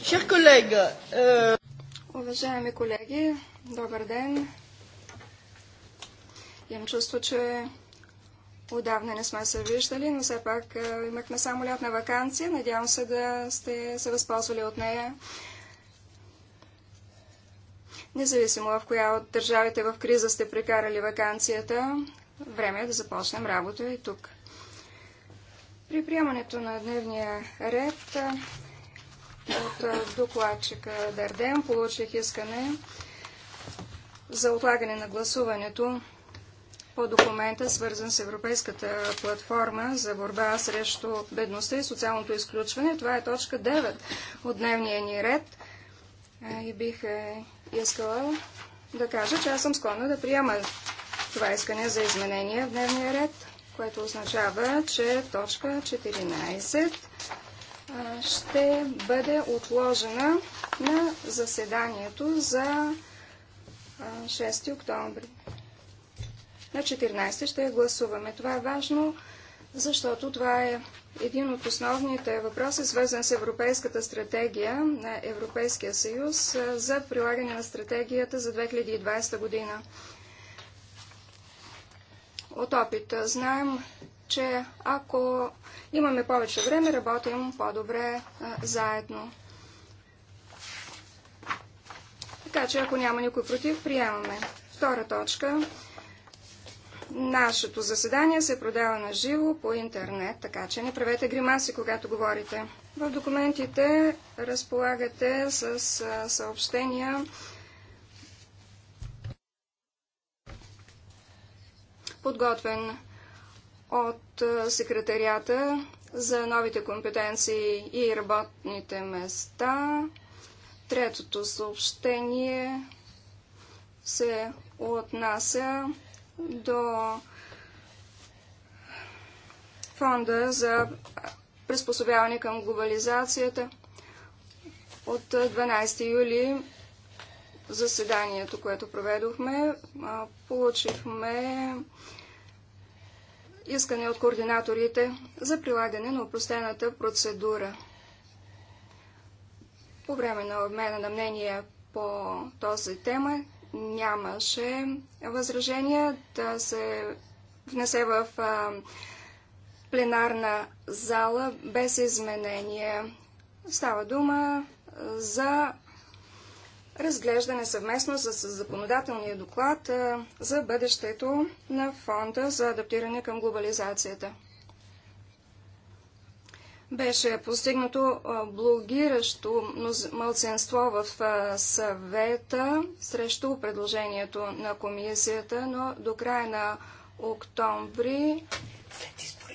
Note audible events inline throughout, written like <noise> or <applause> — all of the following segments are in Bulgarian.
Euh, Уважаеми колеги, добър ден! Имам чувство, че отдавна не сме се виждали, но все пак е, имахме само лятна вакансия. Надявам се да сте се възползвали от нея. Независимо в коя от държавите в криза сте прекарали вакансията, време е да започнем работа и тук. При приемането на дневния ред от докладчика Дарден. Получих искане за отлагане на гласуването по документа, свързан с Европейската платформа за борба срещу бедността и социалното изключване. Това е точка 9 от дневния ни ред. И бих е, искала да кажа, че аз съм склонна да приема това искане за изменение в дневния ред, което означава, че точка 14 ще бъде отложена на заседанието за 6 октомври. На 14 ще я гласуваме. Това е важно, защото това е един от основните въпроси, свързан с Европейската стратегия на Европейския съюз за прилагане на стратегията за 2020 година. От опит знаем, че ако имаме повече време, работим по-добре заедно. Така че, ако няма никой против, приемаме. Втора точка. Нашето заседание се продава на живо по интернет, така че не правете гримаси, когато говорите. В документите разполагате с съобщения подготвен от секретарията за новите компетенции и работните места. Третото съобщение се отнася до фонда за приспособяване към глобализацията от 12 юли заседанието, което проведохме, получихме искане от координаторите за прилагане на упростената процедура. По време на обмена на мнения по този тема нямаше възражения да се внесе в пленарна зала без изменение. Става дума за разглеждане съвместно с законодателния доклад за бъдещето на фонда за адаптиране към глобализацията. Беше постигнато блогиращо мълценство в съвета срещу предложението на комисията, но до края на октомври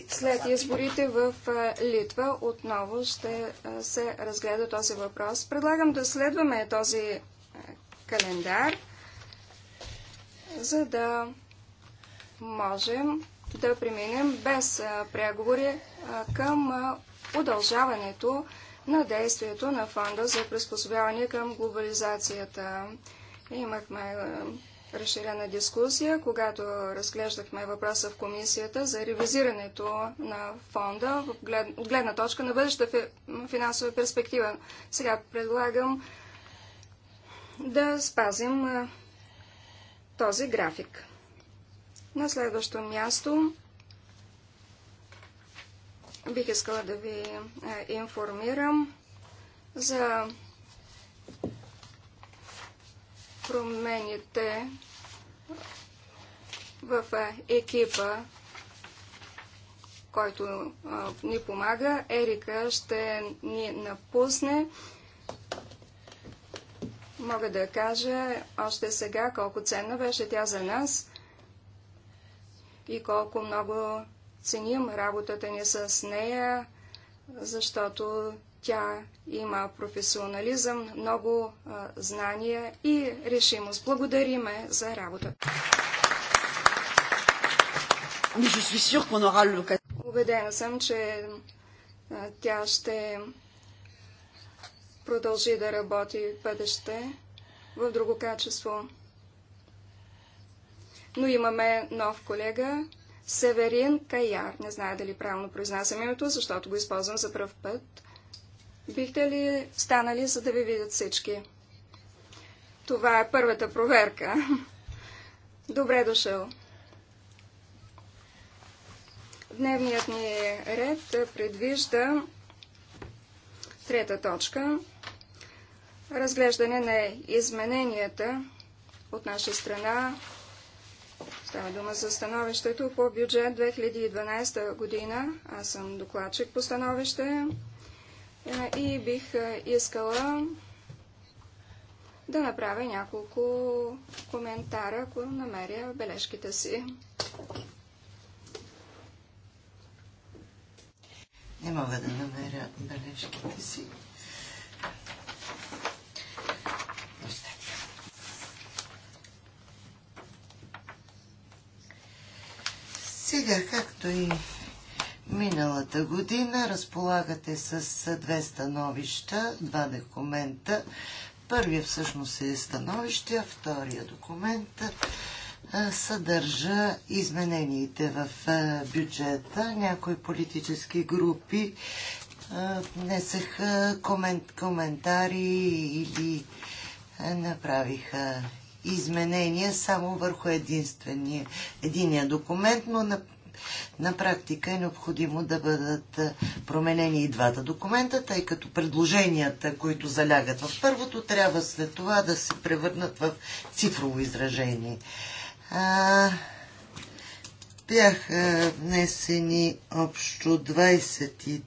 след изборите в Литва отново ще се разгледа този въпрос. Предлагам да следваме този календар, за да можем да преминем без преговори към удължаването на действието на фонда за приспособяване към глобализацията. Имахме разширена дискусия, когато разглеждахме въпроса в комисията за ревизирането на фонда от гледна точка на бъдеща финансова перспектива. Сега предлагам да спазим този график. На следващо място бих искала да ви информирам за промените в екипа, който ни помага. Ерика ще ни напусне Мога да кажа още сега колко ценна беше тя за нас и колко много ценим работата ни с нея, защото тя има професионализъм, много а, знания и решимост. Благодариме за работата. Убедена съм, че а, тя ще продължи да работи в бъдеще в друго качество. Но имаме нов колега, Северин Каяр. Не знае дали правилно произнасям името, защото го използвам за пръв път. Бихте ли станали, за да ви видят всички? Това е първата проверка. <laughs> Добре дошъл. Дневният ни ред предвижда трета точка – разглеждане на измененията от наша страна. Става дума за становището по бюджет 2012 година. Аз съм докладчик по становище е, и бих е, искала да направя няколко коментара, ако намеря бележките си. Не мога да намеря бележките си. Сега, както и миналата година, разполагате с две становища, два документа. първия всъщност е становище, а втория документ съдържа изменените в бюджета. Някои политически групи внесеха комент, коментари или направиха изменения само върху единствения единия документ, но на, на практика е необходимо да бъдат променени и двата документа, тъй като предложенията, които залягат в първото, трябва след това да се превърнат в цифрово изражение. А, бяха внесени общо 20,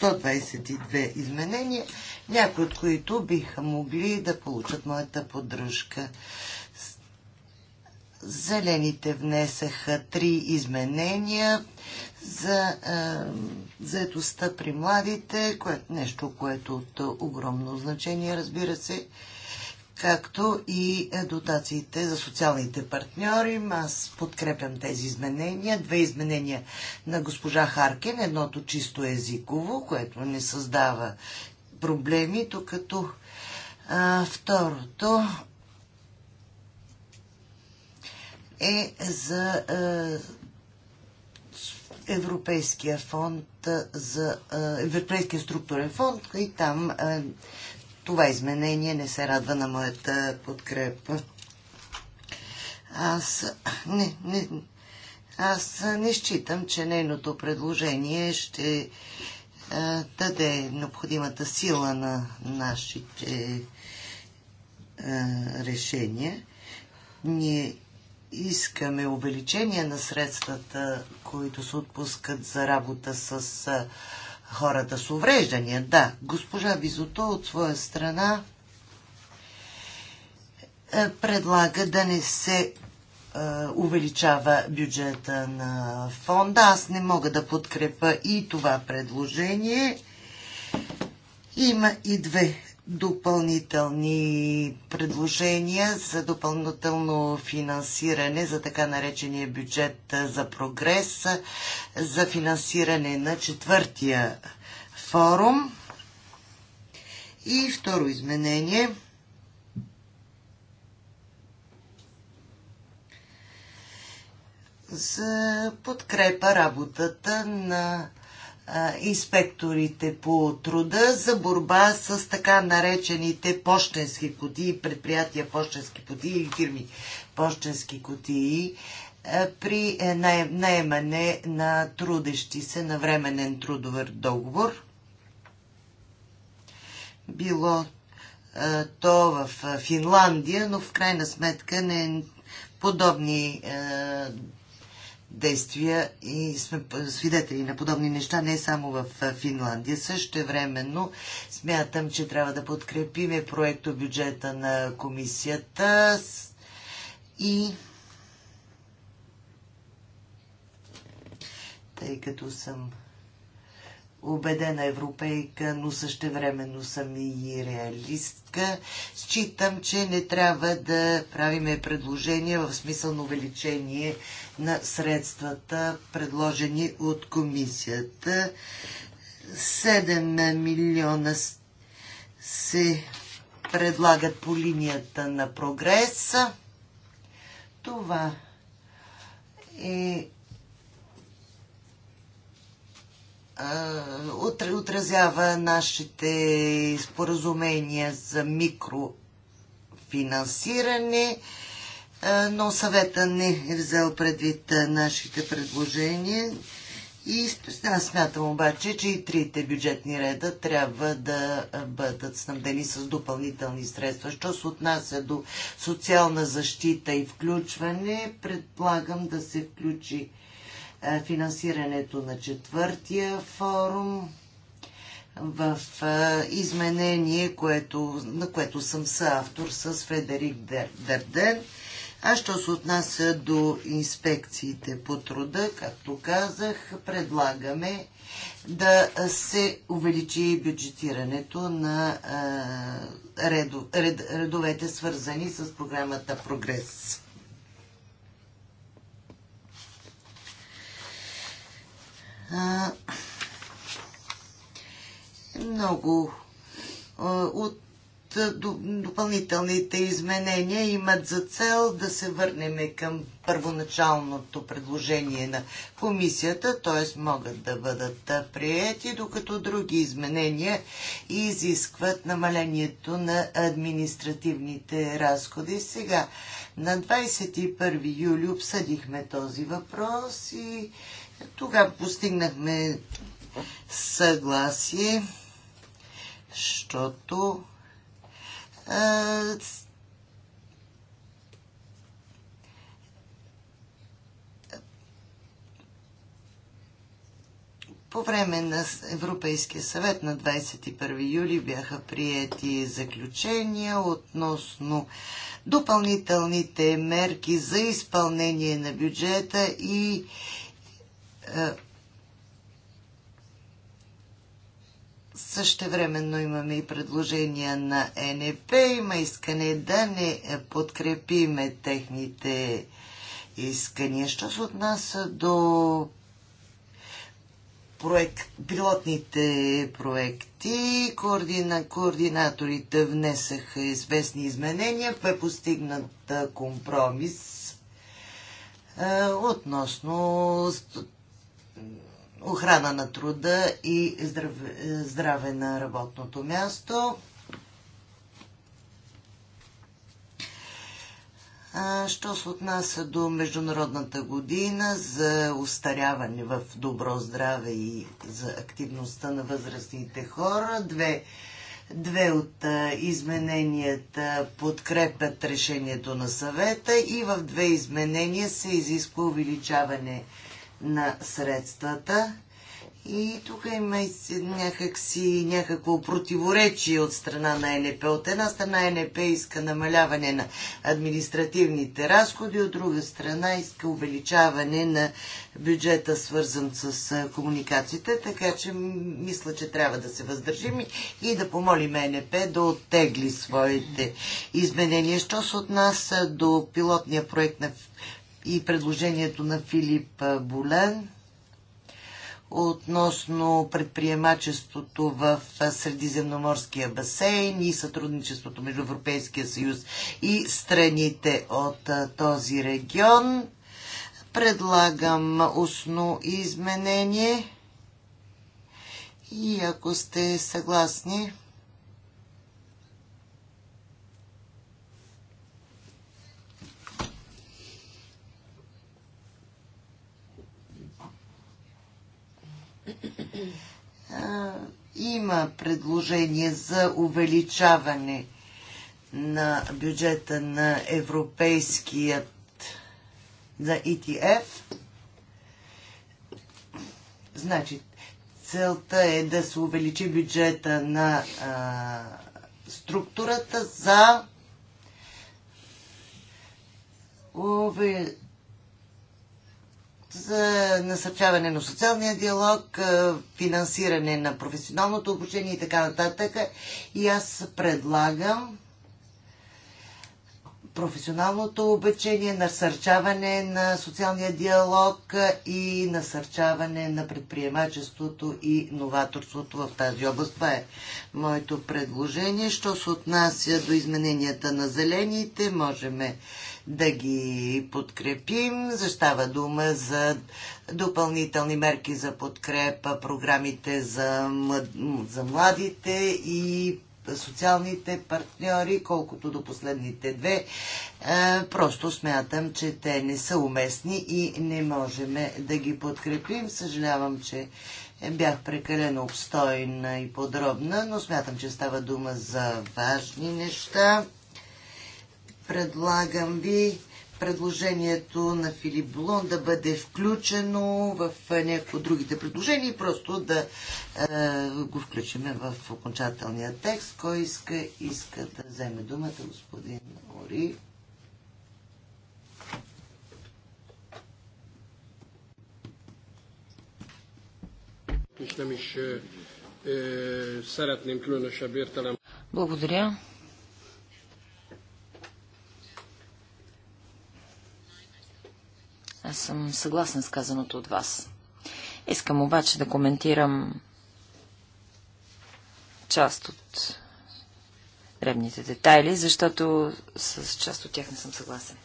122 изменения някои от които биха могли да получат моята поддръжка. Зелените внесаха три изменения за а, заедостта при младите, което, нещо, което е от огромно значение, разбира се, както и дотациите за социалните партньори. Аз подкрепям тези изменения. Две изменения на госпожа Харкен, Едното чисто езиково, което не създава проблеми, докато а, второто е за а, Европейския фонд за Европейския структурен фонд и там а, това изменение не се радва на моята подкрепа. Аз не, не, аз не считам, че нейното предложение ще е, даде необходимата сила на нашите е, решения. Ние искаме увеличение на средствата, които се отпускат за работа с е, хората с увреждания. Да, госпожа Визото от своя страна предлага да не се е, увеличава бюджета на фонда. Аз не мога да подкрепа и това предложение. Има и две допълнителни предложения за допълнително финансиране за така наречения бюджет за прогрес, за финансиране на четвъртия форум. И второ изменение – за подкрепа работата на инспекторите по труда за борба с така наречените почтенски кутии, предприятия почтенски кутии или фирми почтенски кутии при е, наемане на трудещи се на временен трудов договор. Било то в Финландия, но в крайна сметка не подобни действия и сме свидетели на подобни неща не само в Финландия. Също временно смятам, че трябва да подкрепиме проекто бюджета на комисията и тъй като съм убедена европейка, но същевременно съм и реалистка. Считам, че не трябва да правиме предложения в смисъл на увеличение на средствата, предложени от комисията. 7 милиона се предлагат по линията на прогреса. Това е отразява нашите споразумения за микрофинансиране е, но съвета не е взел предвид е, нашите предложения. И аз смятам обаче, че и трите бюджетни реда трябва да е, бъдат снабдени с допълнителни средства. Що се отнася до социална защита и включване, предполагам да се включи финансирането на четвъртия форум в изменение, което, на което съм съавтор с Федерик Дерден. А що се отнася до инспекциите по труда, както казах, предлагаме да се увеличи бюджетирането на редовете, свързани с програмата Прогрес. Много от допълнителните изменения имат за цел да се върнем към първоначалното предложение на комисията, т.е. могат да бъдат приети, докато други изменения изискват намалението на административните разходи. Сега, на 21 юли обсъдихме този въпрос и тогава постигнахме съгласие, защото по време на Европейския съвет на 21 юли бяха приети заключения относно допълнителните мерки за изпълнение на бюджета и Същевременно имаме и предложения на НП. Има искане да не подкрепиме техните искания. Що се отнася до проект, пилотните проекти, координа, координаторите внесаха известни изменения, бе постигнат компромис относно охрана на труда и здраве, здраве на работното място. Що се отнася до Международната година за устаряване в добро здраве и за активността на възрастните хора, две, две от измененията подкрепят решението на съвета и в две изменения се изисква увеличаване на средствата. И тук има някакси, някакво противоречие от страна на НП. От една страна НП иска намаляване на административните разходи, от друга страна иска увеличаване на бюджета, свързан с комуникациите, така че мисля, че трябва да се въздържим и да помолим НП да оттегли своите изменения. Що се отнася до пилотния проект на и предложението на Филип Болен относно предприемачеството в Средиземноморския басейн и сътрудничеството между Европейския съюз и страните от този регион. Предлагам устно изменение и ако сте съгласни, има предложение за увеличаване на бюджета на европейският за ETF. Значи, целта е да се увеличи бюджета на а, структурата за за насърчаване на социалния диалог, е, финансиране на професионалното обучение и така нататък. И аз предлагам професионалното обучение, насърчаване на социалния диалог и насърчаване на предприемачеството и новаторството в тази област. Това е моето предложение. Що се отнася до измененията на зелените, можем да ги подкрепим. Защава дума за допълнителни мерки за подкрепа, програмите за, млад... за младите и социалните партньори, колкото до последните две. Е, просто смятам, че те не са уместни и не можем да ги подкрепим. Съжалявам, че бях прекалено обстойна и подробна, но смятам, че става дума за важни неща. Предлагам ви предложението на Филип Булон да бъде включено в някои от другите предложения и просто да е, го включим в окончателния текст. Кой иска, иска да вземе думата, господин Ори. E, Благодаря. Аз съм съгласен с казаното от вас. Искам обаче да коментирам част от дребните детайли, защото с част от тях не съм съгласен.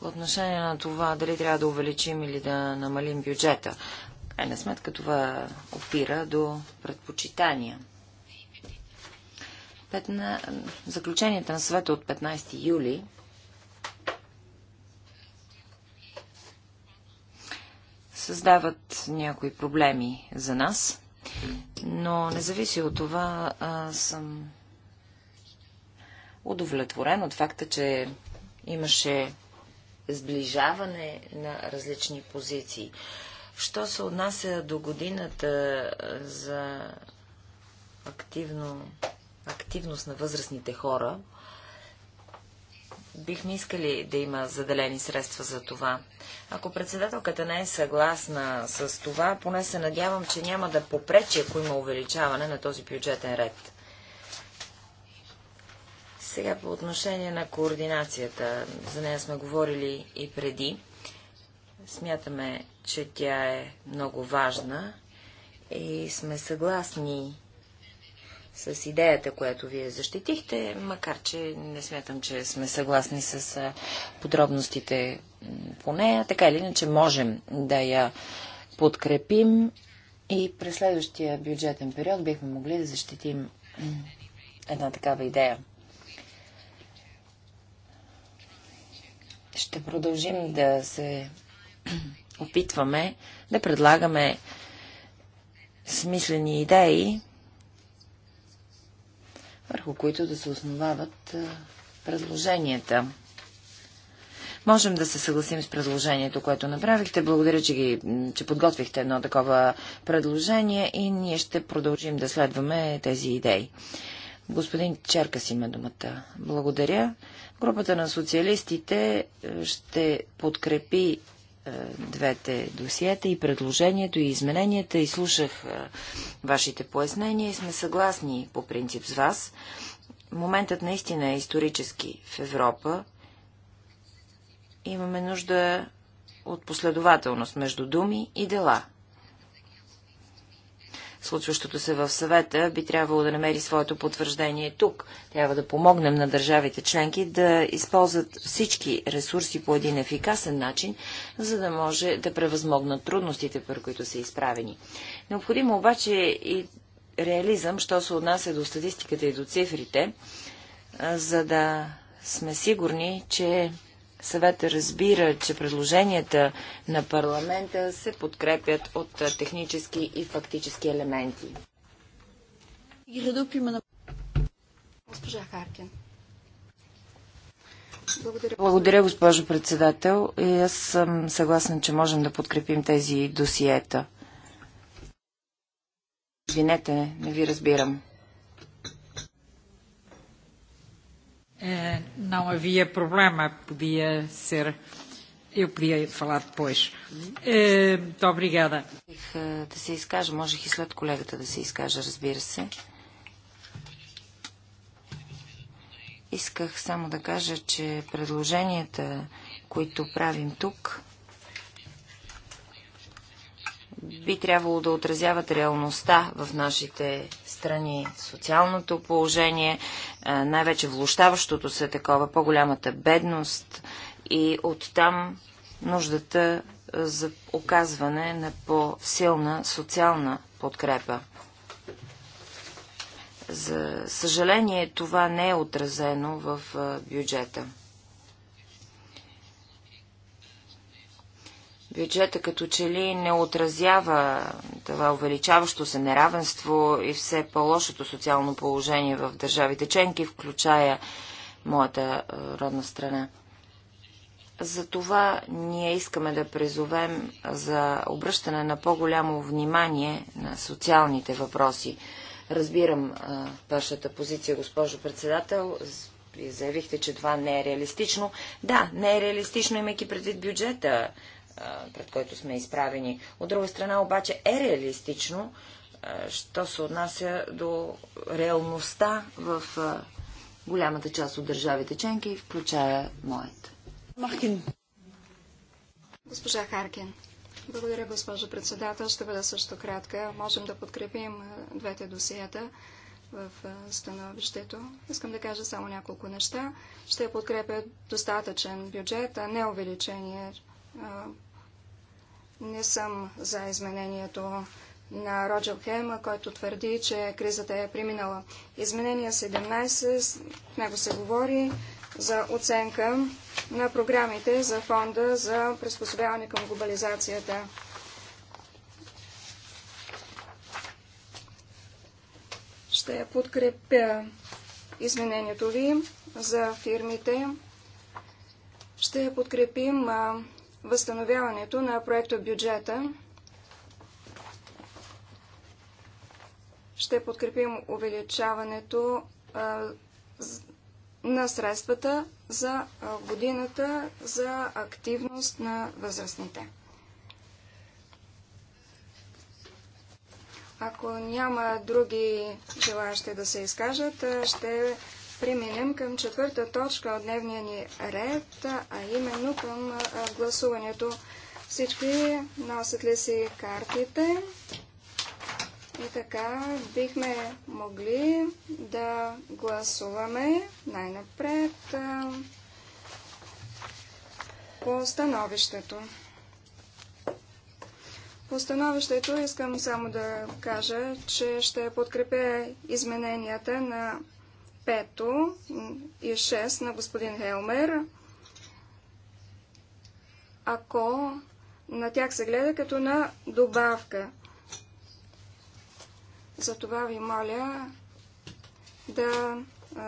По отношение на това, дали трябва да увеличим или да намалим бюджета, крайна сметка това опира до предпочитания – 15... Заключенията на света от 15 юли създават някои проблеми за нас, но независимо от това съм удовлетворен от факта, че имаше сближаване на различни позиции. Що се отнася до годината за активно активност на възрастните хора, бихме искали да има заделени средства за това. Ако председателката не е съгласна с това, поне се надявам, че няма да попречи, ако има увеличаване на този бюджетен ред. Сега по отношение на координацията, за нея сме говорили и преди. Смятаме, че тя е много важна и сме съгласни с идеята, която вие защитихте, макар че не смятам, че сме съгласни с подробностите по нея. Така или иначе можем да я подкрепим и през следващия бюджетен период бихме могли да защитим една такава идея. Ще продължим да се опитваме да предлагаме смислени идеи, върху които да се основават предложенията. Можем да се съгласим с предложението, което направихте. Благодаря, че, ги, че подготвихте едно такова предложение и ние ще продължим да следваме тези идеи. Господин Черкас има думата. Благодаря. Групата на социалистите ще подкрепи е, двете досиета и предложението и измененията и слушах е, вашите пояснения и сме съгласни по принцип с вас. Моментът наистина е исторически в Европа. Имаме нужда от последователност между думи и дела случващото се в съвета би трябвало да намери своето потвърждение тук. Трябва да помогнем на държавите членки да използват всички ресурси по един ефикасен начин, за да може да превъзмогнат трудностите, при които са изправени. Необходимо обаче и реализъм, що се отнася до статистиката и до цифрите, за да сме сигурни, че Съвета разбира, че предложенията на парламента се подкрепят от технически и фактически елементи. Госпожа Харкин. Благодаря. Благодаря, госпожо председател. И аз съм съгласен, че можем да подкрепим тези досиета. Извинете, не ви разбирам. não havia problema, podia ser. Eu podia falar depois. Muito obrigada. Е, да се изкажа, можех и след колегата да се изкажа, разбира се. Исках само да кажа, че предложенията, които правим тук, би трябвало да отразяват реалността в нашите страни, социалното положение, е, най-вече влощаващото се такова, по-голямата бедност и оттам нуждата за оказване на по-силна социална подкрепа. За съжаление, това не е отразено в е, бюджета. бюджета като че ли не отразява това увеличаващо се неравенство и все по-лошото социално положение в държавите членки, включая моята е, родна страна. Затова ние искаме да призовем за обръщане на по-голямо внимание на социалните въпроси. Разбирам а, е, вашата позиция, госпожо председател. Вие заявихте, че това не е реалистично. Да, не е реалистично, имайки предвид бюджета пред който сме изправени. От друга страна обаче е реалистично, що се отнася до реалността в голямата част от държавите членки, включая моята. Махин. Госпожа Харкин. Благодаря, госпожо председател. Ще бъда също кратка. Можем да подкрепим двете досиета в становището. Искам да кажа само няколко неща. Ще подкрепя достатъчен бюджет, а не увеличение не съм за изменението на Роджер Хема, който твърди, че кризата е преминала. Изменение 17, в него се говори за оценка на програмите за фонда за приспособяване към глобализацията. Ще подкрепя изменението ви за фирмите. Ще подкрепим възстановяването на проекта бюджета. Ще подкрепим увеличаването на средствата за годината за активност на възрастните. Ако няма други желащи да се изкажат, ще преминем към четвърта точка от дневния ни ред, а именно към гласуването. Всички носят ли си картите? И така бихме могли да гласуваме най-напред по становището. По становището искам само да кажа, че ще подкрепя измененията на пето и 6 на господин Хелмер, ако на тях се гледа като на добавка. Затова ви моля да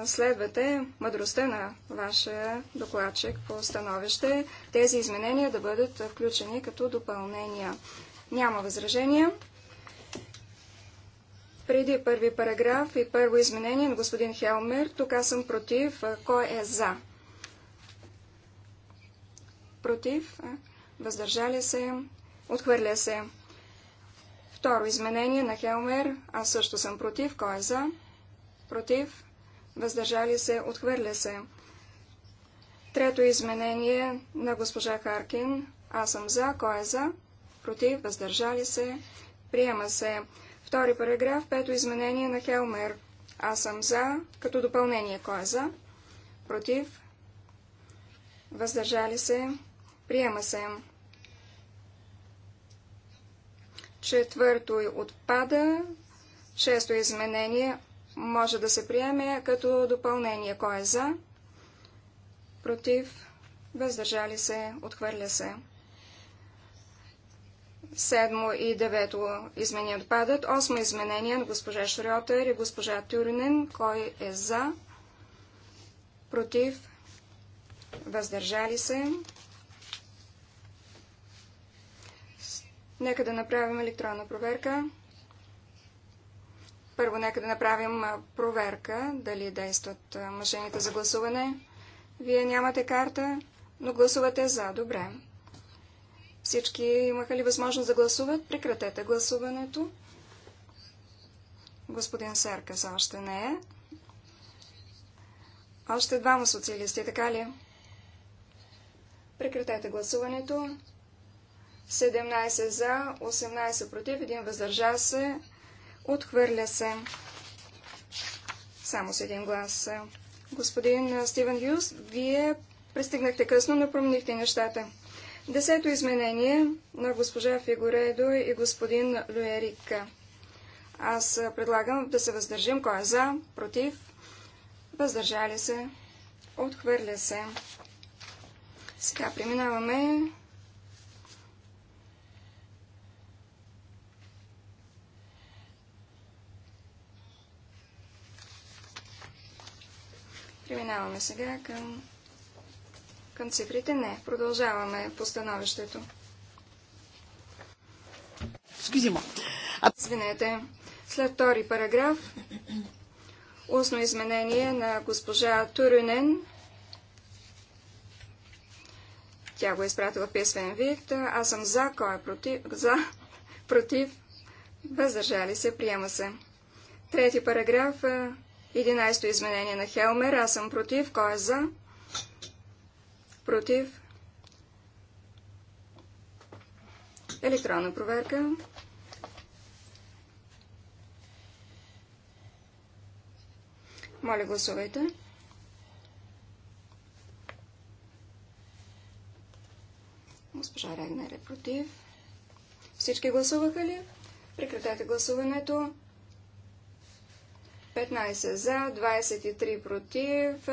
следвате мъдростта на вашия докладчик по становище, тези изменения да бъдат включени като допълнения. Няма възражения. Преди първи параграф и първо изменение на господин Хелмер, тук аз съм против. Кой е за? Против. Въздържали се. Отхвърля се. Второ изменение на Хелмер. Аз също съм против. Кой е за? Против. Въздържали се. Отхвърля се. Трето изменение на госпожа Харкин. Аз съм за. Кой е за? Против. Въздържали се. Приема се. Втори параграф, пето изменение на Хелмер. Аз съм за, като допълнение. Кой е за? Против? Въздържали се? Приема се. Четвърто отпада. Шесто изменение може да се приеме като допълнение. Кой е за? Против? Въздържали се? Отхвърля се. Седмо и девето изменение отпадат. Осмо изменение на госпожа Шриотер и госпожа Тюринен. Кой е за? Против? Въздържали се? Нека да направим електронна проверка. Първо нека да направим проверка, дали действат машините за гласуване. Вие нямате карта, но гласувате за. Добре. Всички имаха ли възможност да гласуват? Прекратете гласуването. Господин Серкас още не е. Още двама социалисти, така ли? Прекратете гласуването. 17 за, 18 против, 1 въздържа се. Отхвърля се. Само с един глас. Господин Стивен Юс, вие пристигнахте късно, но променихте нещата. Десето изменение на госпожа Фигуредо и господин Луерик. Аз предлагам да се въздържим. Кой е за? Против? Въздържали се? Отхвърля се. Сега преминаваме Преминаваме сега към към цифрите не. Продължаваме по становището. Извинете. След втори параграф, устно изменение на госпожа Турюнен. Тя го е изпратила в писмен вид. Аз съм за, кой е против? За, против, въздържали се, приема се. Трети параграф, 11 изменение на Хелмер. Аз съм против, кой е за? против. Електронна проверка. Моля, гласувайте. Госпожа Регнер е против. Всички гласуваха ли? Прекратете гласуването. 15 за, 23 против.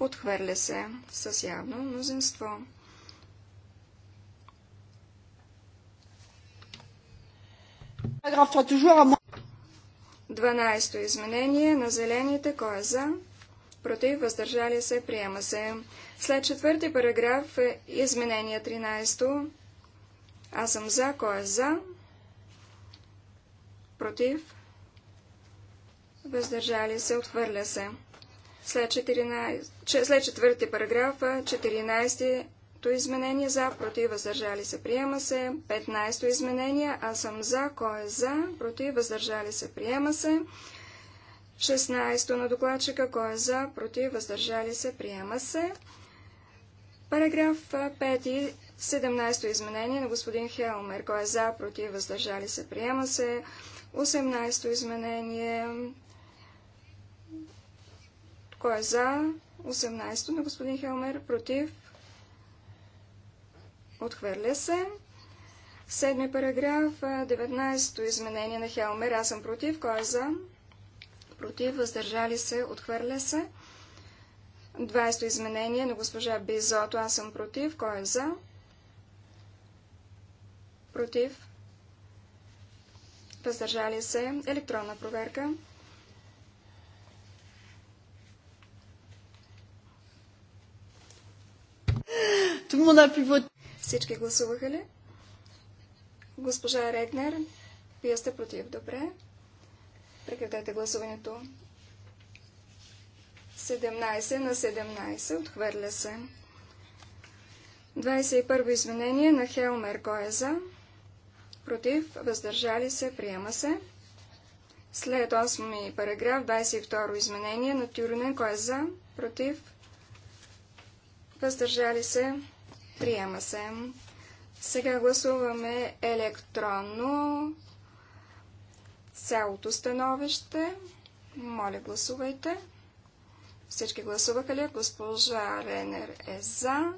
Отхвърля се с явно мнозинство. Е Дванайсто изменение на зелените, кой е за, против, въздържали се, приема се. След четвърти параграф е изменение 13. Аз съм за, кой е за, против, въздържали се, отхвърля се. След, 14, след четвърти параграф, 14-то изменение за, против, въздържали се, приема се. 15-то изменение, аз съм за, кой е за, против, въздържали се, приема се. 16-то на докладчика, кой е за, против, въздържали се, приема се. Параграф 5, 17-то изменение на господин Хелмер, кой е за, против, въздържали се, приема се. 18-то изменение кой е за? 18 на господин Хелмер. Против. Отхвърля се. Седми параграф, 19-то изменение на Хелмер. Аз съм против. Кой е за? Против. Въздържали се. Отхвърля се. 20-то изменение на госпожа Бизото. Аз съм против. Кой е за? Против. Въздържали се. Електронна проверка. Всички гласуваха ли? Госпожа Регнер, вие сте против. Добре. Прекратете гласуването. 17 на 17. Отхвърля се. 21 изменение на Хелмер. Кой е за? Против. Въздържали се. Приема се. След 8 параграф, 22 изменение на Тюрнен. Кой е за? Против въздържали се, приема се. Сега гласуваме електронно цялото становище. Моля, гласувайте. Всички гласуваха ли? Госпожа Ренер е за.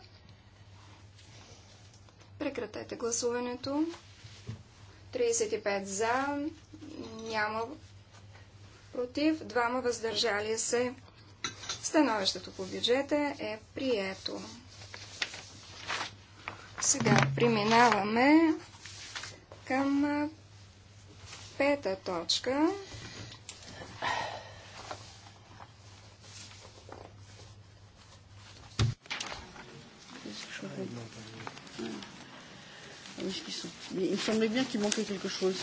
Прекратете гласуването. 35 за, няма против, двама въздържали се. Становището по бюджета е прието. Сега преминаваме към пета точка. Oui, sont. il me semblait bien qu'il manquait quelque chose.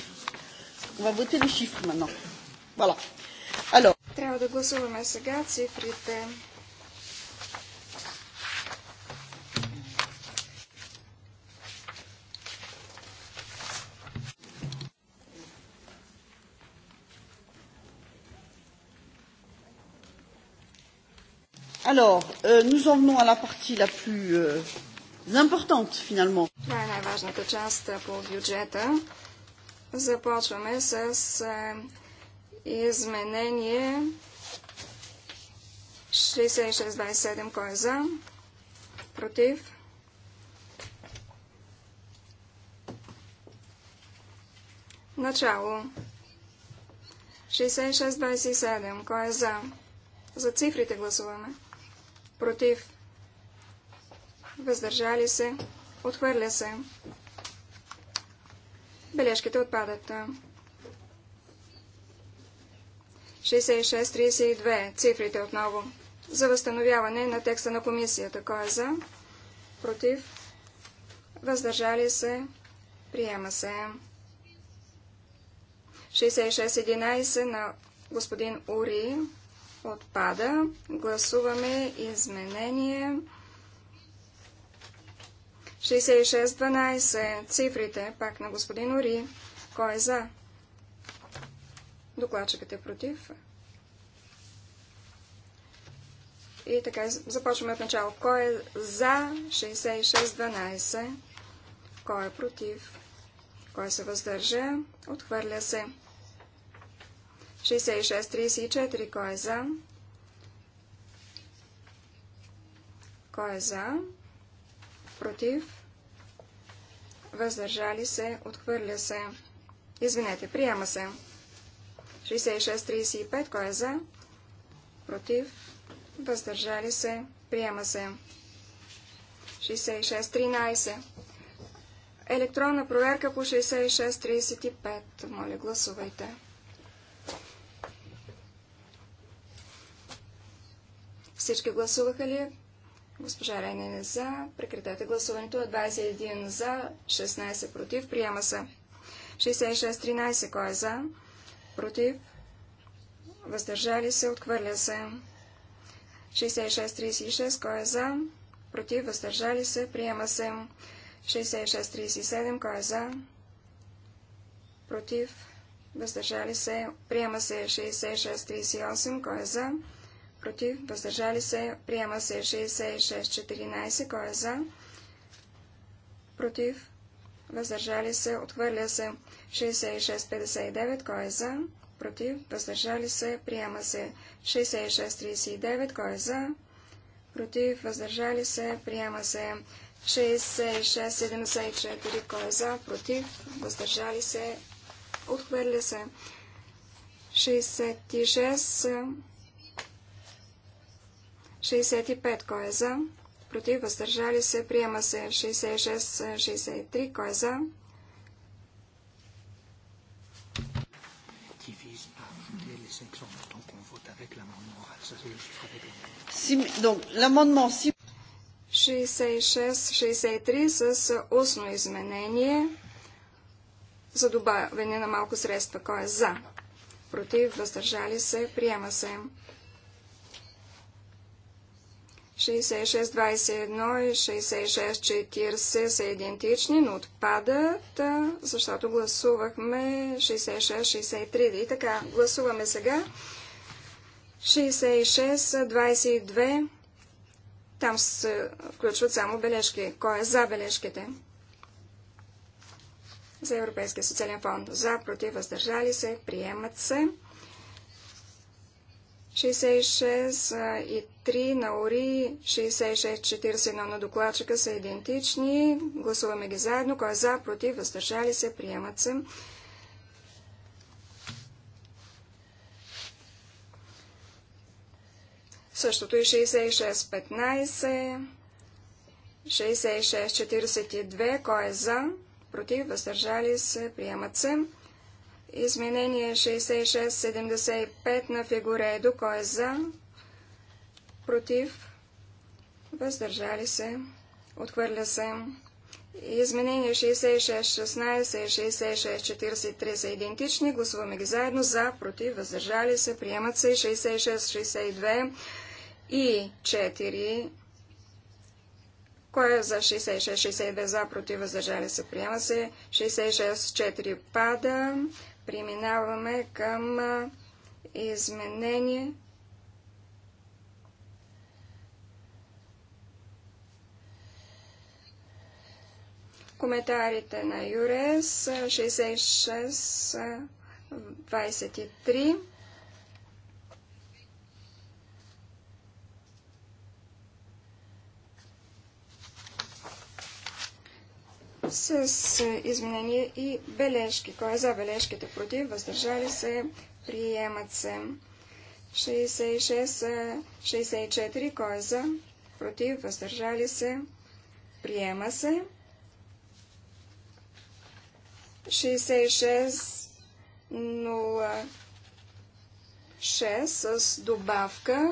On va voter les chiffres maintenant. Voilà. Alors. Трябва да гласуваме сега цифрите. Alors, euh, nous en venons à la partie la plus euh, importante finalement. Това е най-важната част по бюджета. Започваме с Изменение 6627. Кой е за? Против? Начало. 6627. Кой е за? За цифрите гласуваме. Против. Въздържали се. Отхвърля се. Бележките отпадат. 66-32, цифрите отново. За възстановяване на текста на комисията. Кой е за? Против? Въздържали се? Приема се. 66-11 на господин Ури отпада. Гласуваме изменение. 66-12. Цифрите пак на господин Ури. Кой е за? Докладчикът е против. И така започваме от начало. Кой е за 66-12? Кой е против? Кой се въздържа? Отхвърля се. 66-34. Кой е за? Кой е за? Против? Въздържали се? Отхвърля се. Извинете, приема се. 66-35, кой е за? Против. Въздържали се. Приема се. 66-13. Електронна проверка по 66-35. Моля, гласувайте. Всички гласуваха ли? Госпожа Ренин е за. Прекратете гласуването. 21 за, 16 против. Приема се. 66-13. Кой е за? против, въздържали се, отхвърля се. 6636, кой е за, против, въздържали се, приема се. 6637, кой е за, против, въздържали се, приема се. 6638, кой е за, против, въздържали се, приема се. 6614, кой е за, против, въздържали се, отхвърля се 6659, кой е за, против, въздържали се, приема се 6639, кой е за, против, въздържали се, приема се 66, 74, кой е за, против, въздържали се, отхвърля се 66 65, кой е за, против, въздържали се, приема се 66-63, кой е за? Donc, l'amendement 66-63 с устно изменение за добавяне на малко средства. Кой е за? Против, въздържали се, приема се. 66 21 и 66 40 са идентични, но отпадат, защото гласувахме 6663. И така, гласуваме сега 66-22, Там се включват само бележки. Кой е за бележките? За Европейския социален фонд. За, против, въздържали се, приемат се. 66 и 3 на ОРИ, 66-41 на докладчика са идентични. Гласуваме ги заедно. Кой е за, против, въздържали се, приемат се. Същото е и 66-15, 66-42, кой е за, против, въздържали се, приемат се. Изменение 6675 на фигура едо. Кой е за? Против? Въздържали се. Отхвърля се. Изменение 66, 16 и 66, 43 са идентични. Гласуваме ги заедно. За, против, въздържали се. Приемат се 66, 62 и 4. Кой е за 66-62 за, против, въздържали се, приема се. 66-4 пада. Преминаваме към изменение коментарите на Юрес 66-23. с е, изменения и бележки. Кой е за бележките против? Въздържали се? Приемат се. 66, 64. Е, Кой е за? Против? Въздържали се? Приема се. 66, 06 с добавка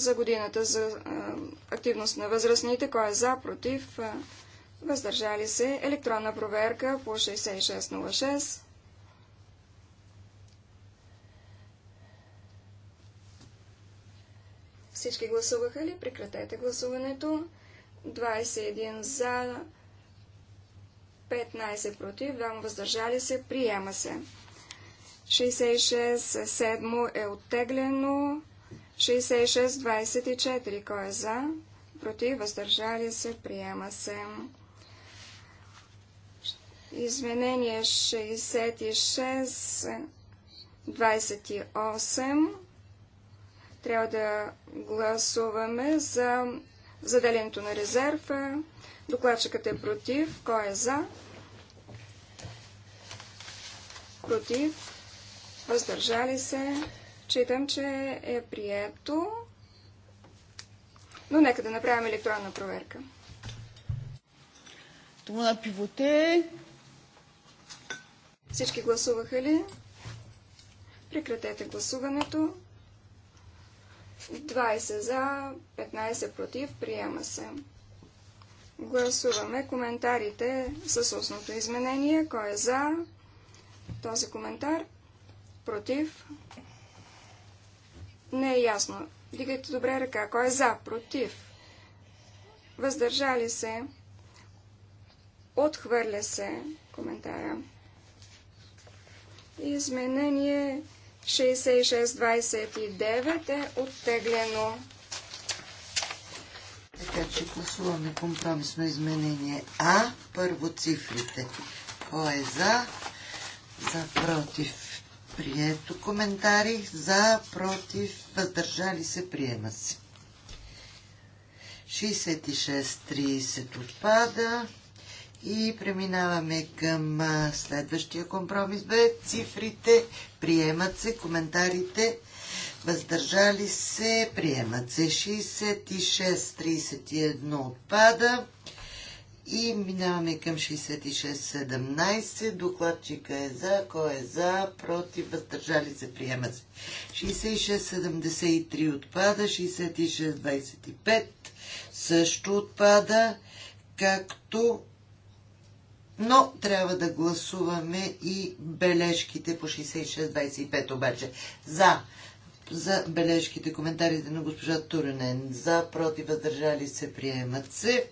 за годината за активност на възрастните. Кой е за, против, въздържали се. Електронна проверка по 6606. Всички гласуваха ли? Прекратете гласуването. 21 за, 15 против, 2 въздържали се, приема се. 66, 7 е оттеглено, 66-24. Кой е за? Против, въздържали се, приема се. Изменение 66-28. Трябва да гласуваме за заделянето на резерва. Докладчикът е против. Кой е за? Против. Въздържали се. Считам, че е прието, но нека да направим електронна проверка. Това на пивоте. Всички гласуваха ли? Прекратете гласуването. 20 за, 15 против, приема се. Гласуваме коментарите с устното изменение. Кой е за този коментар? Против? Не е ясно. Дигайте добре ръка. Кой е за? Против? Въздържали се? Отхвърля се коментара. Изменение 6629 е оттеглено. Така че гласуваме компромисно изменение А. Първо цифрите. Кой е за? За против Прието коментари за, против, въздържали се, приема се. 66-30 отпада и преминаваме към следващия компромис. Бе, цифрите приемат се, коментарите въздържали се, приемат се. 66-31 отпада. И минаваме към 66-17. Докладчика е за, кой е за, против, въздържали се, приема се. 66-73 отпада, 66-25 също отпада, както но трябва да гласуваме и бележките по 66-25 обаче. За, за бележките, коментарите на госпожа Туренен. За, против, въздържали се, приемат се.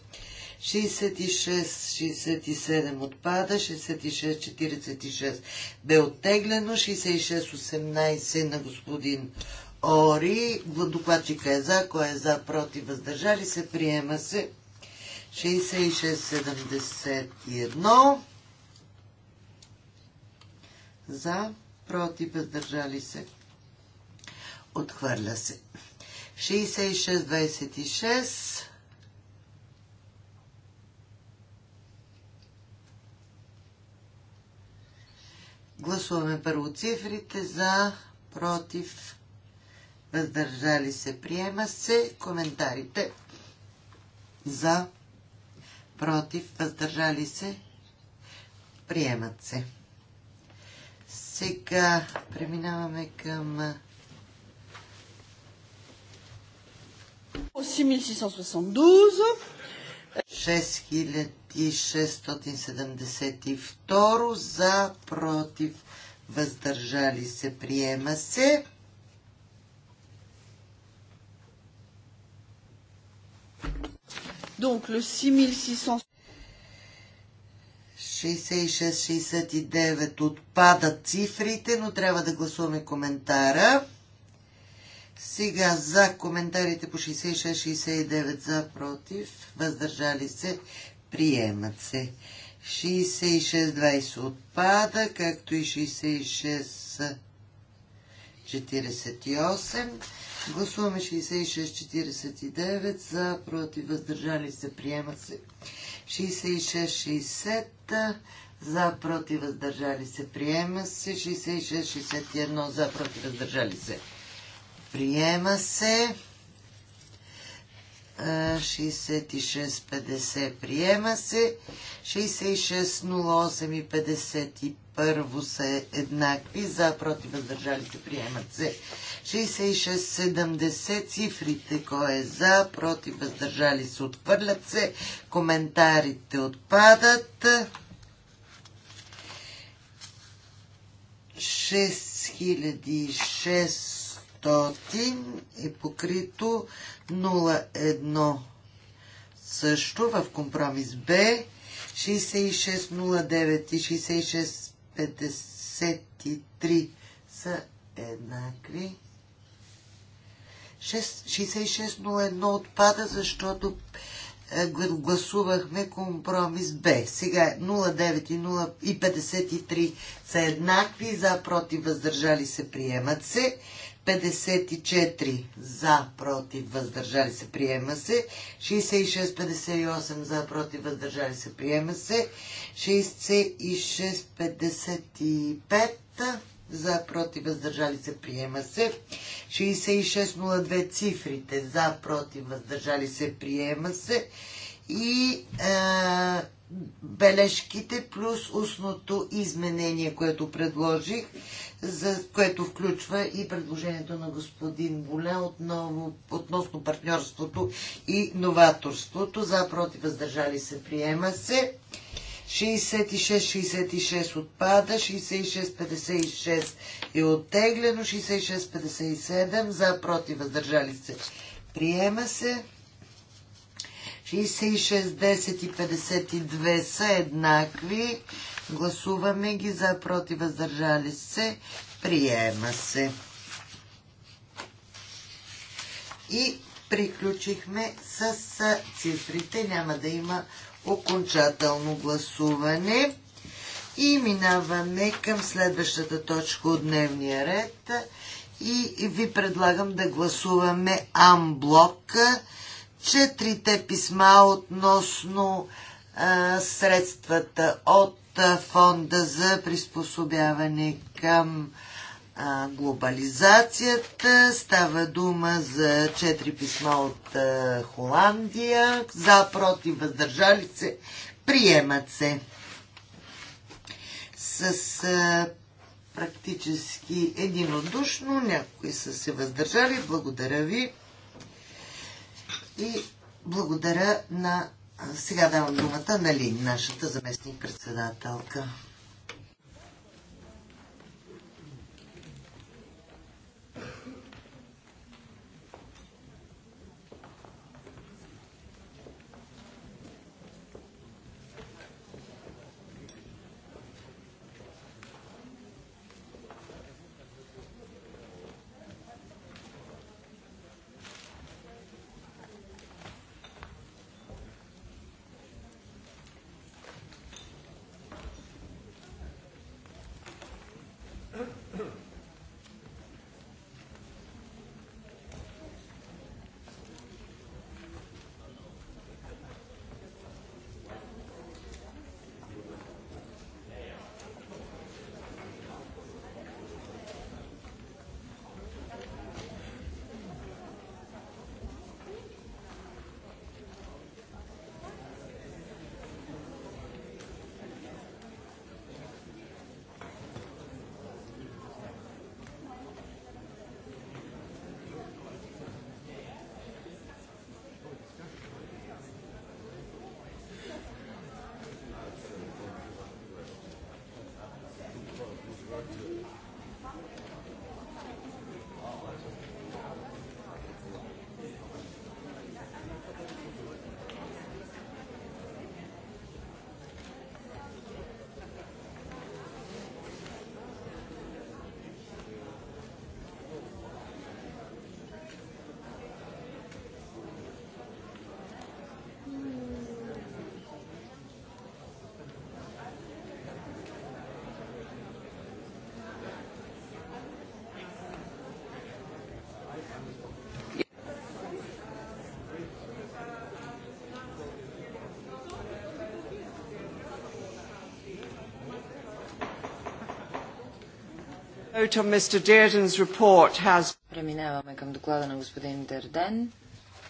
66-67 отпада, 66-46 бе оттеглено, 66-18 на господин Ори. Докладчика е за, кой е за, против, въздържали се, приема се. 66-71 за, против, въздържали се. Отхвърля се. 66-26 Гласуваме първо цифрите за, против, въздържали се, приема се. Коментарите за, против, въздържали се, приемат се. Сега преминаваме към 6672. 6000 и 672 за против въздържали се приема се. Donc le 6600 отпадат цифрите, но трябва да гласуваме коментара. Сега за коментарите по 66-69 за против, въздържали се, Приемат се. 66-20 отпада, както и 66-48. Гласуваме 66-49 за, против, въздържали се, приема се. 66-60 за, против, въздържали се, приема се. 66-61 за, против, въздържали се, приема се. 66-50 приема се. 66-08 и 51 са еднакви. За, против, въздържали приемат се. 66-70 цифрите, кой е за, против, въздържали се, отхвърлят се. Коментарите отпадат. 6000 500 е покрито 01 също в компромис Б 6609 и 6653 са еднакви. 6601 отпада, защото е, гласувахме компромис Б. Сега 09 е и, 0,53 и 53 са еднакви, за, против, въздържали се, приемат се. 54 за, против, въздържали се, приема се. 66-58 за, против, въздържали се, приема се. 66-55 за, против, въздържали се, приема се. 66-02 цифрите за, против, въздържали се, приема се. И е, бележките плюс устното изменение, което предложих за което включва и предложението на господин Боле отново относно партньорството и новаторството. За против въздържали се приема се. 66-66 отпада, 66-56 е оттеглено, 66-57 за против въздържали се приема се. 66, 10 и 52 са еднакви. Гласуваме ги за против въздържали се. Приема се. И приключихме с цифрите. Няма да има окончателно гласуване. И минаваме към следващата точка от дневния ред. И ви предлагам да гласуваме амблок четирите писма относно а, средствата от а, фонда за приспособяване към а, глобализацията. Става дума за четири писма от а, Холандия. За, против, въздържали се. Приемат се. С а, практически единодушно някои са се въздържали. Благодаря ви. И благодаря на... Сега давам думата на Лин, нашата заместник-председателка. Преминаваме към доклада на господин Дерден.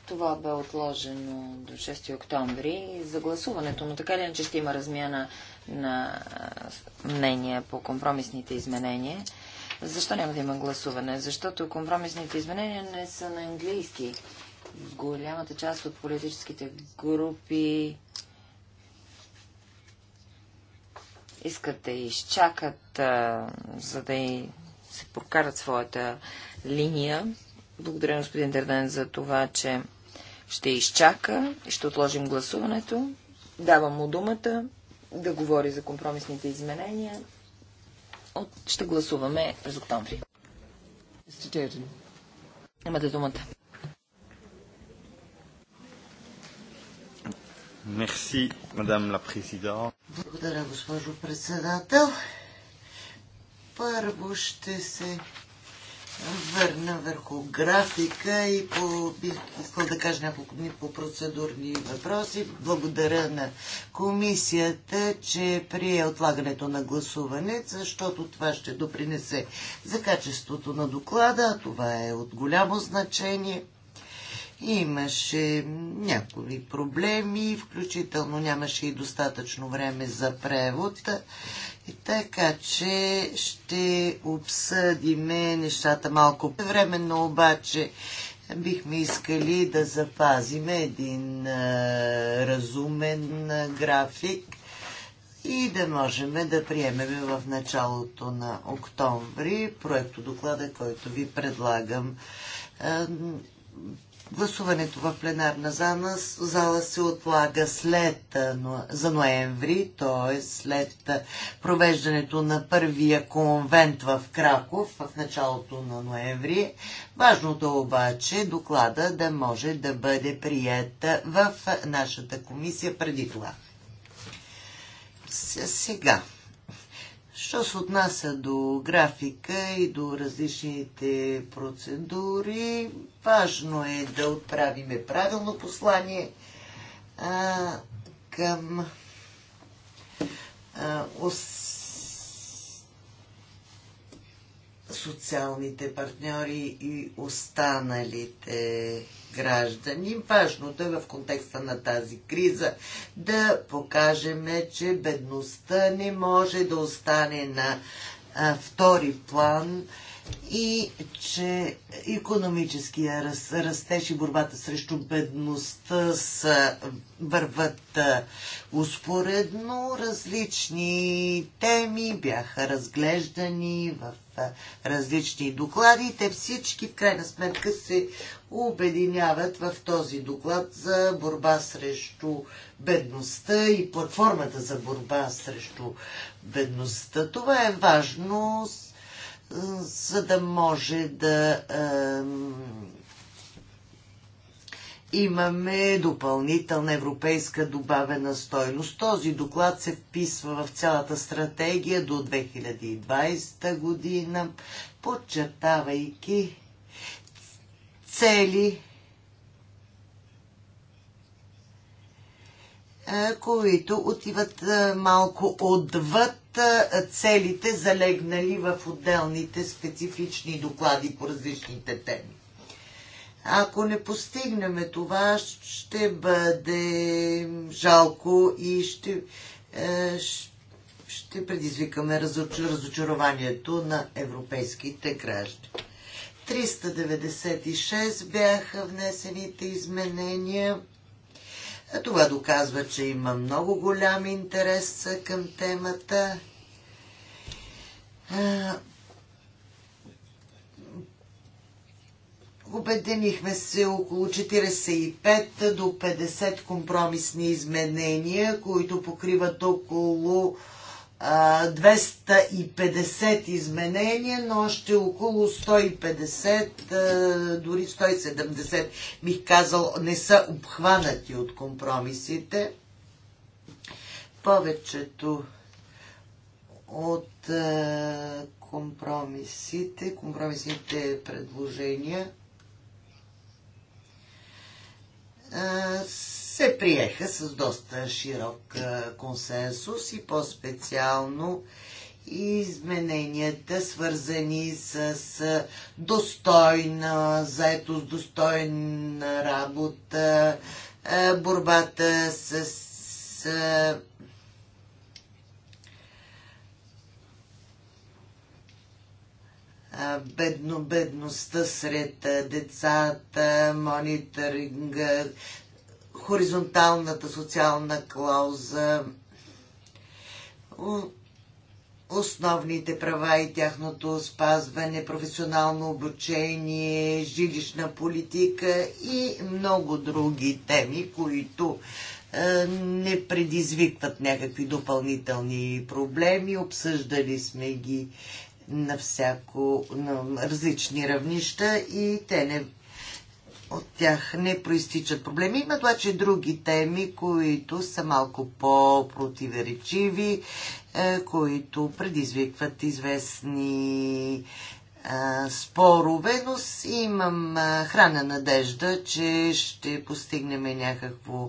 Това бе отложено до 6 октомври за гласуването, но така ли иначе ще има размяна на мнения по компромисните изменения? Защо няма да има гласуване? Защото компромисните изменения не са на английски. Голямата част от политическите групи искат да изчакат, а, за да и се прокарат своята линия. Благодаря господин Дерден за това, че ще изчака и ще отложим гласуването. Давам му думата да говори за компромисните изменения. От... Ще гласуваме през октомври. Имате думата. мадам ла президент. Благодаря, госпожо председател. Първо ще се върна върху графика и по, бих искал да кажа няколко дни по процедурни въпроси. Благодаря на комисията, че прие отлагането на гласуване, защото това ще допринесе за качеството на доклада, а това е от голямо значение – Имаше някои проблеми, включително нямаше и достатъчно време за превод. И така че ще обсъдиме нещата малко. Временно обаче бихме искали да запазим един а, разумен а, график и да можем да приемем в началото на октомври проекто доклада, който ви предлагам. А, Гласуването в пленарна зала, зала се отлага след, за ноември, т.е. след провеждането на първия конвент в Краков в началото на ноември. Важното е обаче доклада да може да бъде прият в нашата комисия преди това. Сега Що се отнася до графика и до различните процедури, важно е да отправиме правилно послание а, към а, ос... социалните партньори и останалите граждани. Важното е в контекста на тази криза да покажем, че бедността не може да остане на а, втори план и че економическия раз, растеж и борбата срещу бедността са, върват успоредно. Различни теми бяха разглеждани в различни доклади. Те всички в крайна сметка се обединяват в този доклад за борба срещу бедността и платформата за борба срещу бедността. Това е важно, за да може да имаме допълнителна европейска добавена стойност. Този доклад се вписва в цялата стратегия до 2020 година, подчертавайки цели, е, които отиват е, малко отвъд е, целите, залегнали в отделните специфични доклади по различните теми. Ако не постигнем това, ще бъде жалко и ще, ще предизвикаме разочарованието на европейските граждани. 396 бяха внесените изменения. Това доказва, че има много голям интерес към темата. Обеденихме се около 45 до 50 компромисни изменения, които покриват около 250 изменения, но още около 150, дори 170, бих казал, не са обхванати от компромисите. Повечето от компромисите, компромисните предложения се приеха с доста широк консенсус и по-специално измененията, свързани с достойна заетост, достойна работа, борбата с бедно, бедността сред децата, мониторинга, хоризонталната социална клауза, основните права и тяхното спазване, професионално обучение, жилищна политика и много други теми, които е, не предизвикват някакви допълнителни проблеми. Обсъждали сме ги на всяко на различни равнища и те не от тях не проистичат проблеми. Има обаче други теми, които са малко по-противоречиви, е, които предизвикват известни е, спорове, но имам е, храна надежда, че ще постигнем някакво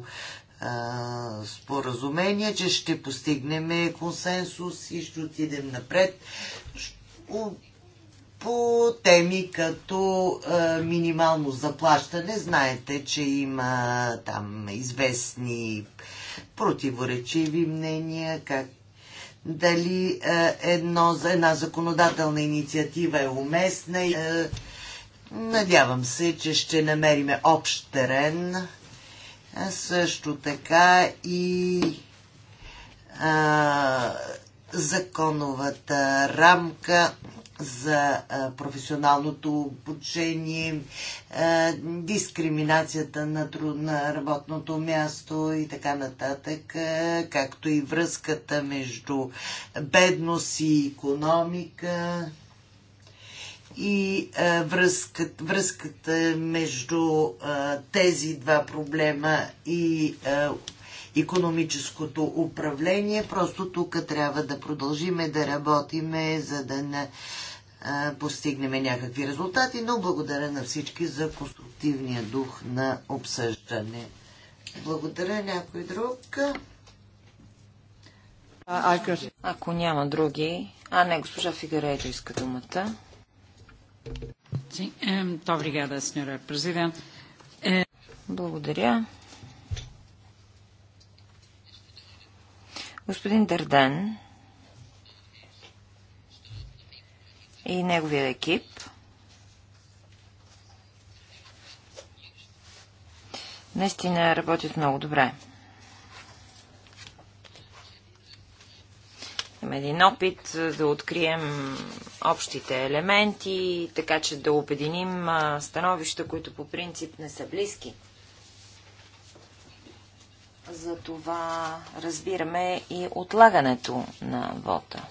споразумение, че ще постигнем консенсус и ще отидем напред по теми като е, минимално заплащане. Знаете, че има там известни противоречиви мнения, как дали е, едно, една законодателна инициатива е уместна. Е, надявам се, че ще намериме общ терен. А също така и а, законовата рамка за професионалното обучение, дискриминацията на, на работното място и така нататък, както и връзката между бедност и економика и връзката, връзката между тези два проблема и економическото управление. Просто тук трябва да продължиме да работиме, за да не постигнем някакви резултати, но благодаря на всички за конструктивния дух на обсъждане. Благодаря някой друг. Ако няма други... А, не, госпожа Фигарейджа иска думата. Е, благодаря. Господин Дерден, и неговия екип. Наистина работят много добре. Има един опит да открием общите елементи, така че да обединим становища, които по принцип не са близки. Затова разбираме и отлагането на вота.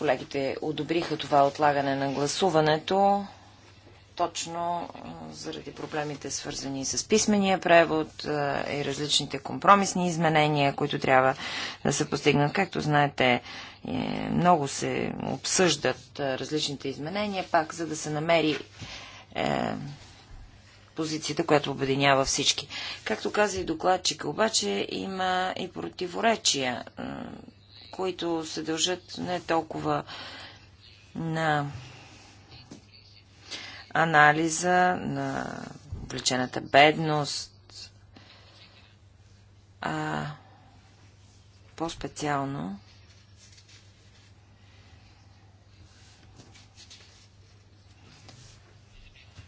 Колегите одобриха това отлагане на гласуването точно заради проблемите свързани с писмения превод и различните компромисни изменения, които трябва да се постигнат. Както знаете, е, много се обсъждат различните изменения, пак за да се намери е, позицията, която обединява всички. Както каза и докладчика, обаче има и противоречия които се дължат не толкова на анализа, на облечената бедност, а по-специално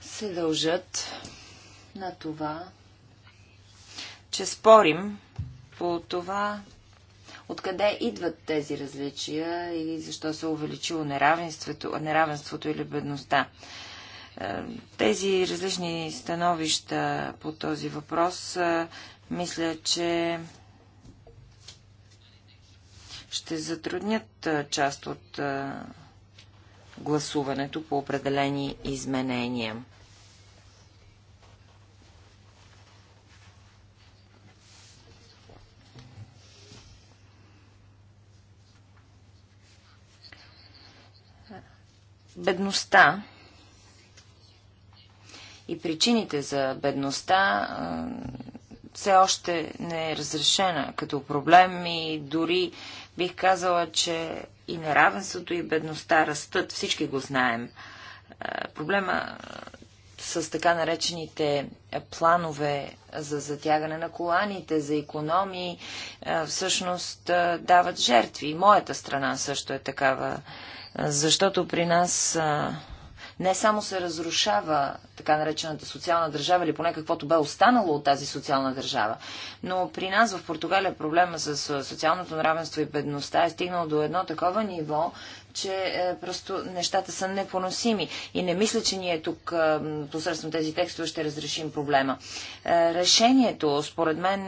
се дължат на това, че спорим по това Откъде идват тези различия и защо се е увеличило неравенството, неравенството или бедността? Е, тези различни становища по този въпрос е, мисля, че ще затруднят част от гласуването по определени изменения. бедността и причините за бедността все още не е разрешена като проблем и дори бих казала, че и неравенството и бедността растат. Всички го знаем. Проблема с така наречените е, планове за затягане на коланите, за економии, е, всъщност е, дават жертви. И моята страна също е такава, защото при нас не само се разрушава така наречената социална държава или поне каквото бе останало от тази социална държава, но при нас в Португалия проблема с социалното неравенство и бедността е стигнал до едно такова ниво, че е, просто нещата са непоносими. И не мисля, че ние тук е, посредством тези текстове ще разрешим проблема. Е, решението, според мен,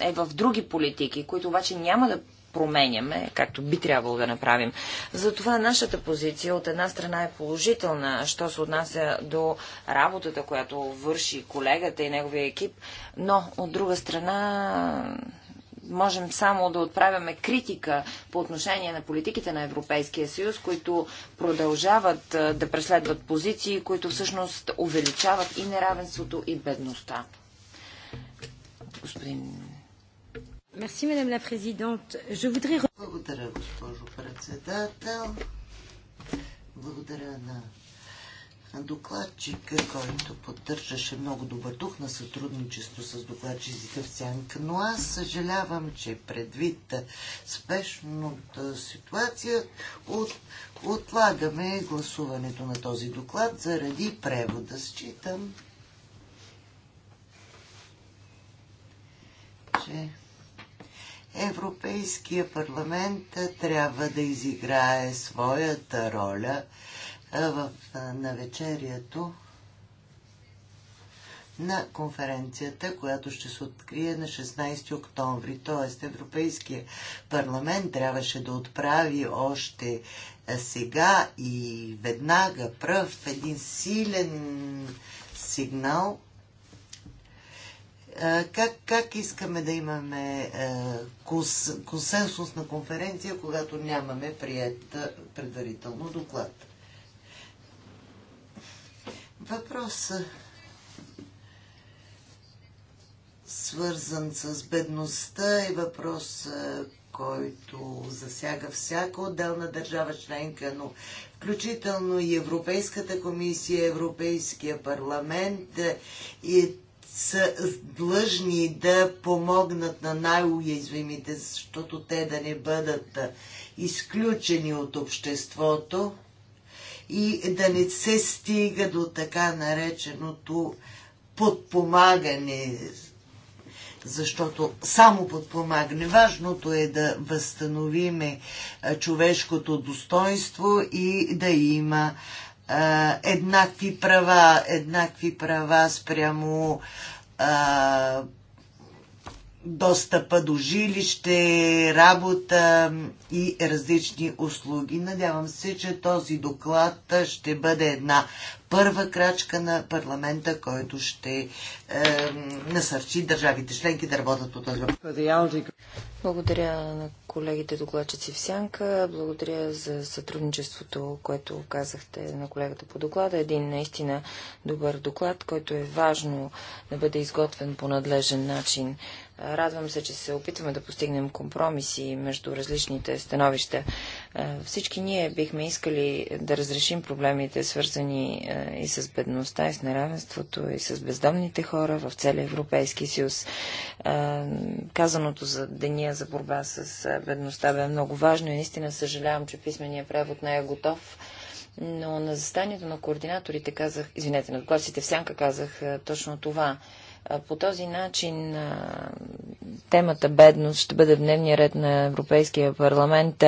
е в други политики, които обаче няма да променяме, както би трябвало да направим. Затова нашата позиция от една страна е положителна, що се отнася до работата, която върши колегата и неговия екип, но от друга страна можем само да отправяме критика по отношение на политиките на Европейския съюз, които продължават да преследват позиции, които всъщност увеличават и неравенството, и бедността. Господин Merci, Madame la Présidente. Je voudrais... Благодаря, госпожо председател. Благодаря на докладчика, който поддържаше много добър дух на сътрудничество с докладчиците в Сянка, но аз съжалявам, че предвид спешната ситуация от, отлагаме гласуването на този доклад заради превода. Считам, че Европейския парламент трябва да изиграе своята роля – в навечерието на конференцията, която ще се открие на 16 октомври. Т.е. Европейския парламент трябваше да отправи още сега и веднага пръв един силен сигнал как, как искаме да имаме консенсус на конференция, когато нямаме прият предварително доклад. Въпрос свързан с бедността е въпрос, който засяга всяка отделна държава членка, но включително и Европейската комисия, Европейския парламент е, и са длъжни да помогнат на най-уязвимите, защото те да не бъдат е, изключени от обществото и да не се стига до така нареченото подпомагане, защото само подпомагане. Важното е да възстановиме човешкото достоинство и да има а, еднакви права, еднакви права спрямо а, достъпа до жилище, работа и различни услуги. Надявам се, че този доклад ще бъде една първа крачка на парламента, който ще е, насърчи държавите членки да работят по този Благодаря на колегите докладчици в Сянка. Благодаря за сътрудничеството, което казахте на колегата по доклада. Един наистина добър доклад, който е важно да бъде изготвен по надлежен начин. Радвам се, че се опитваме да постигнем компромиси между различните становища. Е, всички ние бихме искали да разрешим проблемите, свързани е, и с бедността, и с неравенството, и с бездомните хора в целия Европейски съюз. Е, казаното за деня за борба с бедността бе много важно и наистина съжалявам, че писменият превод не е готов. Но на застанието на координаторите казах, извинете, на докладците в сянка казах точно това – по този начин темата бедност ще бъде в дневния ред на Европейския парламент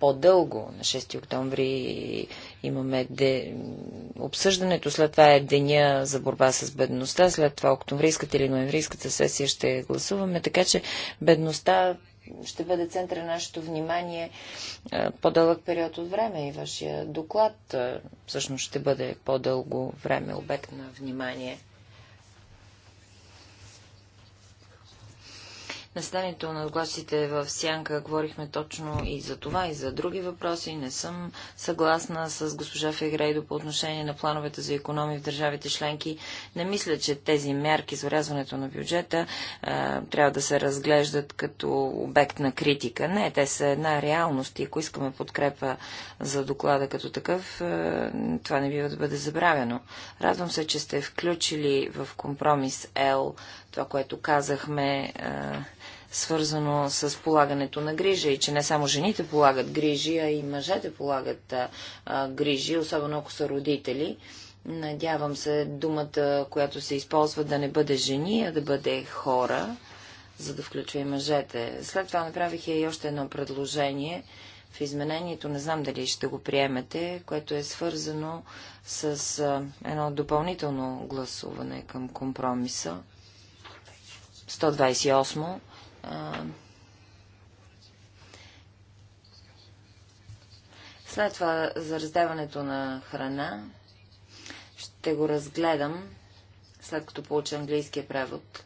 по-дълго. На 6 октомври имаме де... обсъждането, след това е деня за борба с бедността, след това октомврийската или ноемврийската сесия ще гласуваме, така че бедността ще бъде центъра на нашето внимание по-дълъг период от време и вашия доклад всъщност ще бъде по-дълго време обект на внимание. На на гласите в Сянка говорихме точно и за това, и за други въпроси. Не съм съгласна с госпожа Фегрейдо по отношение на плановете за економи в държавите членки. Не мисля, че тези мерки за врязването на бюджета е, трябва да се разглеждат като обект на критика. Не, те са една реалност и ако искаме подкрепа за доклада като такъв, е, това не бива да бъде забравено. Радвам се, че сте включили в компромис ЕЛ това, което казахме. Е, свързано с полагането на грижа и че не само жените полагат грижи, а и мъжете полагат а, грижи, особено ако са родители. Надявам се думата, която се използва да не бъде жени, а да бъде хора, за да включва и мъжете. След това направих и още едно предложение в изменението, не знам дали ще го приемете, което е свързано с а, едно допълнително гласуване към компромиса. 128. След това за раздаването на храна ще го разгледам, след като получа английския превод.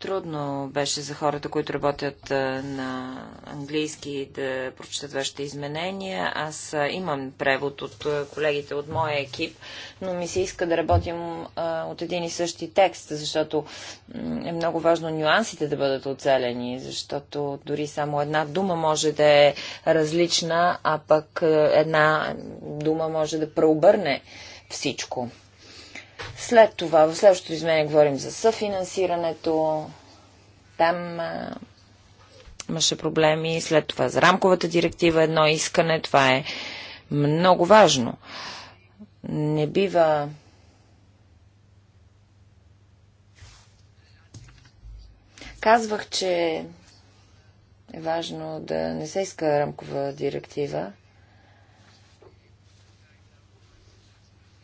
Трудно беше за хората, които работят на английски да прочитат вашите изменения. Аз имам превод от колегите от моя екип, но ми се иска да работим от един и същи текст, защото е много важно нюансите да бъдат оцелени, защото дори само една дума може да е различна, а пък една дума може да преобърне всичко. След това, в следващото изменение говорим за съфинансирането. Там а, имаше проблеми. След това за рамковата директива едно искане. Това е много важно. Не бива Казвах, че е важно да не се иска рамкова директива,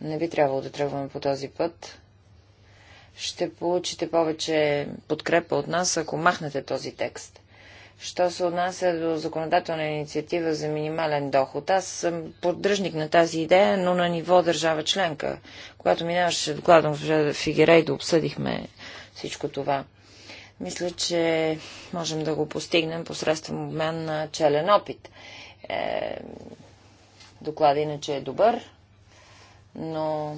Не би трябвало да тръгваме по този път. Ще получите повече подкрепа от нас, ако махнете този текст. Що се отнася до законодателна инициатива за минимален доход, аз съм поддръжник на тази идея, но на ниво държава членка. Когато минаваше докладно в Фигерей да обсъдихме всичко това. Мисля, че можем да го постигнем посредством обмен на челен опит. Е, доклад иначе е добър но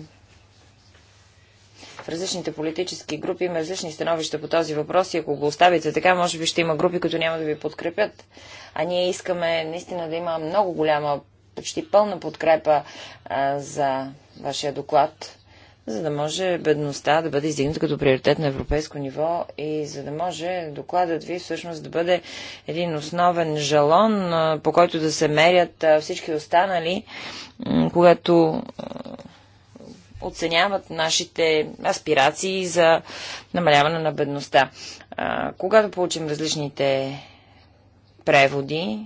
в различните политически групи има различни становища по този въпрос и ако го оставите така, може би ще има групи, които няма да ви подкрепят. А ние искаме наистина да има много голяма, почти пълна подкрепа а, за вашия доклад, за да може бедността да бъде издигната като приоритет на европейско ниво и за да може докладът ви всъщност да бъде един основен жалон, а, по който да се мерят а, всички останали, когато оценяват нашите аспирации за намаляване на бедността. А, когато получим различните преводи,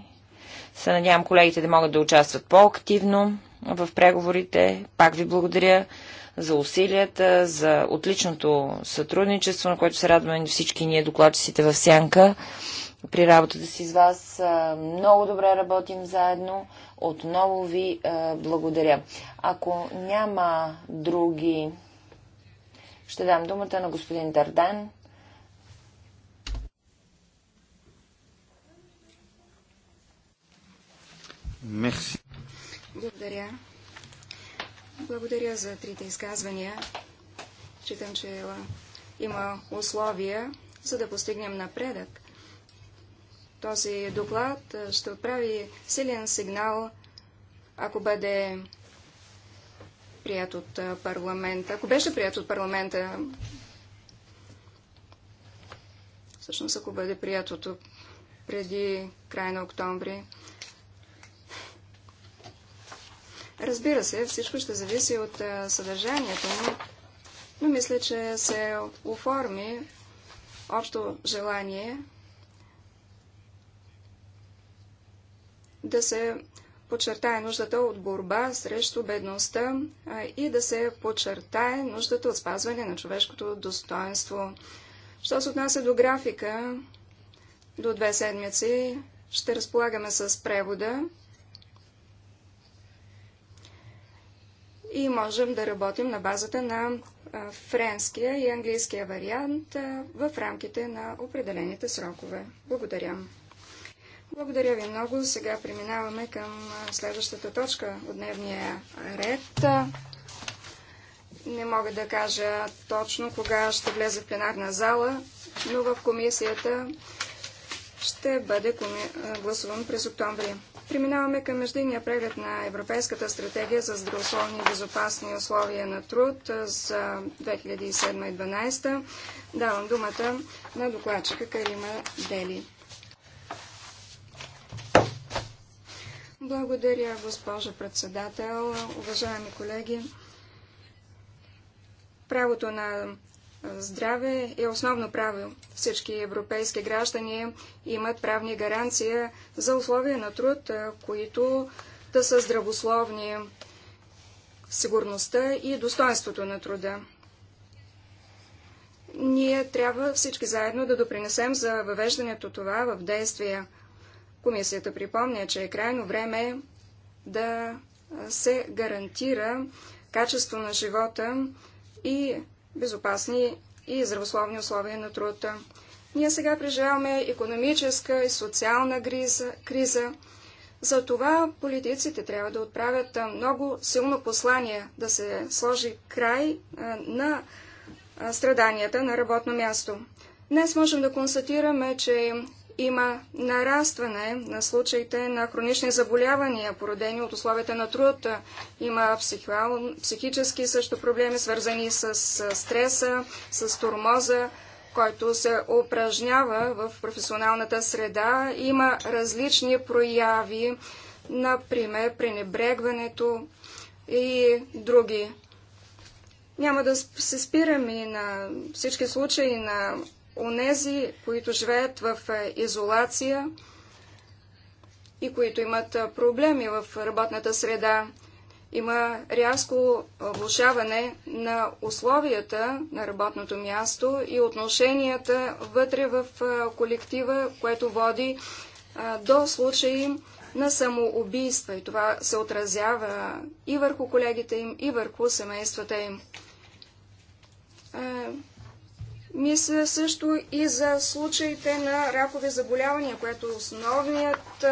се надявам колегите да могат да участват по-активно в преговорите. Пак ви благодаря за усилията, за отличното сътрудничество, на което се радваме всички ние докладчиците в Сянка при работата си с вас. Много добре работим заедно. Отново ви благодаря. Ако няма други, ще дам думата на господин Дардан. Мерси. Благодаря. Благодаря за трите изказвания. Читам, че има условия, за да постигнем напредък. Този доклад ще отправи силен сигнал, ако бъде прият от парламента. Ако беше прият от парламента, всъщност ако бъде прият от преди края на октомври, Разбира се, всичко ще зависи от съдържанието му, но мисля, че се оформи общо желание да се подчертае нуждата от борба срещу бедността и да се подчертае нуждата от спазване на човешкото достоинство. Що се отнася до графика, до две седмици ще разполагаме с превода и можем да работим на базата на френския и английския вариант в рамките на определените срокове. Благодаря. Благодаря ви много. Сега преминаваме към следващата точка от дневния ред. Не мога да кажа точно кога ще влезе в пленарна зала, но в комисията ще бъде коми... гласуван през октомври. Преминаваме към междинния преглед на Европейската стратегия за здравословни и безопасни условия на труд за 2007-2012. Давам думата на докладчика Карима Дели. Благодаря, госпожа председател, уважаеми колеги. Правото на здраве е основно право. Всички европейски граждани имат правни гаранции за условия на труд, които да са здравословни, сигурността и достоинството на труда. Ние трябва всички заедно да допринесем за въвеждането това в действия. Комисията припомня, че е крайно време да се гарантира качество на живота и безопасни и здравословни условия на труда. Ние сега преживяваме економическа и социална криза, криза. За това политиците трябва да отправят много силно послание да се сложи край на страданията на работно място. Днес можем да констатираме, че има нарастване на случаите на хронични заболявания, породени от условията на труд. Има психически също проблеми, свързани с стреса, с турмоза, който се упражнява в професионалната среда. Има различни прояви, например пренебрегването и други. Няма да се спираме и на всички случаи на онези, които живеят в е, изолация и които имат е, проблеми в работната среда. Има рязко влушаване на условията на работното място и отношенията вътре в е, колектива, което води до случаи на самоубийства. И това се отразява и върху колегите им, и върху семействата им. Мисля също и за случаите на ракови заболявания, което е основният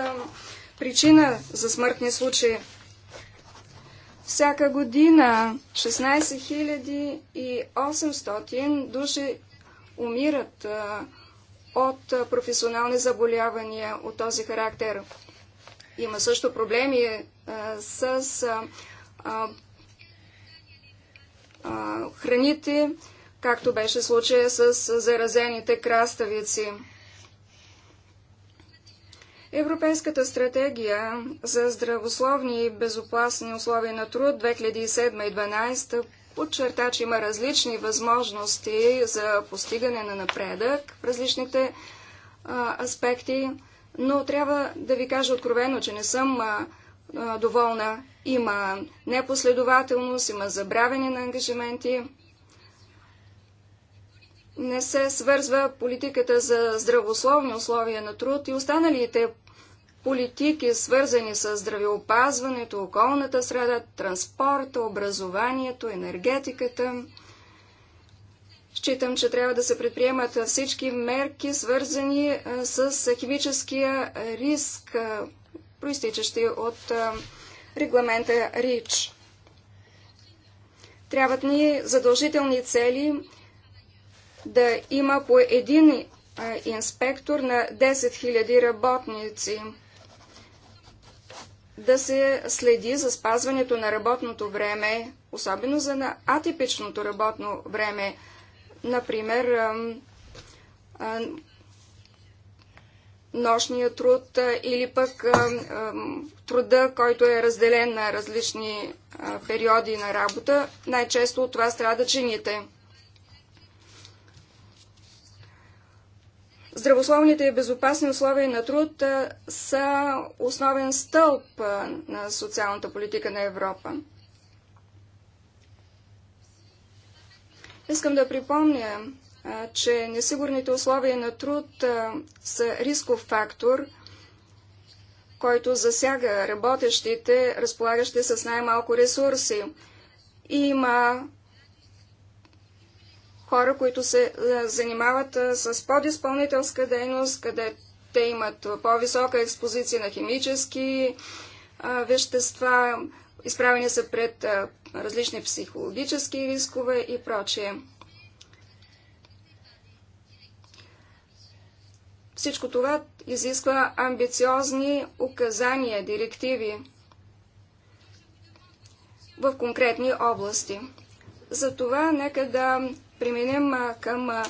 причина за смъртни случаи. Всяка година 16 800 души умират от професионални заболявания от този характер. Има също проблеми с храните, както беше случая с заразените краставици. Европейската стратегия за здравословни и безопасни условия на труд 2007-2012 подчерта, че има различни възможности за постигане на напредък в различните а, аспекти, но трябва да ви кажа откровено, че не съм а, а, доволна. Има непоследователност, има забравяне на ангажименти не се свързва политиката за здравословни условия на труд и останалите политики, свързани с здравеопазването, околната среда, транспорта, образованието, енергетиката. Считам, че трябва да се предприемат всички мерки, свързани с химическия риск, проистичащи от регламента РИЧ. Трябват ни задължителни цели да има по един е, инспектор на 10 000 работници, да се следи за спазването на работното време, особено за на атипичното работно време. Например, нощния труд или пък труда, който е разделен на различни периоди на работа. Най-често от това страдат жените. Здравословните и безопасни условия на труд са основен стълб на социалната политика на Европа. Искам да припомня, че несигурните условия на труд са рисков фактор, който засяга работещите, разполагащи с най-малко ресурси. Има хора, които се е, занимават е, с подизпълнителска дейност, къде те имат по-висока експозиция на химически е, вещества, изправени са пред различни психологически рискове и прочие. Всичко това изисква амбициозни указания, директиви в конкретни области. Затова нека да преминем към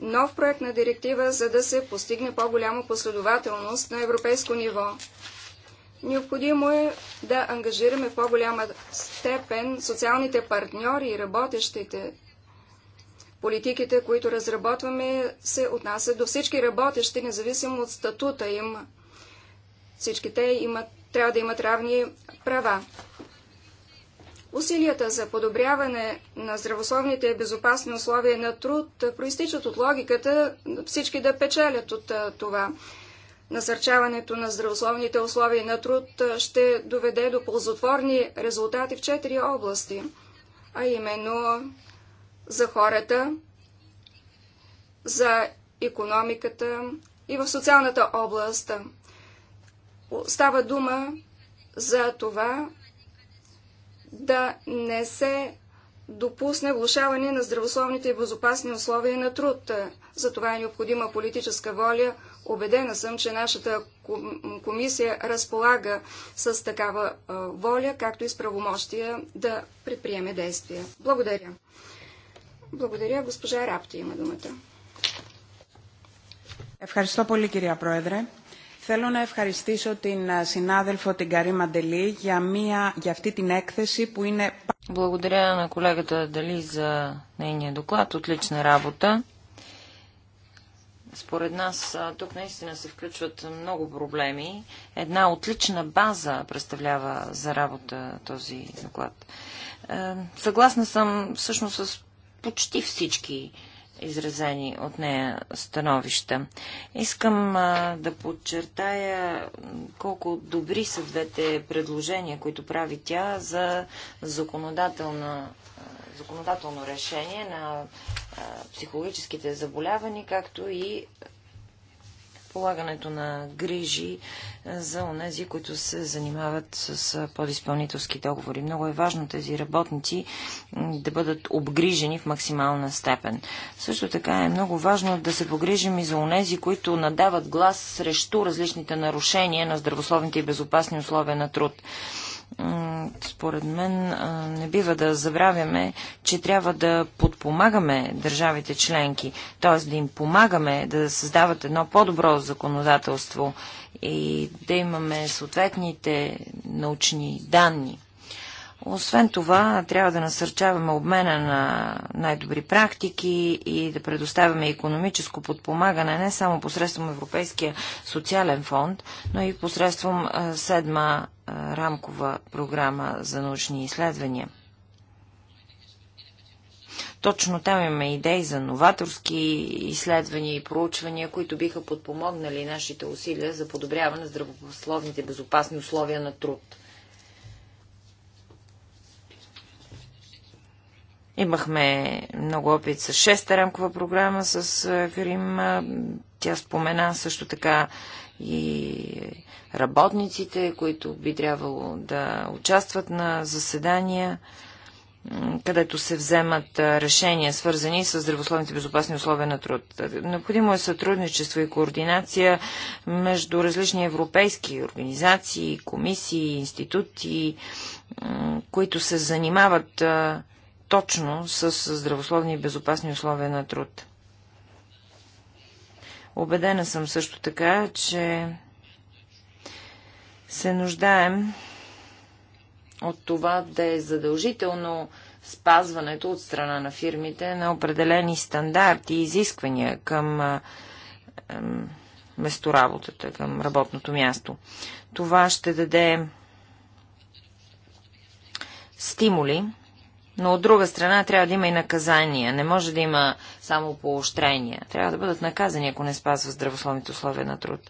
нов проект на директива, за да се постигне по-голяма последователност на европейско ниво. Необходимо е да ангажираме в по-голяма степен социалните партньори и работещите. Политиките, които разработваме, се отнасят до всички работещи, независимо от статута им. Всички те имат, трябва да имат равни права. Усилията за подобряване на здравословните и безопасни условия на труд проистичат от логиката всички да печелят от това. Насърчаването на здравословните условия на труд ще доведе до ползотворни резултати в четири области, а именно за хората, за економиката и в социалната област. Става дума за това да не се допусне влушаване на здравословните и безопасни условия на труд. За това е необходима политическа воля. Обедена съм, че нашата комисия разполага с такава воля, както и с правомощия да предприеме действия. Благодаря. Благодаря. Госпожа Рапти има думата. Ευχαριστώ πολύ, κυρία Πρόεδρε. Θέλω να ευχαριστήσω την συνάδελφο την Καρή Μαντελή για, μια, για αυτή την έκθεση που είναι... Благодаря на колегата Дали за нейния доклад. Отлична работа. Според нас тук наистина се включват много проблеми. Една отлична база представлява за работа този доклад. Е, съгласна съм всъщност с почти всички изразени от нея становища. Искам а, да подчертая колко добри са двете предложения, които прави тя за законодателна, законодателно решение на а, психологическите заболявания, както и полагането на грижи е, за онези, които се занимават с е, подизпълнителски договори. Много е важно тези работници да бъдат обгрижени в максимална степен. Също така е много важно да се погрижим и за онези, които надават глас срещу различните нарушения на здравословните и безопасни условия на труд според мен не бива да забравяме, че трябва да подпомагаме държавите членки, т.е. да им помагаме да създават едно по-добро законодателство и да имаме съответните научни данни. Освен това, трябва да насърчаваме обмена на най-добри практики и да предоставяме економическо подпомагане не само посредством Европейския социален фонд, но и посредством седма рамкова програма за научни изследвания. Точно там имаме идеи за новаторски изследвания и проучвания, които биха подпомогнали нашите усилия за подобряване на здравословните безопасни условия на труд. Имахме много опит с шеста рамкова програма с Карим. Тя спомена също така и работниците, които би трябвало да участват на заседания, където се вземат решения, свързани с здравословните безопасни условия на труд. Необходимо е сътрудничество и координация между различни европейски организации, комисии, институти, които се занимават точно с здравословни и безопасни условия на труд. Обедена съм също така, че се нуждаем от това да е задължително спазването от страна на фирмите на определени стандарти и изисквания към местоработата, към работното място. Това ще даде стимули но от друга страна трябва да има и наказания. Не може да има само поощрения. Трябва да бъдат наказани, ако не спазва здравословните условия на труд.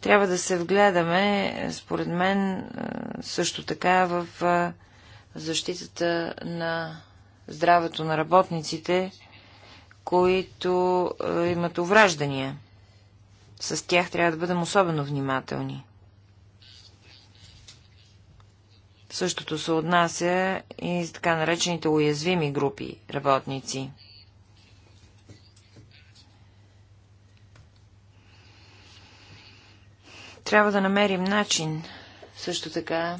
Трябва да се вгледаме, е, според мен, е, също така в е, защитата на здравето на работниците, които имат увраждания. С тях трябва да бъдем особено внимателни. Същото се отнася и за така наречените уязвими групи работници. Трябва да намерим начин също така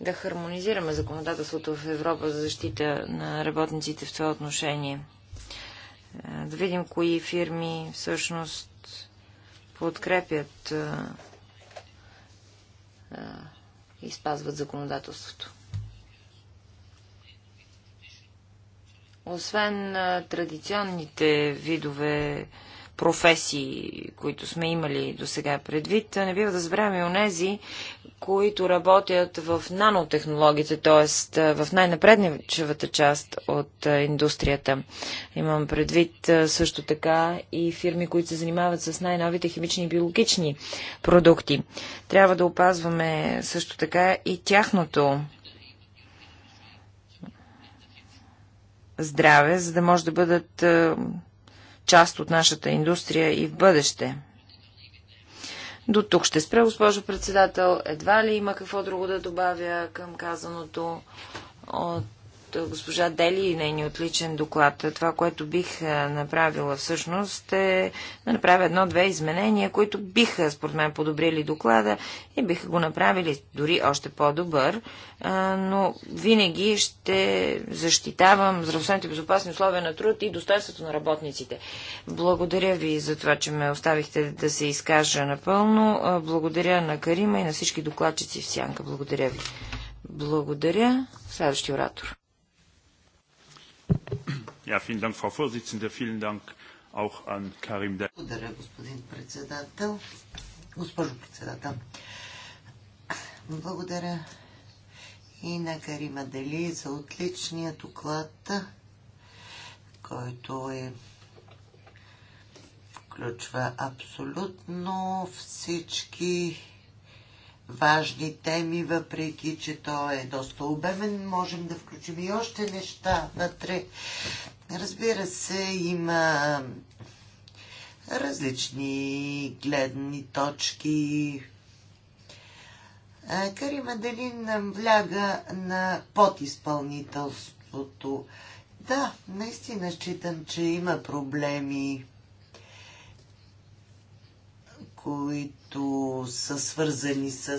да хармонизираме законодателството в Европа за защита на работниците в това отношение. Е, да видим кои фирми всъщност подкрепят е, е, и спазват законодателството. Освен традиционните видове професии, които сме имали до сега предвид, не бива да забравяме онези, които работят в нанотехнологите, т.е. в най-напредничевата част от индустрията. Имам предвид също така и фирми, които се занимават с най-новите химични и биологични продукти. Трябва да опазваме също така и тяхното здраве, за да може да бъдат част от нашата индустрия и в бъдеще. До тук ще спре, госпожо председател. Едва ли има какво друго да добавя към казаното от госпожа Дели и нейния отличен доклад. Това, което бих направила всъщност е да направя едно-две изменения, които биха, според мен, подобрили доклада и биха го направили дори още по-добър, но винаги ще защитавам здравословните безопасни условия на труд и достоинството на работниците. Благодаря ви за това, че ме оставихте да се изкажа напълно. Благодаря на Карима и на всички докладчици в Сянка. Благодаря ви. Благодаря. Следващия оратор. Ja, vielen Dank, Frau Vorsitzende. Vielen Dank auch an Благодаря, господин председател. Госпожо председател, благодаря и на Карима Дали за отличния доклад, който е включва абсолютно всички важни теми, въпреки че то е доста обемен. Можем да включим и още неща вътре. Разбира се, има различни гледни точки. Карима Маделин вляга на подизпълнителството. Да, наистина считам, че има проблеми, които които са свързани с е,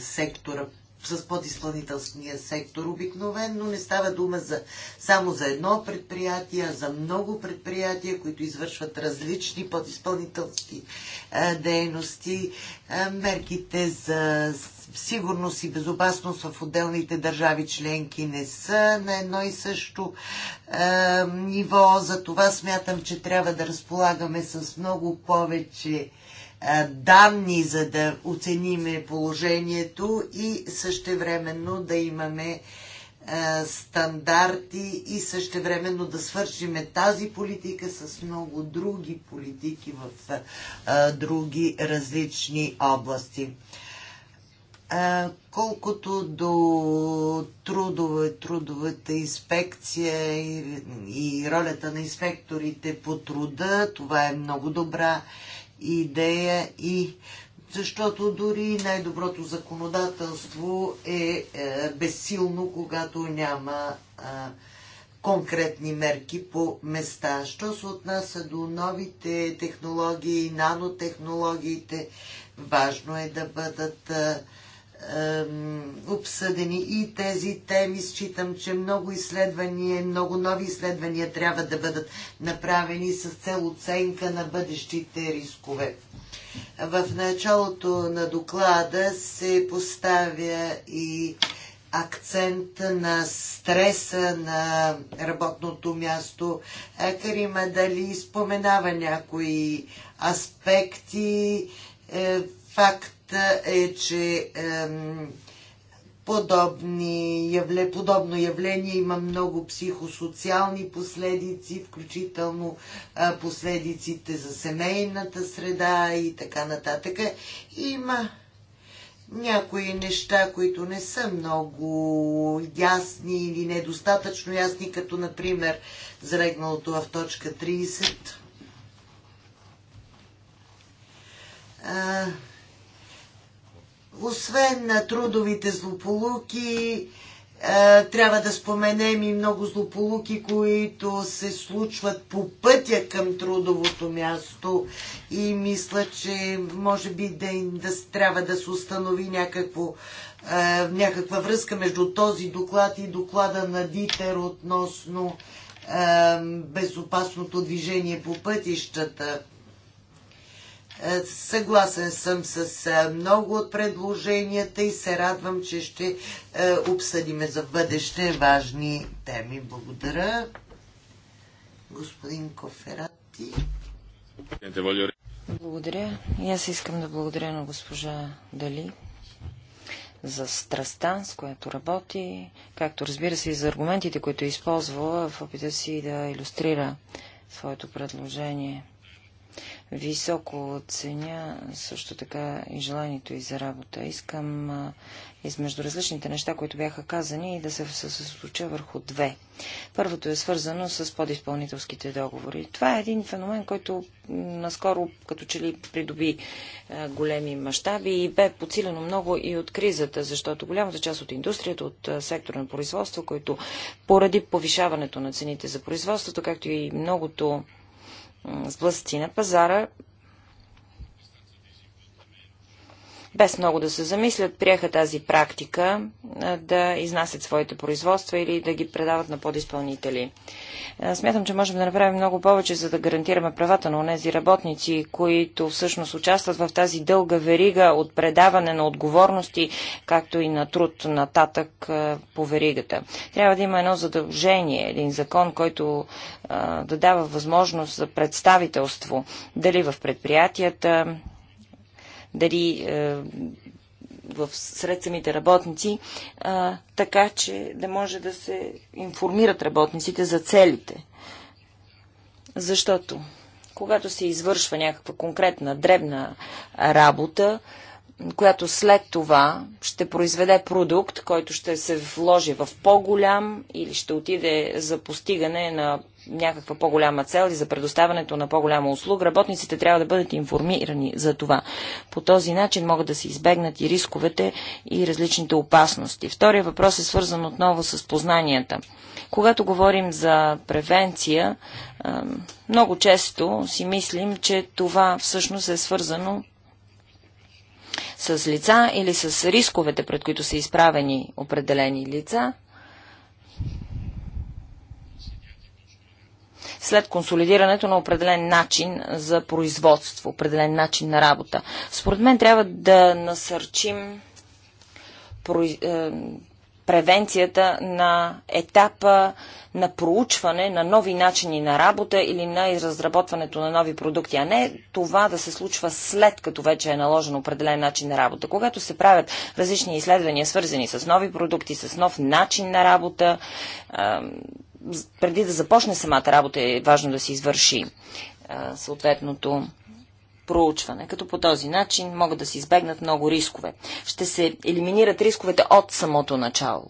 сектора с подизпълнителния сектор. обикновено не става дума за, само за едно предприятие, а за много предприятия, които извършват различни подизпълнителски е, дейности. Е, мерките за сигурност и безопасност в отделните държави членки не са на едно и също е, ниво. Затова смятам, че трябва да разполагаме с много повече е, данни, за да оцениме положението и същевременно да имаме е, стандарти и същевременно да свършиме тази политика с много други политики в е, други различни области. Колкото до трудове, трудовата инспекция и, и ролята на инспекторите по труда, това е много добра идея и защото дори най-доброто законодателство е, е безсилно, когато няма конкретни мерки по места. Що се отнася до новите технологии, нанотехнологиите, важно е да бъдат обсъдени и тези теми. Считам, че много изследвания, много нови изследвания трябва да бъдат направени с цел оценка на бъдещите рискове. В началото на доклада се поставя и акцент на стреса на работното място. Е, Карима дали споменава някои аспекти, е, факт е, че подобни явле, подобно явление има много психосоциални последици, включително последиците за семейната среда и така нататък. Има някои неща, които не са много ясни или недостатъчно ясни, като например зарегналото в точка 30. Освен на трудовите злополуки, е, трябва да споменем и много злополуки, които се случват по пътя към трудовото място и мисля, че може би да, да трябва да се установи някакво, е, някаква връзка между този доклад и доклада на Дитер относно е, безопасното движение по пътищата. Е, съгласен съм с е, много от предложенията и се радвам, че ще е, обсъдиме за бъдеще важни теми. Благодаря. Господин Коферати. Благодаря. И аз искам да благодаря на госпожа Дали за страстта, с която работи, както разбира се и за аргументите, които е използвала в опита си да иллюстрира своето предложение. Високо оценя също така и желанието и за работа. Искам измежду различните неща, които бяха казани, и да се съсредоточа върху две. Първото е свързано с подизпълнителските договори. Това е един феномен, който наскоро като че ли придоби големи мащаби и бе подсилено много и от кризата, защото голямата част от индустрията, от сектора на производство, който поради повишаването на цените за производството, както и многото сблъсъци на пазара без много да се замислят, приеха тази практика да изнасят своите производства или да ги предават на подизпълнители. Смятам, че можем да направим много повече, за да гарантираме правата на тези работници, които всъщност участват в тази дълга верига от предаване на отговорности, както и на труд нататък по веригата. Трябва да има едно задължение, един закон, който да дава възможност за представителство, дали в предприятията, дали е, в сред самите работници, а, така че да може да се информират работниците за целите. Защото когато се извършва някаква конкретна дребна работа, която след това ще произведе продукт, който ще се вложи в по-голям или ще отиде за постигане на някаква по-голяма цел и за предоставянето на по-голяма услуга, работниците трябва да бъдат информирани за това. По този начин могат да се избегнат и рисковете и различните опасности. Втория въпрос е свързан отново с познанията. Когато говорим за превенция, много често си мислим, че това всъщност е свързано с лица или с рисковете, пред които са изправени определени лица – след консолидирането на определен начин за производство, определен начин на работа. Според мен трябва да насърчим е, превенцията на етапа на проучване на нови начини на работа или на разработването на нови продукти, а не това да се случва след като вече е наложен определен начин на работа. Когато се правят различни изследвания, свързани с нови продукти, с нов начин на работа, преди да започне самата работа е важно да се извърши съответното проучване, като по този начин могат да се избегнат много рискове. Ще се елиминират рисковете от самото начало.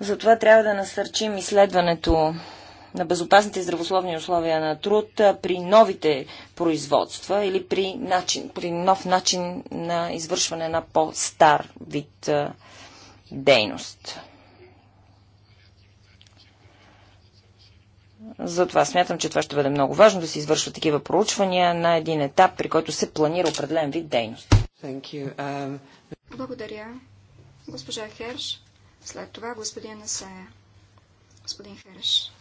Затова трябва да насърчим изследването на безопасните и здравословни условия на труд при новите производства или при, начин, при нов начин на извършване на по-стар вид дейност. Затова смятам, че това ще бъде много важно да се извършва такива проучвания на един етап, при който се планира определен вид дейност. Um... Благодаря. Госпожа Херш, след това господин Асая. Господин Херш.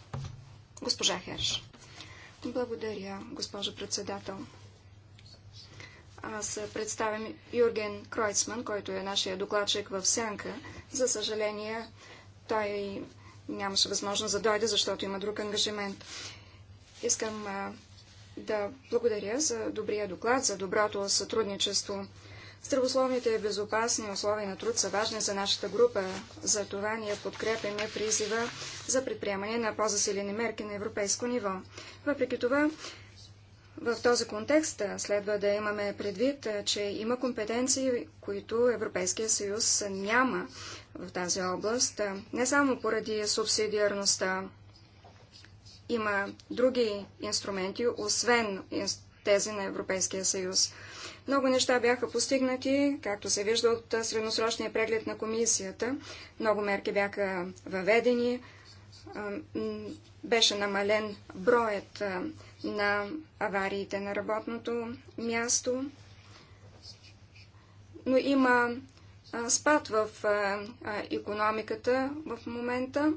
Госпожа Херш. Благодаря, госпожа председател. Аз представям Юрген Кройцман, който е нашия докладчик в Сянка. За съжаление, той нямаше възможност да дойде, защото има друг ангажимент. Искам а, да благодаря за добрия доклад, за доброто сътрудничество. Здравословните и безопасни условия на труд са важни за нашата група. За това ние подкрепяме призива за предприемане на по-засилени мерки на европейско ниво. Въпреки това, в този контекст следва да имаме предвид, че има компетенции, които Европейския съюз няма в тази област, не само поради субсидиарността. Има други инструменти, освен тези на Европейския съюз. Много неща бяха постигнати, както се вижда от средносрочния преглед на комисията. Много мерки бяха въведени. Беше намален броят на авариите на работното място. Но има спад в економиката в момента.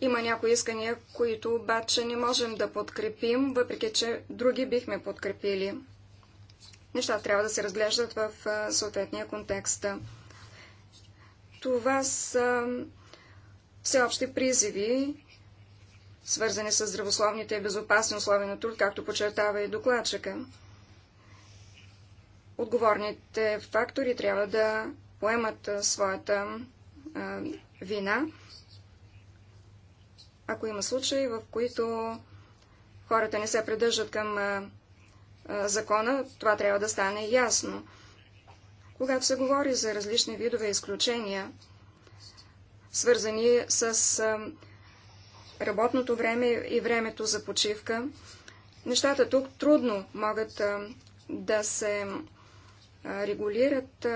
Има някои искания, които обаче не можем да подкрепим, въпреки че други бихме подкрепили. Неща трябва да се разглеждат в съответния контекст. Това са всеобщи призиви свързани с здравословните и безопасни условия на труд, както подчертава и докладчика. Отговорните фактори трябва да поемат своята а, вина, ако има случаи, в които хората не се придържат към а, а, закона, това трябва да стане ясно. Когато се говори за различни видове изключения, свързани с а, работното време и времето за почивка. Нещата тук трудно могат да се регулират,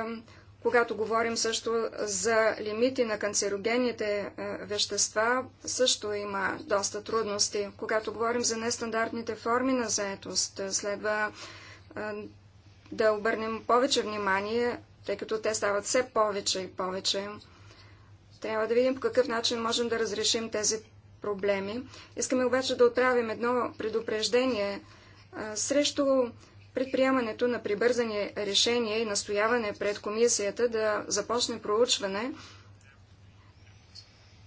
когато говорим също за лимити на канцерогенните вещества, също има доста трудности. Когато говорим за нестандартните форми на заетост, следва да обърнем повече внимание, тъй като те стават все повече и повече. Трябва да видим по какъв начин можем да разрешим тези проблеми. Искаме обаче да отправим едно предупреждение срещу предприемането на прибързани решения и настояване пред комисията да започне проучване.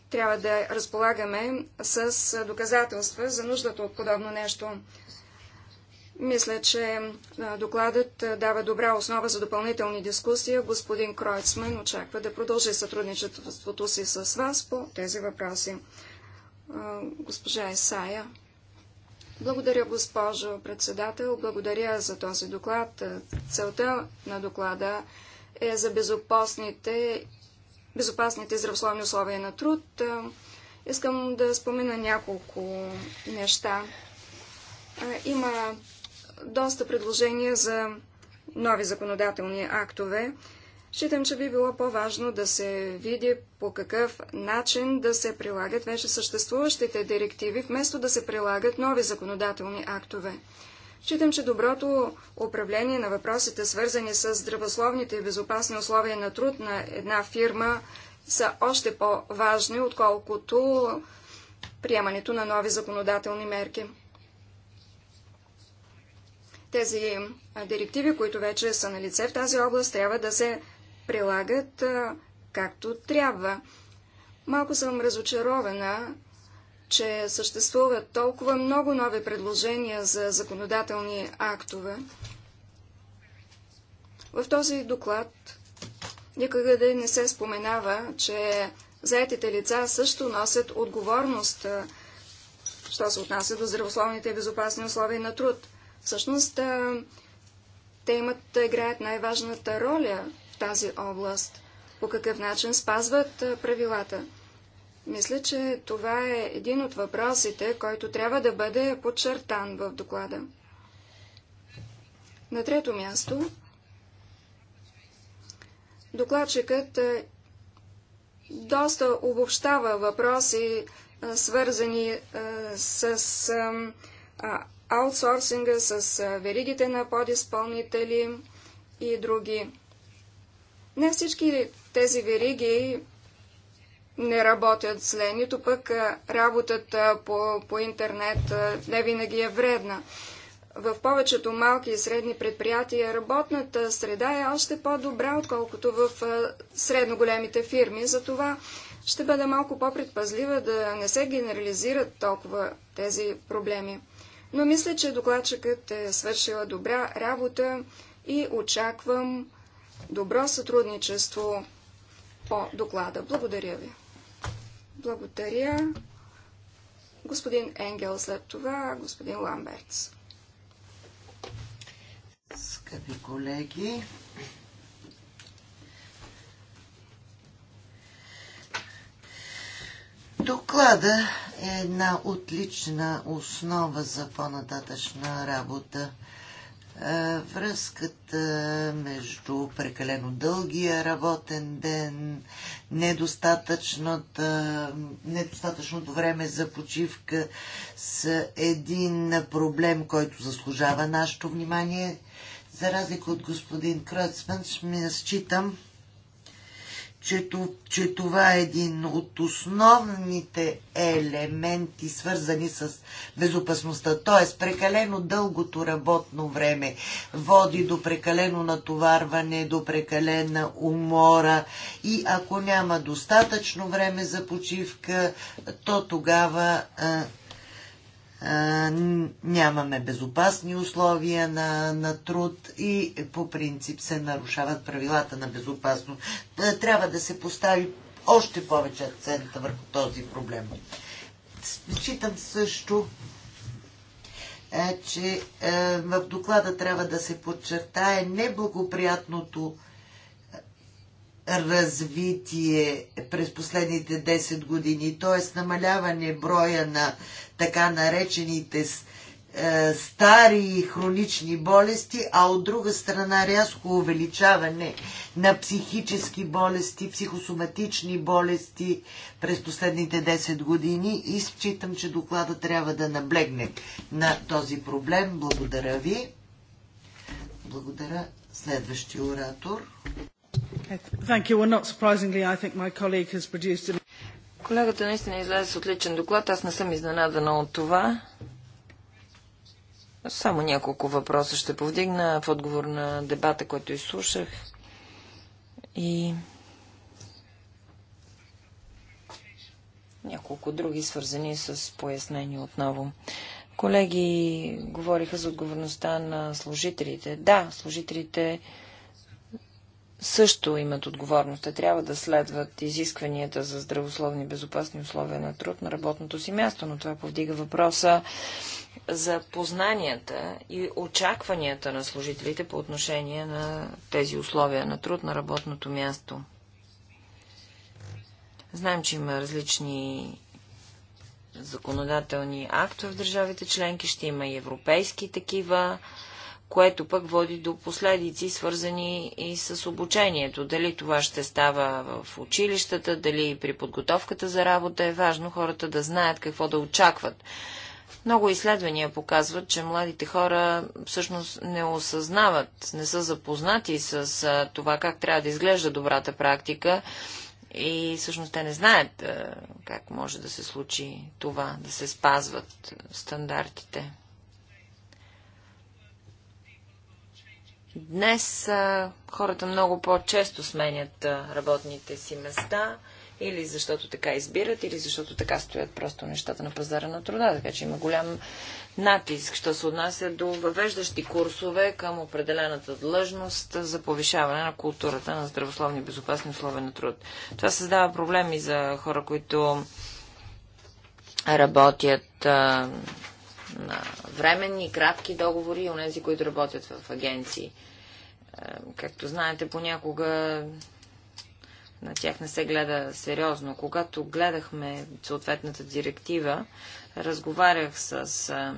Трябва да разполагаме с доказателства за нуждата от подобно нещо. Мисля, че докладът дава добра основа за допълнителни дискусии. Господин Кройцман очаква да продължи сътрудничеството си с вас по тези въпроси госпожа Есая. Благодаря, госпожо председател. Благодаря за този доклад. Целта на доклада е за безопасните, безопасните здравословни условия на труд. Искам да спомена няколко неща. Има доста предложения за нови законодателни актове. Считам, че би било по-важно да се види по какъв начин да се прилагат вече съществуващите директиви, вместо да се прилагат нови законодателни актове. Считам, че доброто управление на въпросите, свързани с здравословните и безопасни условия на труд на една фирма, са още по-важни, отколкото приемането на нови законодателни мерки. Тези директиви, които вече са на лице в тази област, трябва да се прилагат както трябва. Малко съм разочарована, че съществуват толкова много нови предложения за законодателни актове. В този доклад никъде не се споменава, че заетите лица също носят отговорност, що се отнася до здравословните и безопасни условия на труд. Всъщност, те имат, играят най-важната роля тази област? По какъв начин спазват правилата? Мисля, че това е един от въпросите, който трябва да бъде подчертан в доклада. На трето място, докладчикът доста обобщава въпроси, свързани с аутсорсинга, с веригите на подизпълнители и други. Не всички тези вериги не работят зле, нито пък работата по, по интернет не винаги е вредна. В повечето малки и средни предприятия работната среда е още по-добра, отколкото в средно големите фирми. Затова ще бъда малко по-предпазлива да не се генерализират толкова тези проблеми. Но мисля, че докладчикът е свършила добра работа и очаквам добро сътрудничество по доклада. Благодаря ви. Благодаря. Господин Енгел след това, господин Ламберц. Скъпи колеги, Доклада е една отлична основа за по-нататъчна работа. Е, връзката между прекалено дългия работен ден, недостатъчното време за почивка с един проблем, който заслужава нашето внимание. За разлика от господин Кръцман, считам, че, че това е един от основните елементи, свързани с безопасността. Т.е. прекалено дългото работно време води до прекалено натоварване, до прекалена умора и ако няма достатъчно време за почивка, то тогава а, нямаме безопасни условия на, на труд и по принцип се нарушават правилата на безопасност. Е, трябва да се постави още повече акцент върху този проблем. Считам също, е, че е, в доклада трябва да се подчертае неблагоприятното развитие през последните 10 години, т.е. намаляване броя на така наречените е, стари и хронични болести, а от друга страна рязко увеличаване на психически болести, психосоматични болести през последните 10 години и считам, че доклада трябва да наблегне на този проблем. Благодаря ви. Благодаря следващия оратор. Колегата наистина излезе с отличен доклад. Аз не съм изненадана от това. Само няколко въпроса ще повдигна в отговор на дебата, който изслушах. И няколко други, свързани с пояснение отново. Колеги говориха за отговорността на служителите. Да, служителите също имат отговорност. Те трябва да следват изискванията за здравословни и безопасни условия на труд на работното си място, но това повдига въпроса за познанията и очакванията на служителите по отношение на тези условия на труд на работното място. Знаем, че има различни законодателни актове в държавите членки, ще има и европейски такива което пък води до последици, свързани и с обучението. Дали това ще става в училищата, дали при подготовката за работа е важно хората да знаят какво да очакват. Много изследвания показват, че младите хора всъщност не осъзнават, не са запознати с това как трябва да изглежда добрата практика и всъщност те не знаят как може да се случи това, да се спазват стандартите. Днес а, хората много по-често сменят а, работните си места, или защото така избират, или защото така стоят просто нещата на пазара на труда. Така че има голям натиск, що се отнася до въвеждащи курсове към определената длъжност за повишаване на културата на здравословни и безопасни условия на труд. Това създава проблеми за хора, които работят а, на временни, кратки договори и онези, които работят в агенции. Е, както знаете, понякога на тях не се гледа сериозно. Когато гледахме съответната директива, разговарях с е,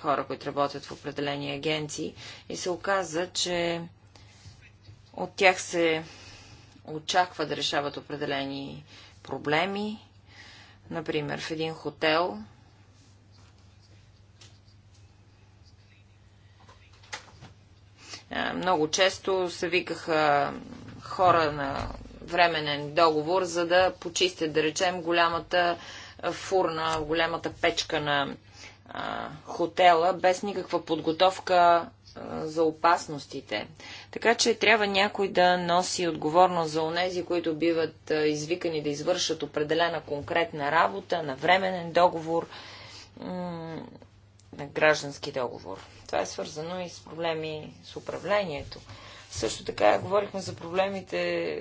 хора, които работят в определени агенции и се оказа, че от тях се очаква да решават определени проблеми. Например, в един хотел Много често се викаха хора на временен договор, за да почистят, да речем, голямата фурна, голямата печка на а, хотела, без никаква подготовка а, за опасностите. Така че трябва някой да носи отговорност за онези, които биват а, извикани да извършат определена конкретна работа, на временен договор на граждански договор. Това е свързано и с проблеми с управлението. Също така говорихме за проблемите,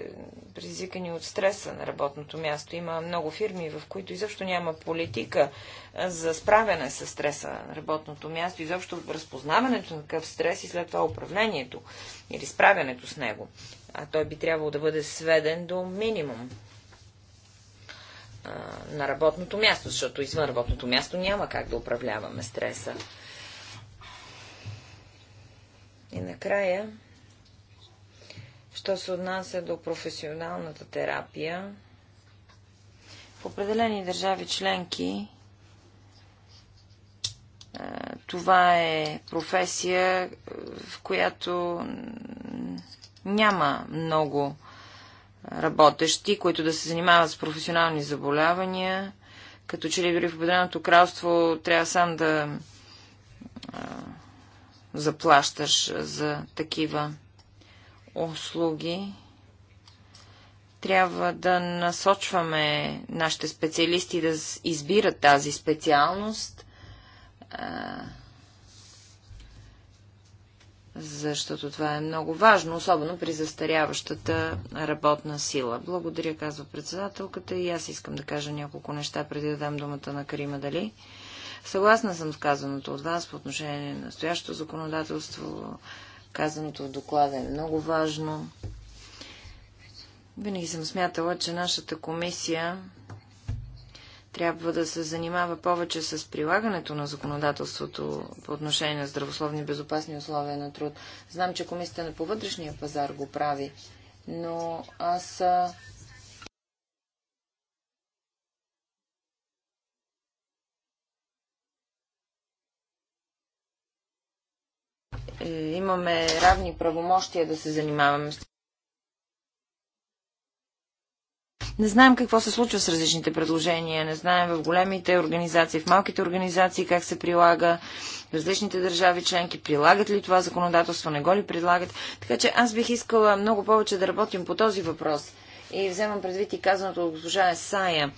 предизвикани от стреса на работното място. Има много фирми, в които изобщо няма политика за справяне с стреса на работното място, изобщо разпознаването на такъв стрес и след това управлението или справянето с него. А той би трябвало да бъде сведен до минимум а, на работното място, защото извън работното място няма как да управляваме стреса. И накрая, що се отнася до професионалната терапия, в определени държави членки това е професия, в която няма много работещи, които да се занимават с професионални заболявания. Като че ли дори в Обединеното кралство трябва сам да а, заплащаш за такива услуги. Трябва да насочваме нашите специалисти да избират тази специалност. А, защото това е много важно, особено при застаряващата работна сила. Благодаря, казва председателката, и аз искам да кажа няколко неща преди да дам думата на Карима Дали. Съгласна съм с казаното от вас по отношение на настоящото законодателство. Казаното в доклада е много важно. Винаги съм смятала, че нашата комисия трябва да се занимава повече с прилагането на законодателството по отношение на здравословни и безопасни условия на труд. Знам, че комисията на по вътрешния пазар го прави, но аз е, имаме равни правомощия да се занимаваме с Не знаем какво се случва с различните предложения, не знаем в големите организации, в малките организации как се прилага, различните държави членки прилагат ли това законодателство, не го ли прилагат. Така че аз бих искала много повече да работим по този въпрос. И вземам предвид и казаното от госпожа Есая.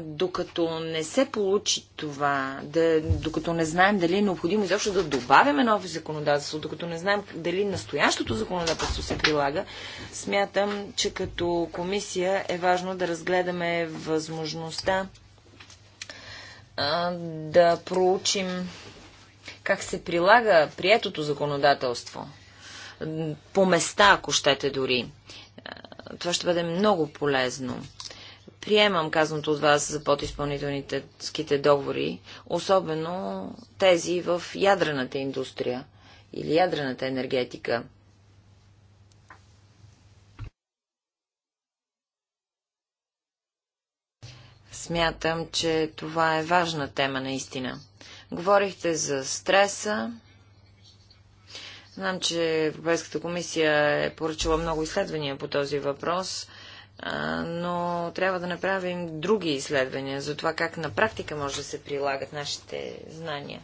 Докато не се получи това, да, докато не знаем дали е необходимо изобщо да добавяме нови законодателство, докато не знаем дали настоящото законодателство се прилага, смятам, че като комисия е важно да разгледаме възможността а, да проучим как се прилага приетото законодателство по места, ако щете дори това ще бъде много полезно. Приемам казаното от вас за подизпълнителните договори, особено тези в ядрената индустрия или ядрената енергетика. Смятам, че това е важна тема наистина. Говорихте за стреса, Знам, че Европейската комисия е поръчала много изследвания по този въпрос, но трябва да направим други изследвания за това как на практика може да се прилагат нашите знания.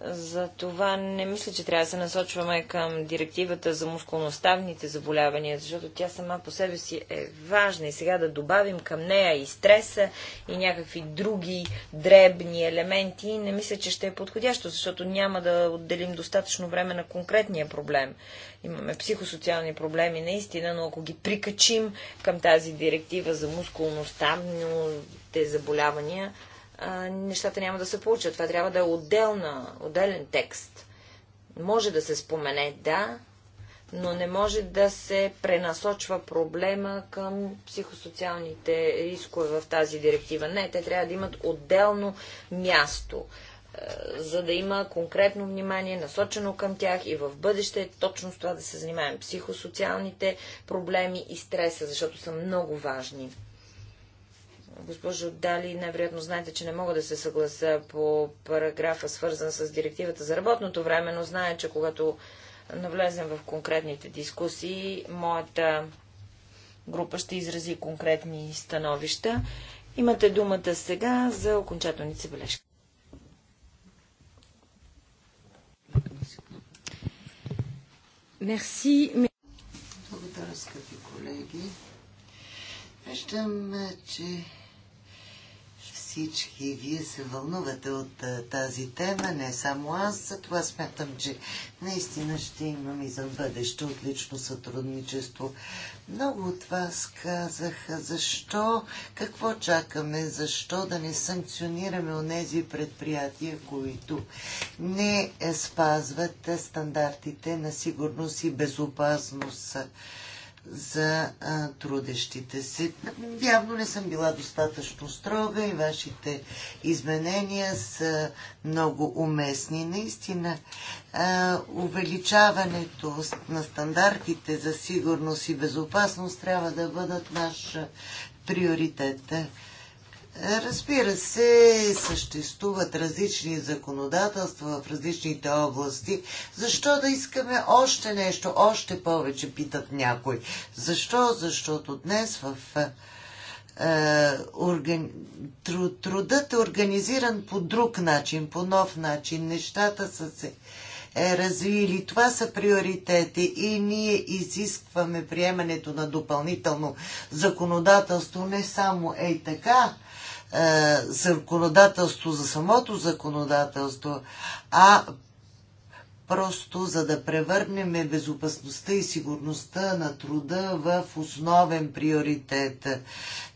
За това не мисля, че трябва да се насочваме към директивата за мускулноставните заболявания, защото тя сама по себе си е важна и сега да добавим към нея и стреса и някакви други дребни елементи, не мисля, че ще е подходящо, защото няма да отделим достатъчно време на конкретния проблем. Имаме психосоциални проблеми наистина, но ако ги прикачим към тази директива за мускулноставните заболявания, нещата няма да се получат. Това трябва да е отделна, отделен текст. Може да се спомене, да, но не може да се пренасочва проблема към психосоциалните рискове в тази директива. Не, те трябва да имат отделно място, за да има конкретно внимание, насочено към тях и в бъдеще точно с това да се занимаем. Психосоциалните проблеми и стреса, защото са много важни. Госпожо Дали, най-вероятно знаете, че не мога да се съглася по параграфа, свързан с директивата за работното време, но знае, че когато навлезем в конкретните дискусии, моята група ще изрази конкретни становища. Имате думата сега за окончателни бележки. Мерси. Благодаря, скъпи колеги. Виждам, че всички вие се вълнувате от тази тема, не само аз, затова смятам, че наистина ще имам и за бъдеще отлично сътрудничество. Много от вас казаха защо, какво чакаме, защо да не санкционираме тези предприятия, които не спазват стандартите на сигурност и безопасност за а, трудещите се. Явно не съм била достатъчно строга и вашите изменения са много уместни. Наистина, а, увеличаването на стандартите за сигурност и безопасност трябва да бъдат наш приоритет. Разбира се, съществуват различни законодателства в различните области. Защо да искаме още нещо, още повече, питат някой. Защо? Защото днес в е, е, орган... Тру, трудът е организиран по друг начин, по нов начин. Нещата са се е, развили. Това са приоритети и ние изискваме приемането на допълнително законодателство не само ей така, е, законодателство за самото законодателство, а просто за да превърнем безопасността и сигурността на труда в основен приоритет.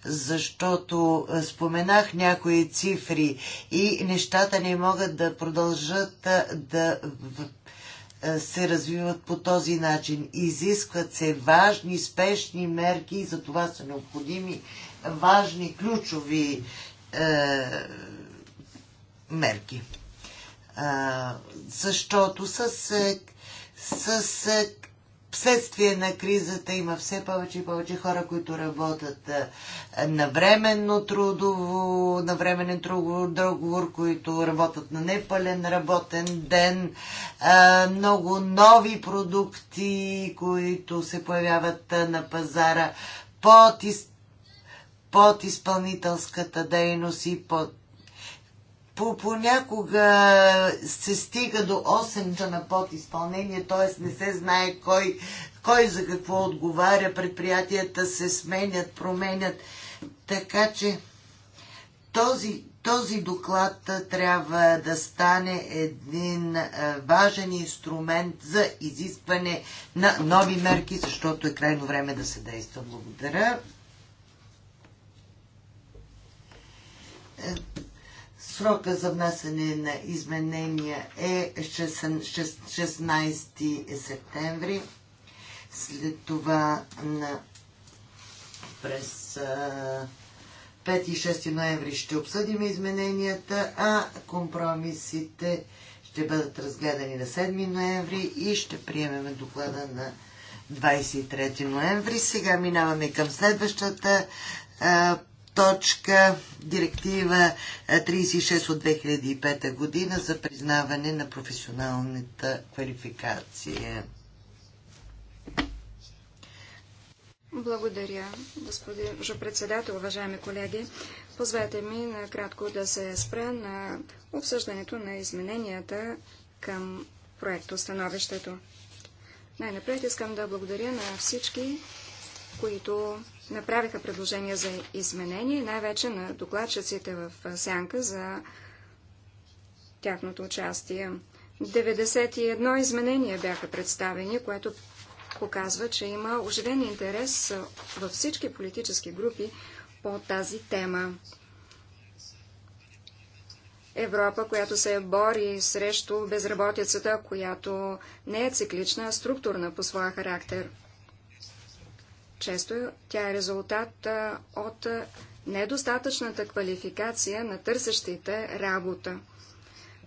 Защото е, споменах някои цифри и нещата не могат да продължат е, да се развиват по този начин. Изискват се важни, спешни мерки и за това са необходими важни, ключови е, мерки. А, защото с, е, с, с е, следствие на кризата има все повече и повече хора, които работят е, на временно трудово, на временен трудов договор, които работят на непълен работен ден, много нови продукти, които се появяват на пазара, под, под изпълнителската дейност и под по, понякога се стига до 8 на подизпълнение, т.е. не се знае кой, кой за какво отговаря, предприятията се сменят, променят. Така че този, този доклад трябва да стане един е, важен инструмент за изискване на нови мерки, защото е крайно време да се действа. Благодаря. Срока за внасяне на изменения е 16 септември. След това на през 5 и 6 ноември ще обсъдим измененията, а компромисите ще бъдат разгледани на 7 ноември и ще приемем доклада на 23 ноември. Сега минаваме към следващата точка директива 36 е, от 2005 година за признаване на професионалната квалификация. Благодаря, господин председател, уважаеми колеги. Позвете ми накратко да се спра на обсъждането на измененията към проекто становището. Най-напред искам да благодаря на всички, които направиха предложения за изменение, най-вече на докладчиците в сянка за тяхното участие. 91 изменения бяха представени, което показва, че има оживен интерес във всички политически групи по тази тема. Европа, която се бори срещу безработицата, която не е циклична, а структурна по своя характер – често тя е резултат от недостатъчната квалификация на търсещите работа.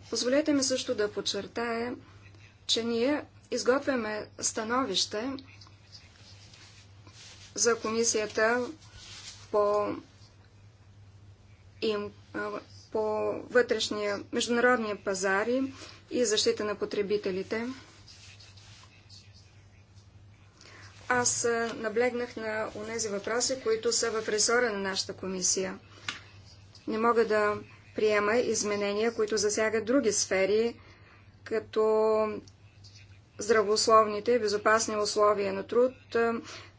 Позволете ми също да подчертая, че ние изготвяме становище за комисията по, им, по вътрешния международния пазари и защита на потребителите. аз наблегнах на онези въпроси, които са в ресора на нашата комисия. Не мога да приема изменения, които засягат други сфери, като здравословните и безопасни условия на труд,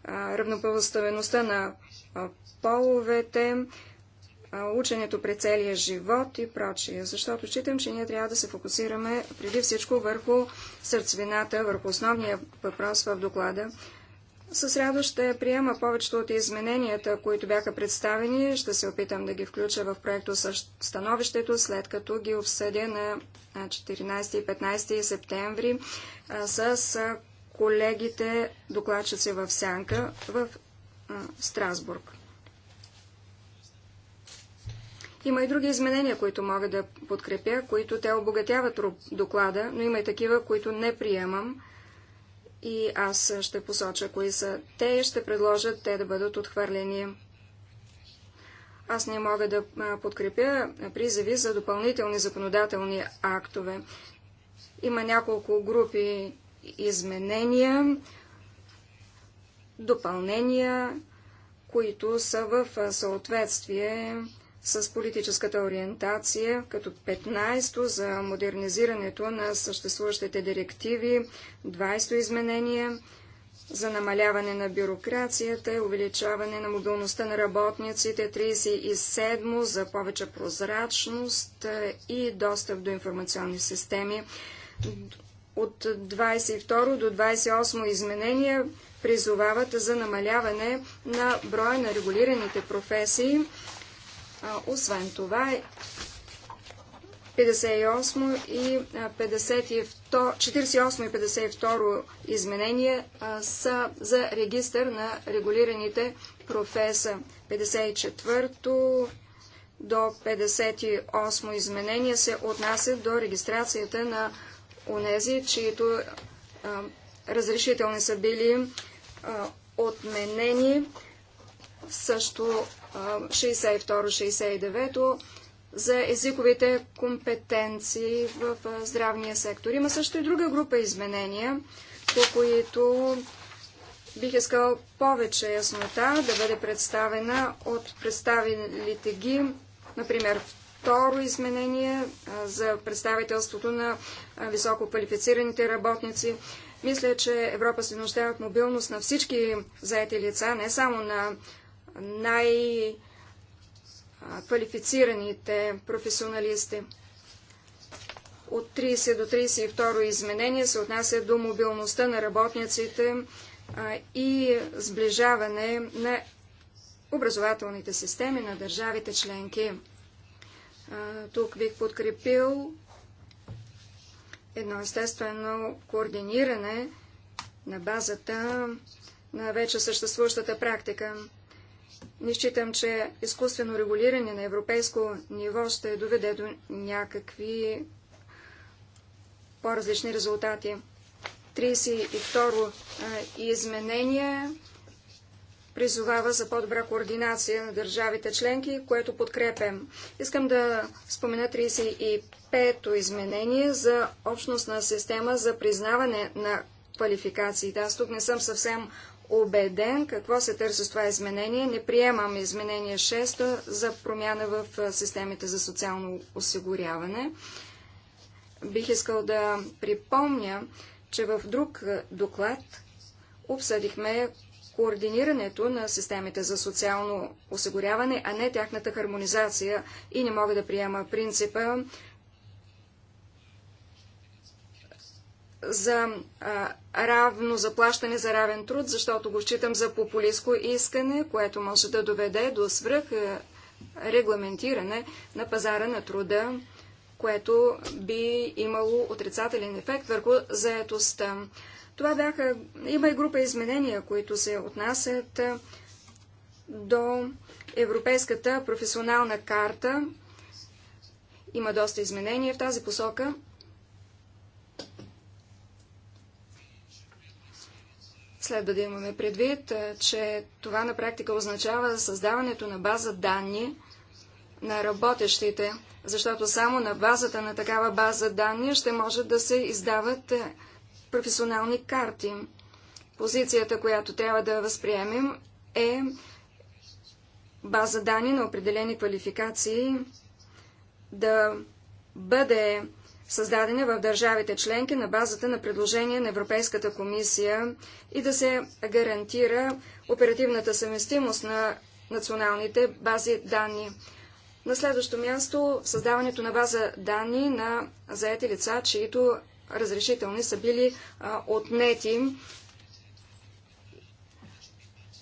равнопоставеността на половете, ученето пред целия живот и прочие. Защото считам, че ние трябва да се фокусираме преди всичко върху сърцевината, върху основния въпрос в доклада, със радост ще приема повечето от измененията, които бяха представени. Ще се опитам да ги включа в проекто с становището, след като ги обсъдя на 14 и 15 септември с колегите докладчици в Сянка в Страсбург. Има и други изменения, които мога да подкрепя, които те обогатяват доклада, но има и такива, които не приемам и аз ще посоча кои са те и ще предложат те да бъдат отхвърлени. Аз не мога да подкрепя призиви за допълнителни законодателни актове. Има няколко групи изменения, допълнения, които са в съответствие с политическата ориентация, като 15-то за модернизирането на съществуващите директиви, 20-то изменение за намаляване на бюрокрацията и увеличаване на мобилността на работниците, 37 за повече прозрачност е, и достъп до информационни системи. От 22 до 28 изменения призовават за намаляване на броя на регулираните професии освен това, 58 и 52, 48 и 52 изменения а, са за регистър на регулираните професа. 54 до 58 изменения се отнасят до регистрацията на онези, чието а, разрешителни са били а, отменени. Също 62-69 за езиковите компетенции в здравния сектор. Има също и друга група изменения, по които бих искал повече яснота да бъде представена от представилите ги, например, второ изменение за представителството на висококвалифицираните работници. Мисля, че Европа се нуждае от мобилност на всички заети лица, не само на най-квалифицираните професионалисти. От 30 до 32 изменение се отнася до мобилността на работниците и сближаване на образователните системи на държавите членки. Тук бих подкрепил едно естествено координиране на базата на вече съществуващата практика. Не считам, че изкуствено регулиране на европейско ниво ще доведе до някакви по-различни резултати. 32 изменение призовава за по-добра координация на държавите членки, което подкрепям. Искам да спомена 35-то изменение за общностна система за признаване на Да, Аз тук не съм съвсем убеден какво се търси с това изменение. Не приемам изменение 6 за промяна в системите за социално осигуряване. Бих искал да припомня, че в друг доклад обсъдихме координирането на системите за социално осигуряване, а не тяхната хармонизация и не мога да приема принципа за а, равно заплащане за равен труд, защото го считам за популистско искане, което може да доведе до свръх регламентиране на пазара на труда, което би имало отрицателен ефект върху заетостта. Това бяха... Има и група изменения, които се отнасят до Европейската професионална карта. Има доста изменения в тази посока. Следва да имаме предвид, че това на практика означава създаването на база данни на работещите, защото само на базата на такава база данни ще може да се издават професионални карти. Позицията, която трябва да възприемем е база данни на определени квалификации да бъде създадени в държавите членки на базата на предложение на Европейската комисия и да се гарантира оперативната съвместимост на националните бази данни. На следващо място създаването на база данни на заети лица, чието разрешителни са били а, отнети.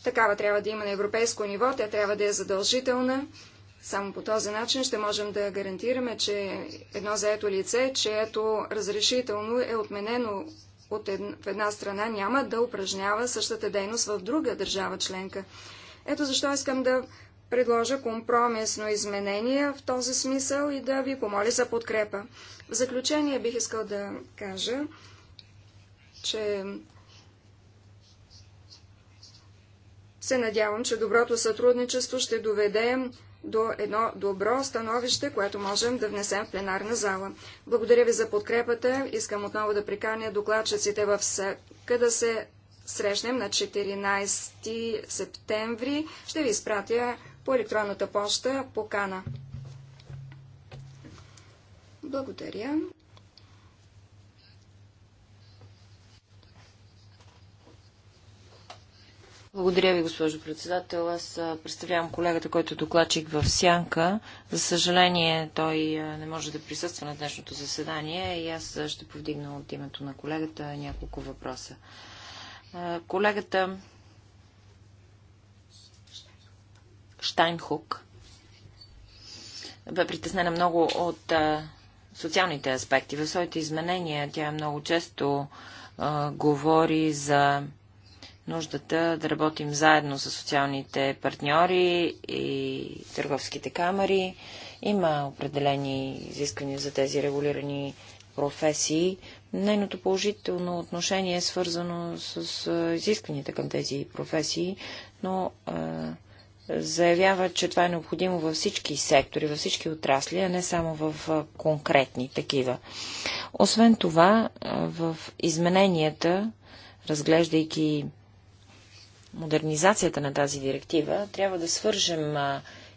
Такава трябва да има на европейско ниво, тя трябва да е задължителна. Само по този начин ще можем да гарантираме, че едно заето лице, чието разрешително е отменено от една, в една страна, няма да упражнява същата дейност в друга държава членка. Ето защо искам да предложа компромисно изменение в този смисъл и да ви помоля за подкрепа. В заключение бих искал да кажа, че се надявам, че доброто сътрудничество ще доведе до едно добро становище, което можем да внесем в пленарна зала. Благодаря ви за подкрепата. Искам отново да приканя докладчиците в СЕКА да се срещнем на 14 септември. Ще ви изпратя по електронната почта покана. Благодаря. Благодаря ви, госпожо председател. Аз представлявам колегата, който е докладчик в Сянка. За съжаление, той не може да присъства на днешното заседание и аз ще повдигна от името на колегата няколко въпроса. Колегата Штайнхук бе притеснена много от социалните аспекти. В своите изменения тя много често говори за нуждата да работим заедно с социалните партньори и търговските камери. Има определени изисквания за тези регулирани професии. Нейното положително отношение е свързано с изискванията към тези професии, но заявява, че това е необходимо във всички сектори, във всички отрасли, а не само в конкретни такива. Освен това, в измененията, разглеждайки модернизацията на тази директива, трябва да свържем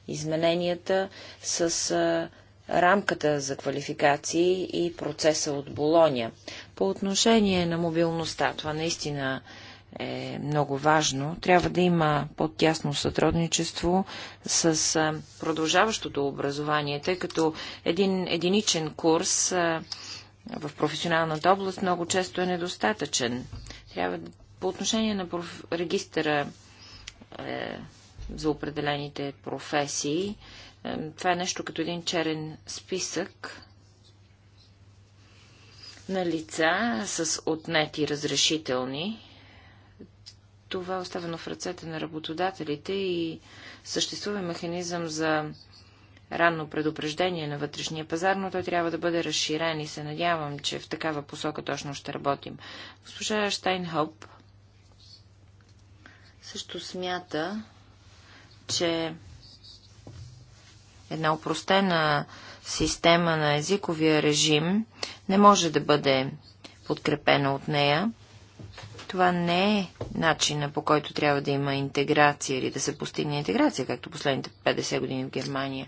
измененията с рамката за квалификации и процеса от Болония. По отношение на мобилността, това наистина е много важно. Трябва да има по-тясно сътрудничество с продължаващото образование, тъй като един единичен курс в професионалната област много често е недостатъчен. Трябва по отношение на проф... регистъра е, за определените професии, е, това е нещо като един черен списък на лица с отнети разрешителни. Това е оставено в ръцете на работодателите и съществува механизъм за ранно предупреждение на вътрешния пазар, но той трябва да бъде разширен и се надявам, че в такава посока точно ще работим. Госпожа Штайнхоп също смята, че една упростена система на езиковия режим не може да бъде подкрепена от нея. Това не е начина по който трябва да има интеграция или да се постигне интеграция, както последните 50 години в Германия.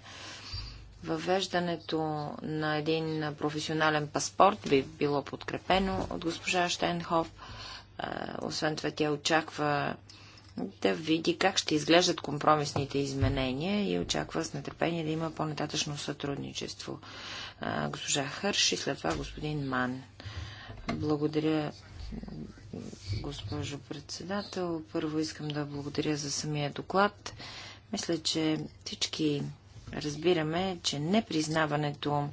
Въвеждането на един професионален паспорт би било подкрепено от госпожа Штенхоф. Е, освен това, тя очаква да види как ще изглеждат компромисните изменения и очаква с нетърпение да има по-нататъчно сътрудничество. Госпожа Хърш и след това господин Ман. Благодаря, госпожо председател. Първо искам да благодаря за самия доклад. Мисля, че всички разбираме, че непризнаването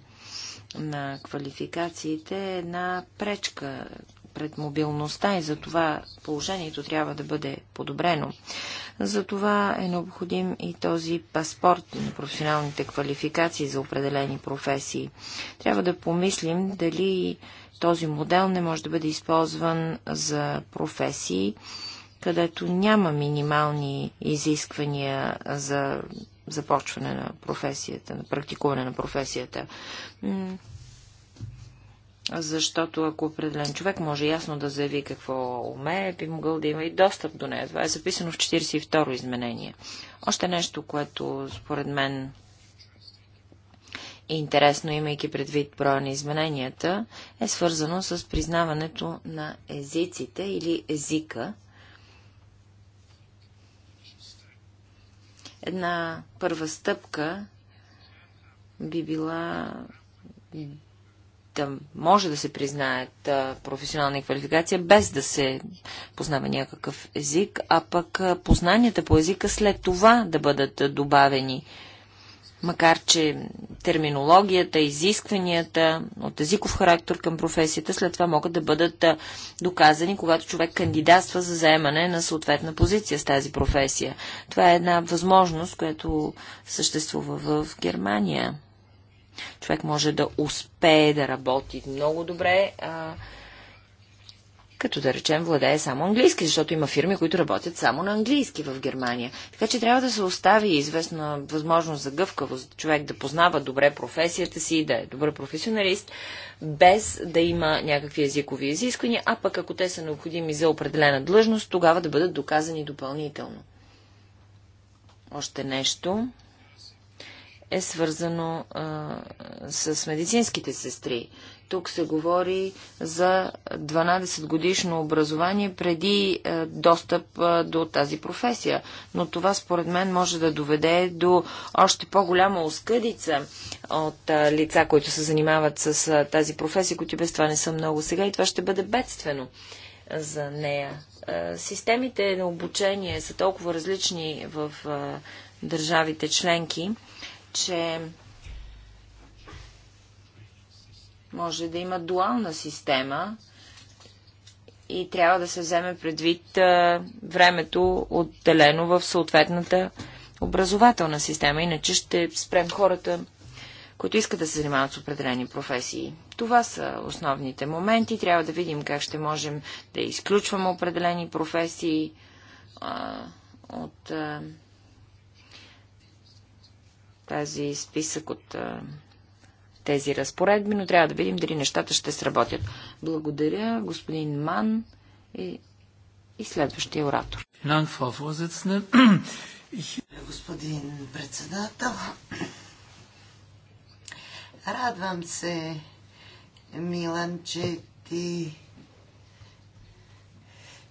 на квалификациите е една пречка пред мобилността и за това положението трябва да бъде подобрено. За това е необходим и този паспорт на професионалните квалификации за определени професии. Трябва да помислим дали този модел не може да бъде използван за професии, където няма минимални изисквания за започване на професията, на практикуване на професията. Защото ако определен човек може ясно да заяви какво умее, би могъл да има и достъп до нея. Това е записано в 42-ро изменение. Още нещо, което според мен е интересно, имайки предвид броя на измененията, е свързано с признаването на езиците или езика. Една първа стъпка би била да може да се признаят професионална квалификация, без да се познава някакъв език, а пък познанията по езика след това да бъдат добавени. Макар, че терминологията, изискванията от езиков характер към професията след това могат да бъдат доказани, когато човек кандидатства за заемане на съответна позиция с тази професия. Това е една възможност, която съществува в Германия Човек може да успее да работи много добре, а, като да речем владее само английски, защото има фирми, които работят само на английски в Германия. Така че трябва да се остави известна възможност за гъвкавост, човек да познава добре професията си, да е добър професионалист, без да има някакви езикови изисквания, а пък ако те са необходими за определена длъжност, тогава да бъдат доказани допълнително. Още нещо е свързано а, с медицинските сестри. Тук се говори за 12 годишно образование преди а, достъп а, до тази професия. Но това според мен може да доведе до още по-голяма оскъдица от а, лица, които се занимават с а, тази професия, които без това не са много сега и това ще бъде бедствено за нея. А, системите на обучение са толкова различни в а, държавите членки че може да има дуална система и трябва да се вземе предвид времето отделено в съответната образователна система. Иначе ще спрем хората, които искат да се занимават с определени професии. Това са основните моменти. Трябва да видим как ще можем да изключваме определени професии а, от. А, тази списък от тези разпоредби, но трябва да видим дали нещата ще сработят. Благодаря, господин Ман и, и следващия оратор. Господин председател, радвам се, Милан, че ти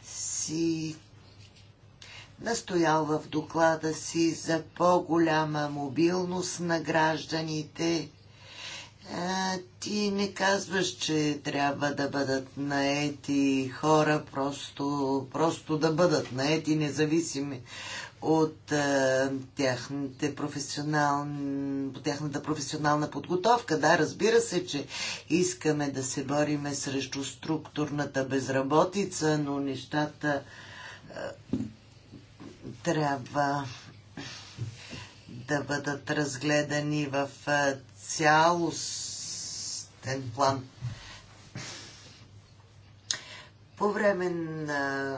си настоял в доклада си за по-голяма мобилност на гражданите. А, ти не казваш, че трябва да бъдат наети хора, просто, просто да бъдат наети, независими от а, тяхните професионал... тяхната професионална подготовка. Да, разбира се, че искаме да се бориме срещу структурната безработица, но нещата а, трябва да бъдат разгледани в цялостен план. По време на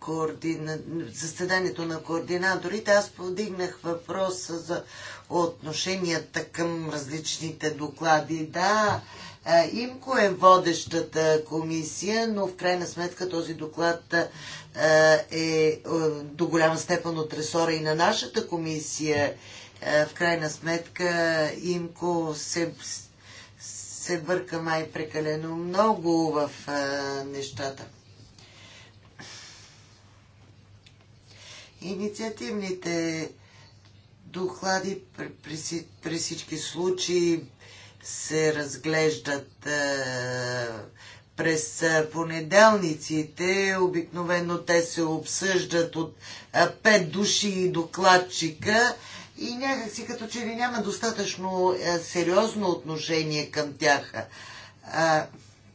координа... заседанието на координаторите аз подигнах въпроса за отношенията към различните доклади. Да, Имко е водещата комисия, но в крайна сметка този доклад е до голяма степен от ресора и на нашата комисия. В крайна сметка Имко се, се бърка май прекалено много в нещата. Инициативните доклади при, при, при всички случаи се разглеждат е, през е, понеделниците. Обикновено те се обсъждат от е, пет души и докладчика и някакси като че ли няма достатъчно сериозно отношение към тях.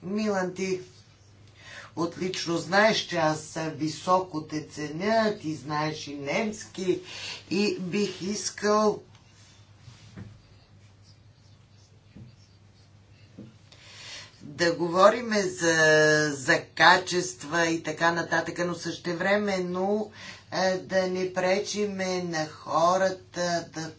Милан, ти отлично знаеш, че аз високо те ценя, ти знаеш и немски и бих искал да говорим за, за качества и така нататък, но същевременно е, да не пречиме на хората да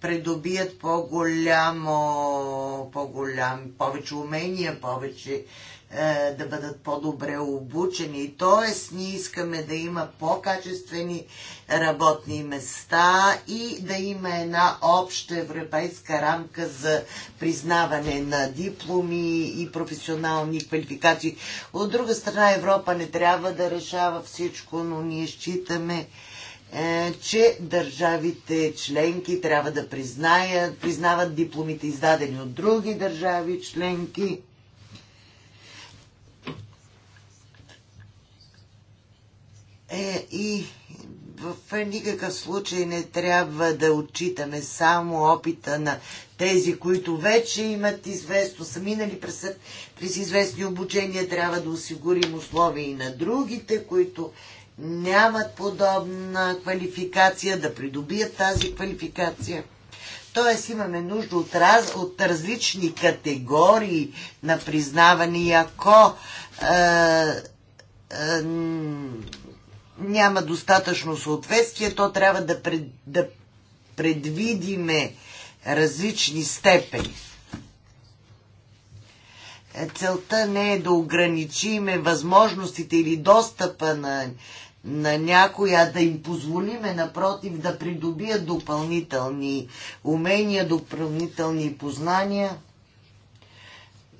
придобият по-голямо, по-голям, повече умения, повече е, да бъдат по-добре обучени. Тоест, ние искаме да има по-качествени работни места и да има една обща европейска рамка за признаване на дипломи и професионални квалификации. От друга страна, Европа не трябва да решава всичко, но ние считаме, е, че държавите членки трябва да признаят, признават дипломите, издадени от други държави членки Е, и в никакъв случай не трябва да отчитаме само опита на тези, които вече имат известно, са минали през, през известни обучения, трябва да осигурим условия и на другите, които нямат подобна квалификация, да придобият тази квалификация. Тоест имаме нужда от, раз, от различни категории на признаване и ако е, е, няма достатъчно съответствие, то трябва да, пред, да предвидиме различни степени. Е, целта не е да ограничиме възможностите или достъпа на, на някоя, да им позволиме, напротив, да придобият допълнителни умения, допълнителни познания –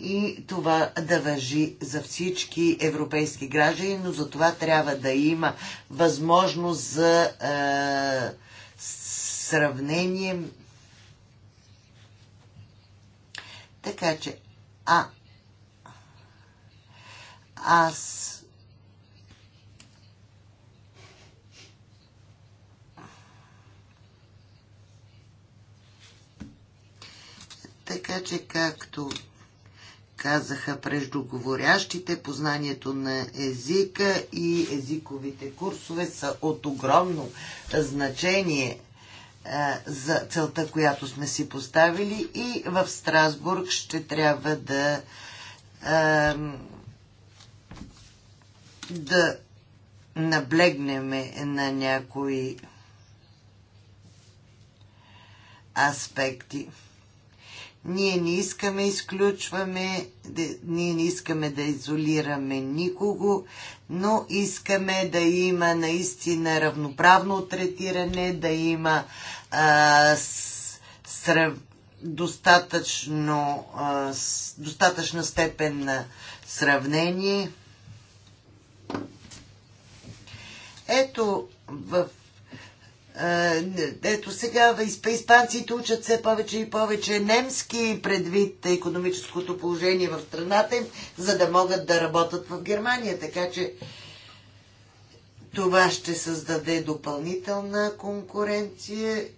и това да въжи за всички европейски граждани, но за това трябва да има възможност за е, сравнение. Така че, а аз Така че, както казаха преждоговорящите, познанието на езика и езиковите курсове са от огромно значение е, за целта, която сме си поставили и в Страсбург ще трябва да да наблегнем на някои аспекти. Ние не искаме изключваме, ние не искаме да изолираме никого, но искаме да има наистина равноправно третиране, да има а, срав, достатъчно, а, с, достатъчна степен на сравнение. Ето в ето сега испанците учат все повече и повече немски предвид економическото положение в страната им, за да могат да работят в Германия. Така че това ще създаде допълнителна конкуренция.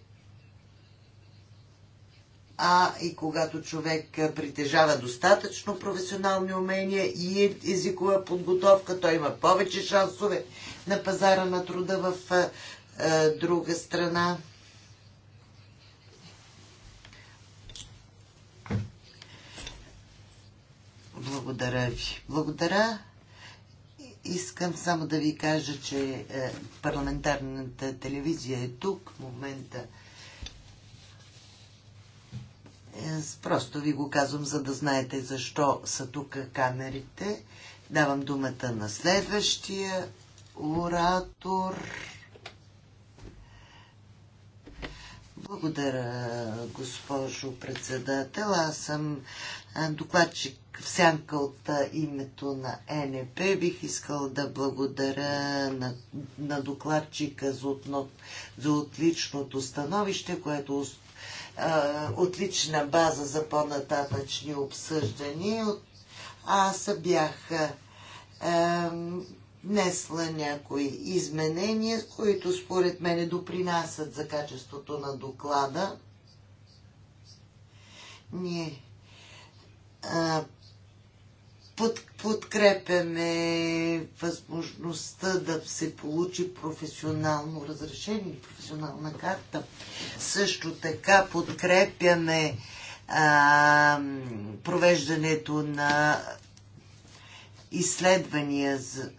А и когато човек притежава достатъчно професионални умения и езикова подготовка, той има повече шансове на пазара на труда в е, друга страна. Благодаря ви. Благодаря. Искам само да ви кажа, че е, парламентарната телевизия е тук в момента. Е, просто ви го казвам, за да знаете защо са тук камерите. Давам думата на следващия оратор. Благодаря, госпожо председател. Аз съм докладчик в сянка от името на НП. Бих искал да благодаря на, на докладчика за, отно, за отличното становище, което а, отлична база за по-нататъчни обсъждания. Аз бях а, внесла някои изменения, които според мен допринасят за качеството на доклада. Ние а, под, подкрепяме възможността да се получи професионално разрешение, професионална карта. Също така подкрепяме а, провеждането на изследвания за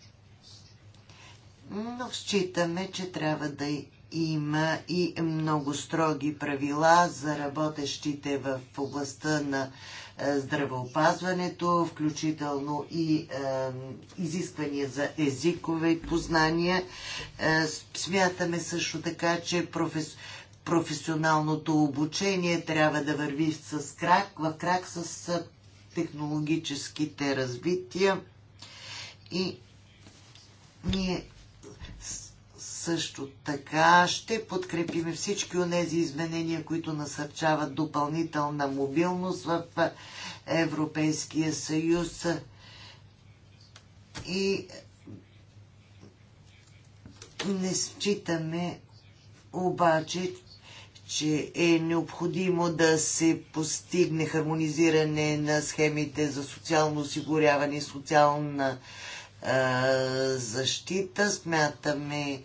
но считаме, че трябва да има и много строги правила за работещите в областта на е, здравеопазването, включително и е, изисквания за езикови познания. Е, смятаме също така, че профес, професионалното обучение трябва да върви с крак, в крак с е, технологическите развития. И ние също така ще подкрепим всички от тези изменения, които насърчават допълнителна мобилност в Европейския съюз и не считаме обаче, че е необходимо да се постигне хармонизиране на схемите за социално осигуряване и социална защита. Смятаме,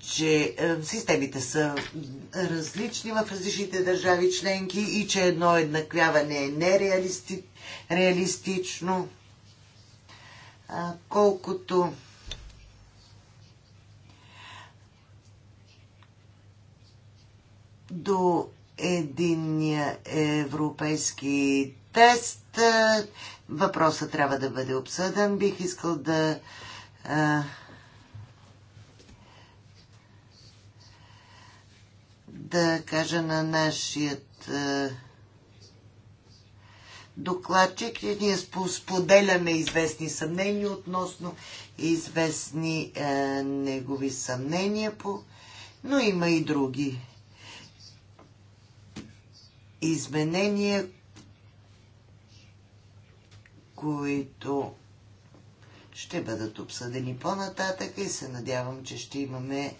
че системите са различни в различните държави членки и че едно еднаквяване е нереалистично. колкото до единния европейски тест въпроса трябва да бъде обсъден. Бих искал да а, да кажа на нашият а, докладчик, че ние споделяме известни съмнения относно известни а, негови съмнения, по, но има и други изменения, които ще бъдат обсъдени по-нататък и се надявам, че ще имаме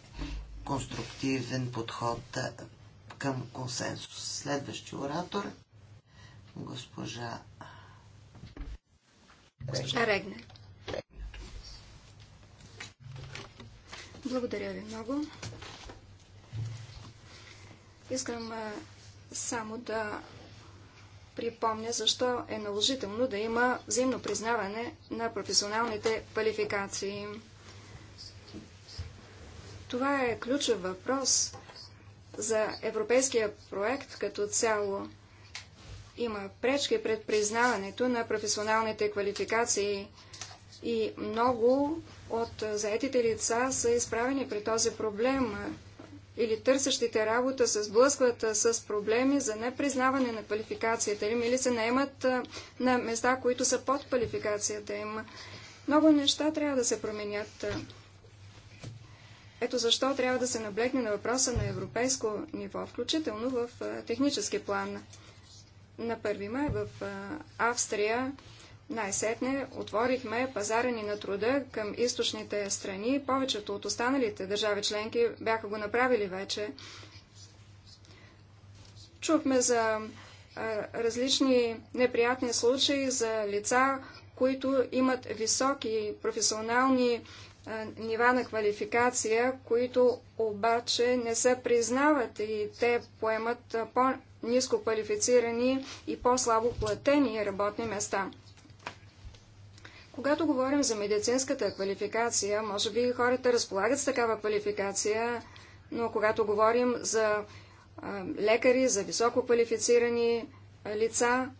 конструктивен подход към консенсус. Следващи оратор госпожа госпожа Регнер. Благодаря ви много. Искам само да припомня защо е наложително да има взаимно признаване на професионалните квалификации. Това е ключов въпрос за европейския проект като цяло. Има пречки пред признаването на професионалните квалификации и много от заетите лица са изправени при този проблем или търсещите работа се сблъскват с проблеми за непризнаване на квалификацията им или се наемат на места, които са под квалификацията им. Много неща трябва да се променят. Ето защо трябва да се наблегне на въпроса на европейско ниво, включително в технически план. На 1 май в Австрия най-сетне отворихме пазара ни на труда към източните страни. Повечето от останалите държави членки бяха го направили вече. Чухме за различни неприятни случаи за лица, които имат високи професионални а, нива на квалификация, които обаче не се признават и те поемат по-низко квалифицирани и по-слабо платени работни места. Когато говорим за медицинската квалификация, може би хората разполагат с такава квалификация, но когато говорим за лекари, за високо квалифицирани лица,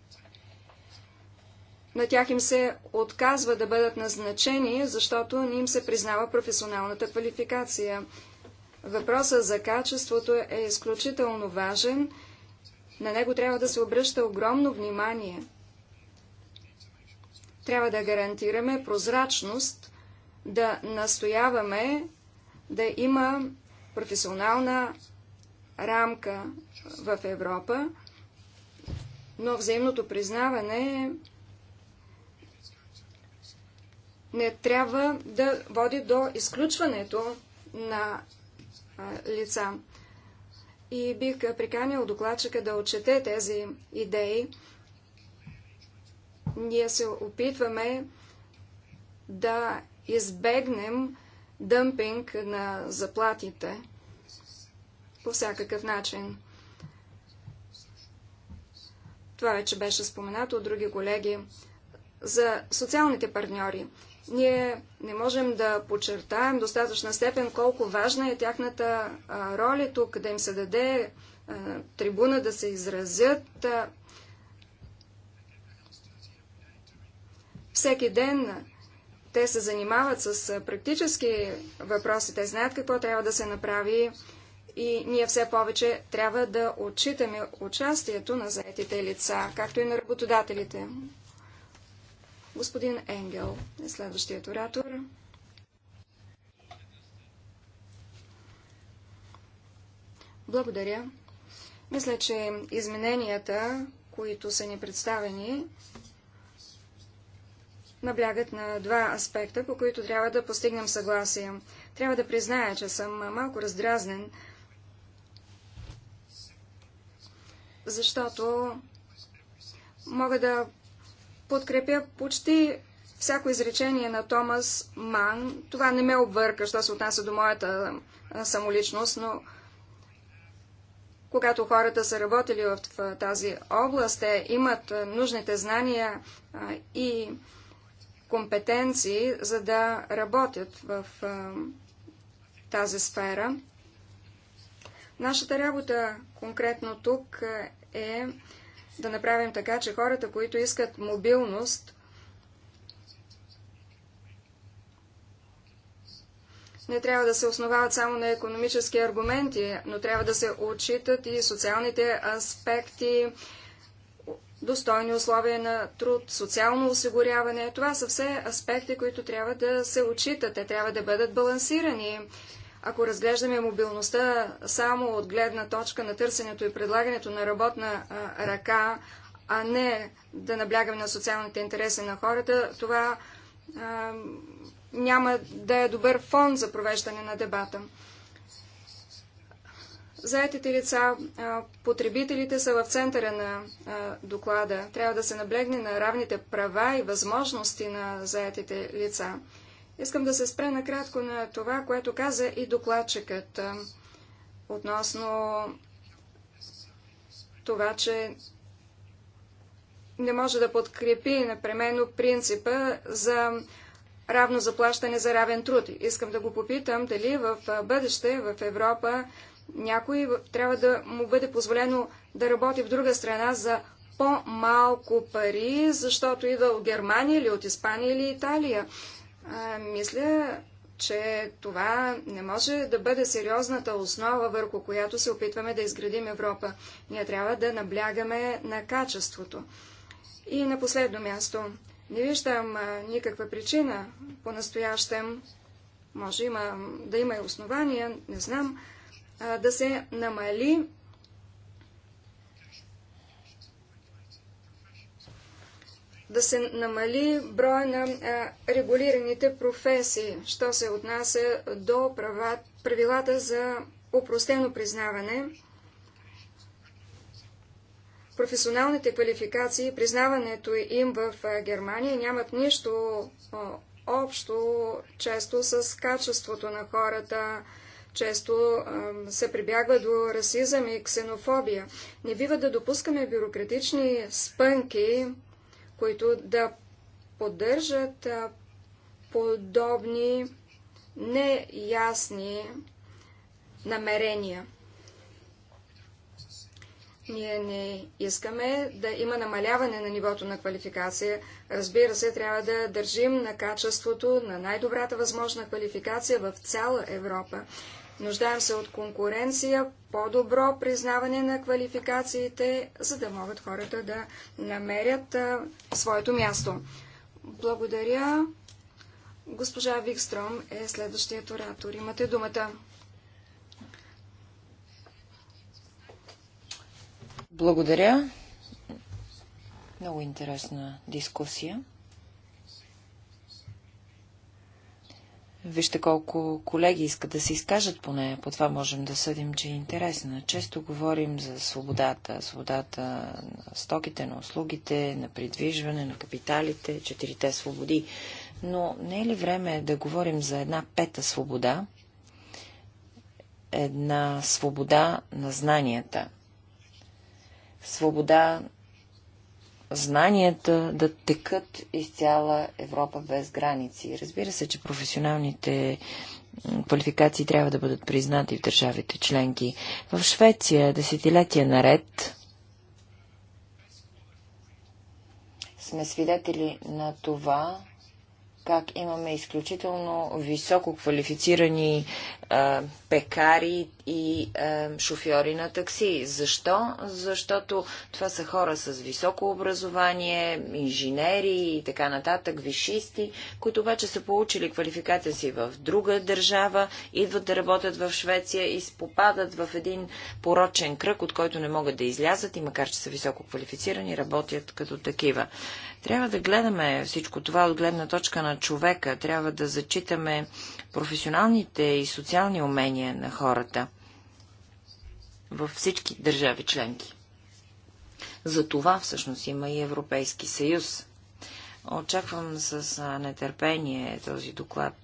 на тях им се отказва да бъдат назначени, защото не им се признава професионалната квалификация. Въпросът за качеството е изключително важен. На него трябва да се обръща огромно внимание – трябва да гарантираме прозрачност, да настояваме да има професионална рамка в Европа, но взаимното признаване не трябва да води до изключването на лица. И бих приканил докладчика да отчете тези идеи, ние се опитваме да избегнем дъмпинг на заплатите по всякакъв начин. Това вече беше споменато от други колеги. За социалните партньори. Ние не можем да подчертаем достатъчна степен колко важна е тяхната роля тук, да им се даде трибуна да се изразят, Всеки ден те се занимават с практически въпроси, те знаят какво трябва да се направи и ние все повече трябва да отчитаме участието на заетите лица, както и на работодателите. Господин Енгел е следващият оратор. Благодаря. Мисля, че измененията, които са ни представени, наблягат на два аспекта, по които трябва да постигнем съгласие. Трябва да призная, че съм малко раздразнен, защото мога да подкрепя почти всяко изречение на Томас Ман. Това не ме обвърка, що се отнася до моята самоличност, но когато хората са работили в тази област, те имат нужните знания и компетенции, за да работят в тази сфера. Нашата работа конкретно тук е да направим така, че хората, които искат мобилност, не трябва да се основават само на економически аргументи, но трябва да се отчитат и социалните аспекти, достойни условия на труд, социално осигуряване. Това са все аспекти, които трябва да се отчитат. Те трябва да бъдат балансирани. Ако разглеждаме мобилността само от гледна точка на търсенето и предлагането на работна а, ръка, а не да наблягаме на социалните интереси на хората, това а, няма да е добър фон за провеждане на дебата. Заетите лица, потребителите са в центъра на доклада. Трябва да се наблегне на равните права и възможности на заетите лица. Искам да се спре накратко на това, което каза и докладчикът относно това, че не може да подкрепи непременно принципа за равно заплащане за равен труд. Искам да го попитам дали в бъдеще в Европа някой трябва да му бъде позволено да работи в друга страна за по-малко пари, защото идва от Германия или от Испания или Италия. А, мисля, че това не може да бъде сериозната основа, върху която се опитваме да изградим Европа. Ние трябва да наблягаме на качеството. И на последно място, не виждам никаква причина по-настоящем, може има, да има и основания, не знам, да се намали да се намали броя на регулираните професии, що се отнася до правилата за упростено признаване, професионалните квалификации, признаването им в Германия нямат нищо общо често с качеството на хората, често се прибягва до расизъм и ксенофобия. Не бива да допускаме бюрократични спънки, които да поддържат подобни неясни намерения. Ние не искаме да има намаляване на нивото на квалификация. Разбира се, трябва да държим на качеството на най-добрата възможна квалификация в цяла Европа. Нуждаем се от конкуренция, по-добро признаване на квалификациите, за да могат хората да намерят а, своето място. Благодаря. Госпожа Викстром е следващият оратор. Имате думата. Благодаря. Много интересна дискусия. Вижте колко колеги искат да се изкажат по нея. По това можем да съдим, че е интересна. Често говорим за свободата. Свободата на стоките, на услугите, на придвижване, на капиталите, четирите свободи. Но не е ли време да говорим за една пета свобода? Една свобода на знанията. Свобода знанията да текат из цяла Европа без граници. Разбира се, че професионалните квалификации трябва да бъдат признати в държавите членки. В Швеция десетилетия наред сме свидетели на това, как имаме изключително високо квалифицирани а, пекари, и е, шофьори на такси. Защо? Защото това са хора с високо образование, инженери и така нататък, вишисти, които обаче са получили квалификация си в друга държава, идват да работят в Швеция и попадат в един порочен кръг, от който не могат да излязат и макар, че са високо квалифицирани, работят като такива. Трябва да гледаме всичко това от гледна точка на човека. Трябва да зачитаме професионалните и социални умения на хората във всички държави членки. За това всъщност има и Европейски съюз. Очаквам с нетърпение този доклад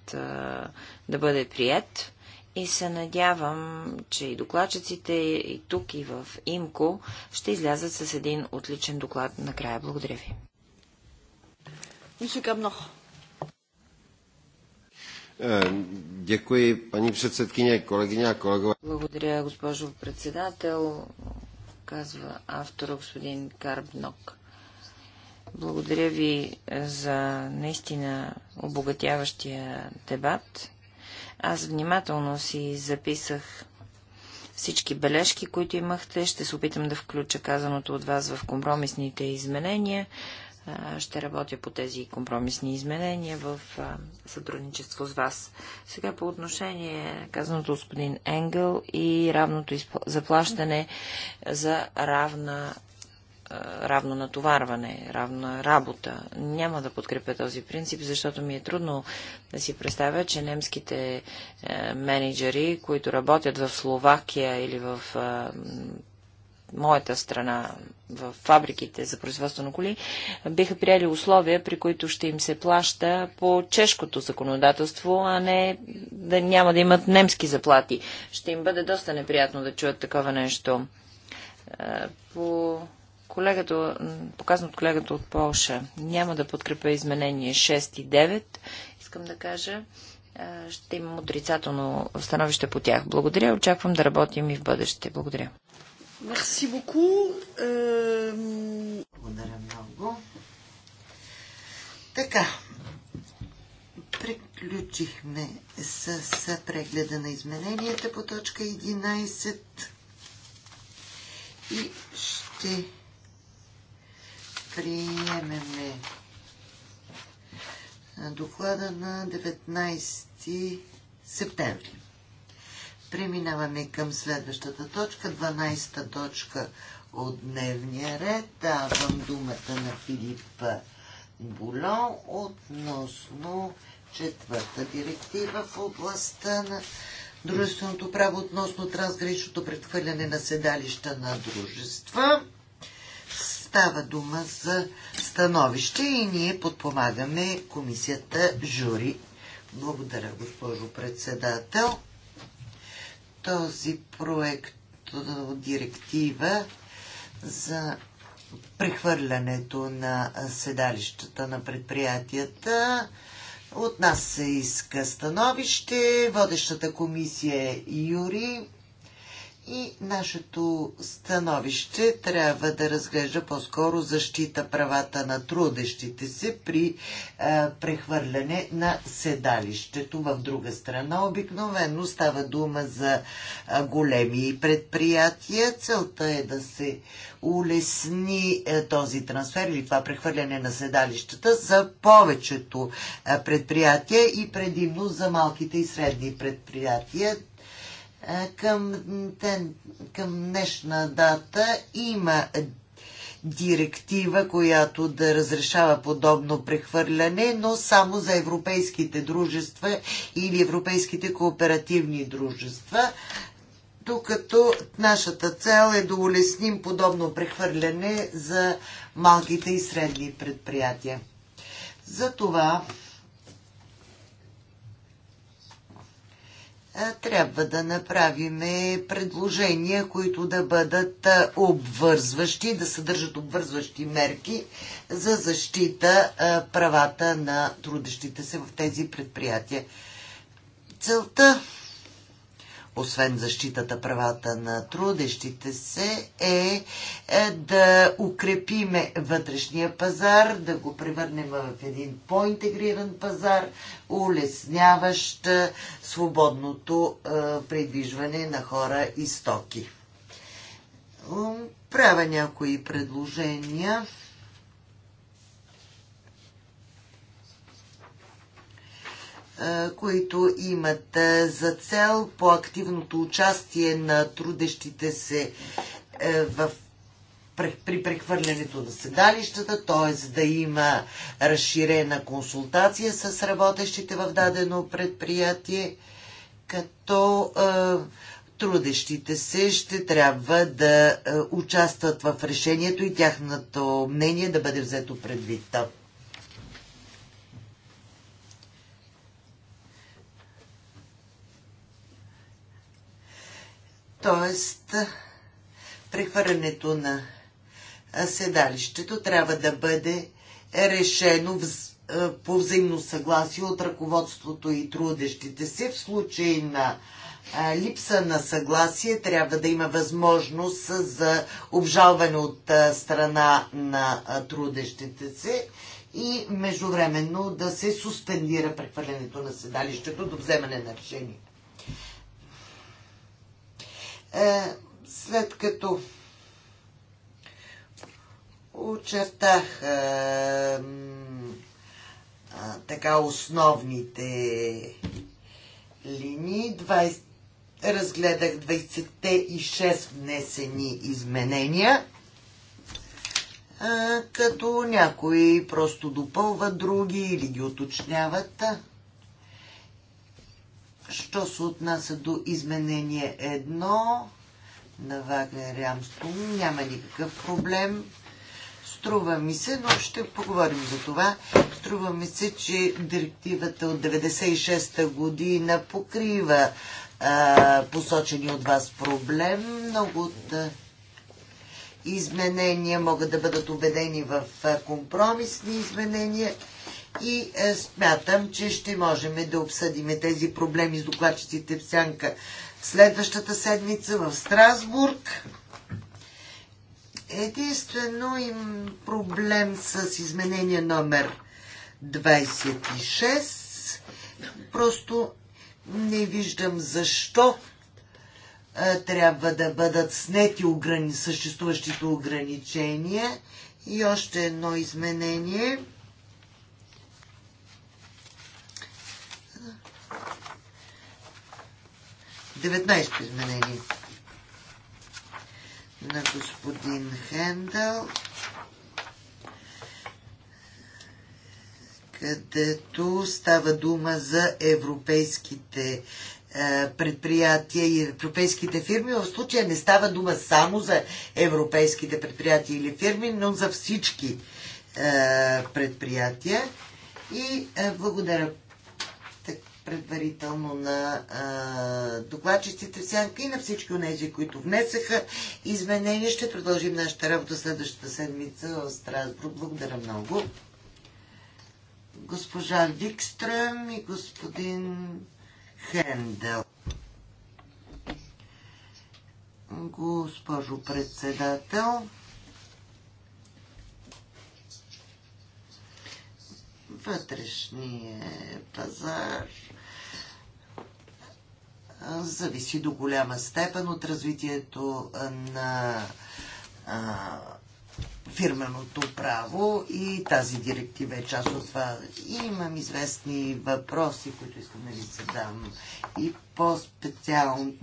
да бъде прият и се надявам, че и докладчиците и тук и в ИМКО ще излязат с един отличен доклад накрая. Благодаря ви. Мисля много. Е, děkuji, paní předsedkyně, kolegyně a kolegové. Благодаря, госпожо председател, казва автор господин Карбнок. Благодаря ви за наистина обогатяващия дебат. Аз внимателно си записах всички бележки, които имахте. Ще се опитам да включа казаното от вас в компромисните изменения. Ще работя по тези компромисни изменения в сътрудничество с вас. Сега по отношение казаното господин Енгел и равното заплащане за равна равно натоварване, равна работа. Няма да подкрепя този принцип, защото ми е трудно да си представя, че немските е, менеджери, които работят в Словакия или в моята страна в фабриките за производство на коли, биха приели условия, при които ще им се плаща по чешкото законодателство, а не да няма да имат немски заплати. Ще им бъде доста неприятно да чуят такова нещо. Е, по колегата, показано от колегата от Полша, няма да подкрепя изменение 6 и 9, искам да кажа е, ще имам отрицателно становище по тях. Благодаря, очаквам да работим и в бъдеще. Благодаря. Merci beaucoup. Благодаря много. Така, приключихме с, с прегледа на измененията по точка 11 и ще приемеме доклада на 19 септември. Преминаваме към следващата точка, 12-та точка от дневния ред. Давам думата на Филип Булон относно четвърта директива в областта на дружественото право относно трансграничното предхвърляне на седалища на дружества. Става дума за становище и ние подпомагаме комисията жури. Благодаря, госпожо председател този проект директива за прехвърлянето на седалищата на предприятията. От нас се иска становище. Водещата комисия е Юри. И нашето становище трябва да разглежда по-скоро защита правата на трудещите се при е, прехвърляне на седалището в друга страна. Обикновено става дума за е, големи предприятия. Целта е да се улесни е, този трансфер или това прехвърляне на седалищата за повечето е, предприятия и предимно за малките и средни предприятия е, към, към днешна дата има директива, която да разрешава подобно прехвърляне, но само за европейските дружества или европейските кооперативни дружества, докато нашата цел е да улесним подобно прехвърляне за малките и средни предприятия. Затова трябва да направим предложения, които да бъдат обвързващи, да съдържат обвързващи мерки за защита правата на трудещите се в тези предприятия. Целта освен защитата правата на трудещите се, е, е, да укрепиме вътрешния пазар, да го превърнем в един по-интегриран пазар, улесняващ е, свободното е, придвижване на хора и стоки. Правя някои предложения Е, които имат е, за цел по-активното участие на трудещите се е, в при прехвърлянето на седалищата, т.е. да има разширена консултация с работещите в дадено предприятие, като трудещите се ще трябва да участват в решението и тяхното мнение да бъде взето предвид. Т.е. прехвърлянето на седалището трябва да бъде решено в, по взаимно съгласие от ръководството и трудещите се. В случай на липса на съгласие трябва да има възможност за обжалване от страна на трудещите се и междувременно да се суспендира прехвърлянето на седалището до вземане на решение. Е, след като очертах а, е, а, така основните линии. 20, разгледах 26 внесени изменения, а, е, като някои просто допълват други или ги уточняват. Що се отнася до изменение едно на Вагнер Рямско, няма никакъв проблем. Струва ми се, но ще поговорим за това. Струва ми се, че директивата от 96-та година покрива а, посочени от вас проблем. Много от а, изменения могат да бъдат убедени в а, компромисни изменения и е, смятам, че ще можем да обсъдим тези проблеми с докладчиците в Сянка следващата седмица в Страсбург. Единствено им проблем с изменение номер 26. Просто не виждам защо е, трябва да бъдат снети ограни, съществуващите ограничения. И още едно изменение 19 изменение на господин Хендъл, където става дума за европейските е, предприятия и европейските фирми. В случая не става дума само за европейските предприятия или фирми, но за всички е, предприятия. И е, благодаря предварително на а, докладчиците в сянка и на всички от тези, които внесаха изменения. Ще продължим нашата работа следващата седмица в Страсбург. Благодаря много. Госпожа Викстрем и господин Хендел. Госпожо председател, вътрешния пазар зависи до голяма степен от развитието на фирменото право и тази директива е част от това. И имам известни въпроси, които искам да ви задам. И по-специално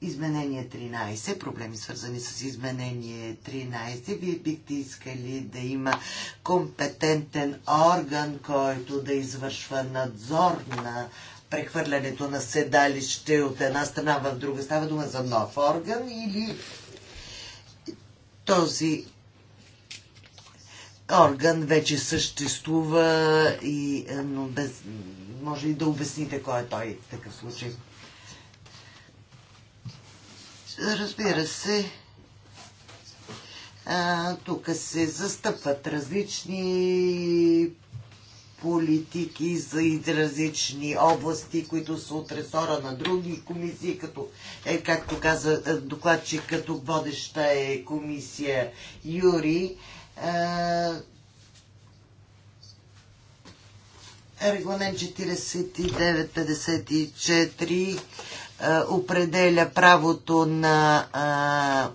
изменение 13, проблеми свързани с изменение 13. Вие бихте искали да има компетентен орган, който да извършва надзор на прехвърлянето на седалище от една страна в друга. Става дума за нов орган или този орган вече съществува и е, но без, може и да обясните кой е той в такъв случай. Разбира се, тук се застъпват различни политики за изразични области, които са от ресора на други комисии, като, е, както каза е, докладчик, като водеща е комисия Юри. Е, регламент 4954 е, определя правото на а,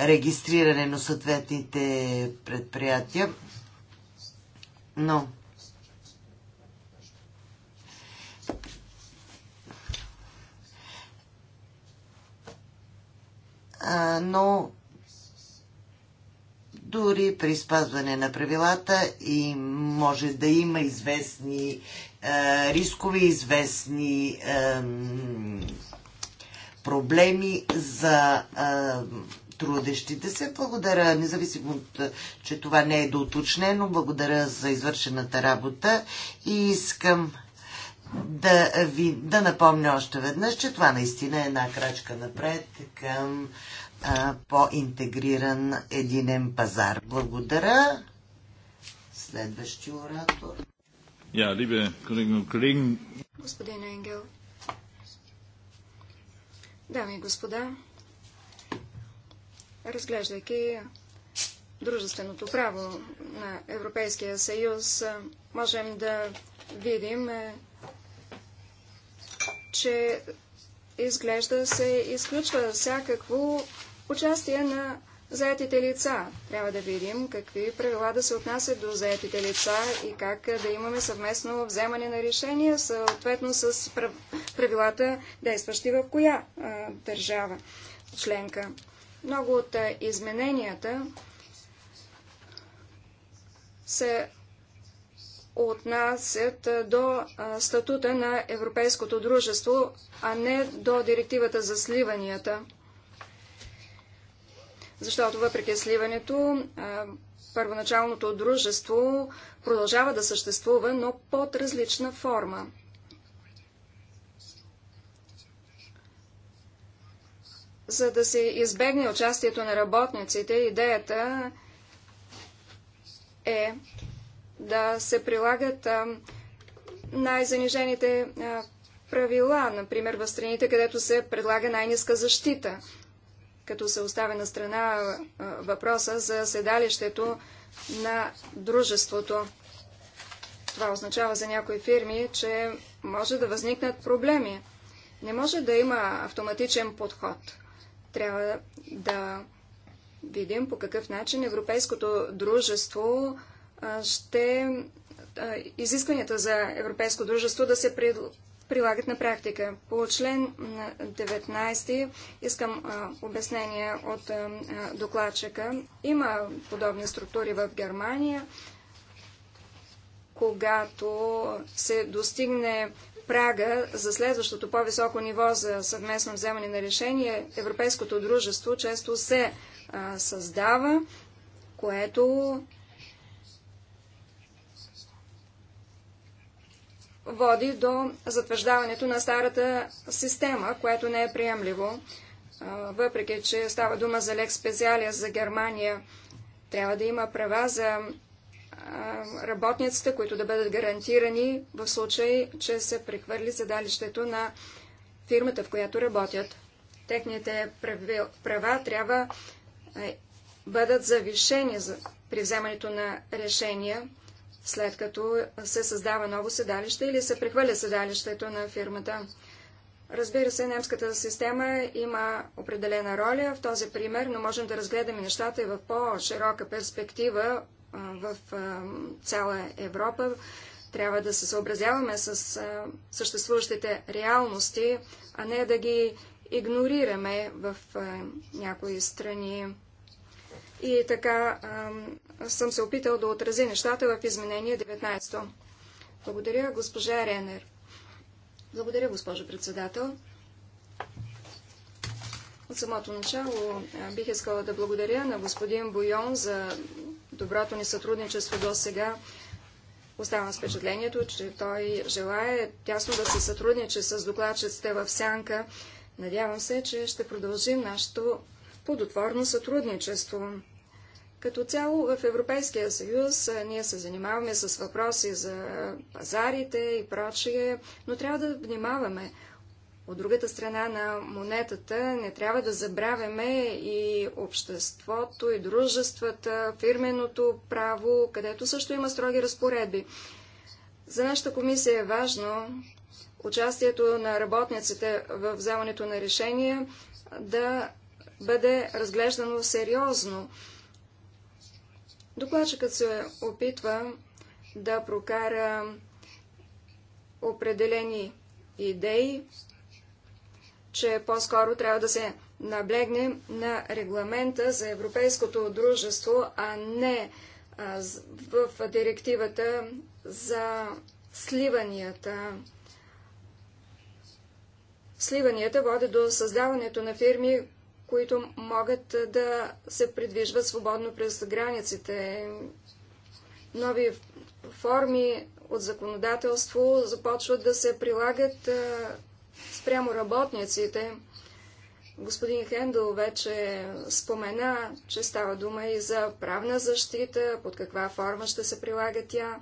регистриране на съответните предприятия. Но но дори при спазване на правилата и може да има известни рискови, известни проблеми за трудещите се. Благодаря, независимо от, че това не е доуточнено, благодаря за извършената работа и искам да, ви, да напомня още веднъж, че това наистина е една крачка напред към по-интегриран единен пазар. Благодаря. Следващи оратор. Ja, либе, liebe Kolleginnen und Kollegen. Господин Енгел. Дами и господа, разглеждайки дружественото право на Европейския съюз, можем да видим, че изглежда се изключва всякакво участие на заетите лица. Трябва да видим какви правила да се отнасят до заетите лица и как да имаме съвместно вземане на решения, съответно с правилата, действащи в коя а, държава членка. Много от измененията се отнасят до статута на Европейското дружество, а не до директивата за сливанията. Защото въпреки сливането, първоначалното дружество продължава да съществува, но под различна форма. За да се избегне участието на работниците, идеята е да се прилагат най-занижените правила, например в страните, където се предлага най-низка защита, като се оставя на страна въпроса за седалището на дружеството. Това означава за някои фирми, че може да възникнат проблеми. Не може да има автоматичен подход. Трябва да видим по какъв начин европейското дружество ще изискванията за Европейско дружество да се прилагат на практика. По член 19 искам обяснение от докладчика. Има подобни структури в Германия. Когато се достигне прага за следващото по-високо ниво за съвместно вземане на решение, Европейското дружество често се създава, което води до затвърждаването на старата система, което не е приемливо. Въпреки, че става дума за лек специалия за Германия, трябва да има права за работниците, които да бъдат гарантирани в случай, че се прехвърли задалището на фирмата, в която работят. Техните права трябва бъдат завишени при вземането на решения след като се създава ново седалище или се прехвърля седалището на фирмата. Разбира се, немската система има определена роля в този пример, но можем да разгледаме нещата и в по-широка перспектива в цяла Европа. Трябва да се съобразяваме с съществуващите реалности, а не да ги игнорираме в някои страни. И така съм се опитал да отрази нещата в изменение 19. -то. Благодаря, госпожа Ренер. Благодаря, госпожо председател. От самото начало бих искала да благодаря на господин Бойон за доброто ни сътрудничество до сега. Оставам с впечатлението, че той желая тясно да се сътрудничи с докладчиците в Сянка. Надявам се, че ще продължим нашето плодотворно сътрудничество. Като цяло в Европейския съюз ние се занимаваме с въпроси за пазарите и прочие, но трябва да внимаваме. От другата страна на монетата не трябва да забравяме и обществото, и дружествата, фирменото право, където също има строги разпоредби. За нашата комисия е важно участието на работниците в вземането на решения да бъде разглеждано сериозно Докладчикът се опитва да прокара определени идеи, че по-скоро трябва да се наблегне на регламента за Европейското дружество, а не в директивата за сливанията. Сливанията водят до създаването на фирми, които могат да се придвижват свободно през границите. Нови форми от законодателство започват да се прилагат спрямо работниците. Господин Хендъл вече спомена, че става дума и за правна защита, под каква форма ще се прилага тя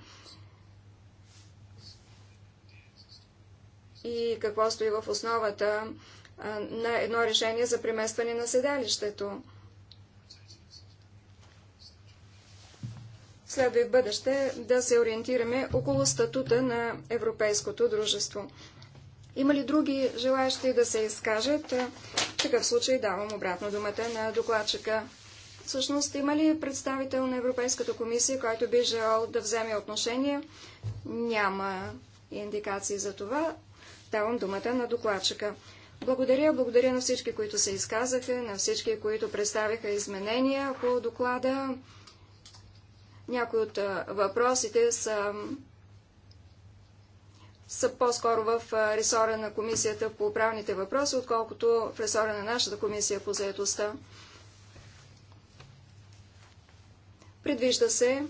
и какво стои в основата на едно решение за преместване на седалището. Следва и в бъдеще да се ориентираме около статута на Европейското дружество. Има ли други желаящи да се изкажат? В такъв случай давам обратно думата на докладчика. Всъщност, има ли представител на Европейската комисия, който би желал да вземе отношение? Няма индикации за това. Давам думата на докладчика. Благодаря, благодаря на всички, които се изказаха, на всички, които представиха изменения по доклада. Някои от въпросите са, са по-скоро в ресора на комисията по правните въпроси, отколкото в ресора на нашата комисия по заедостта. Предвижда се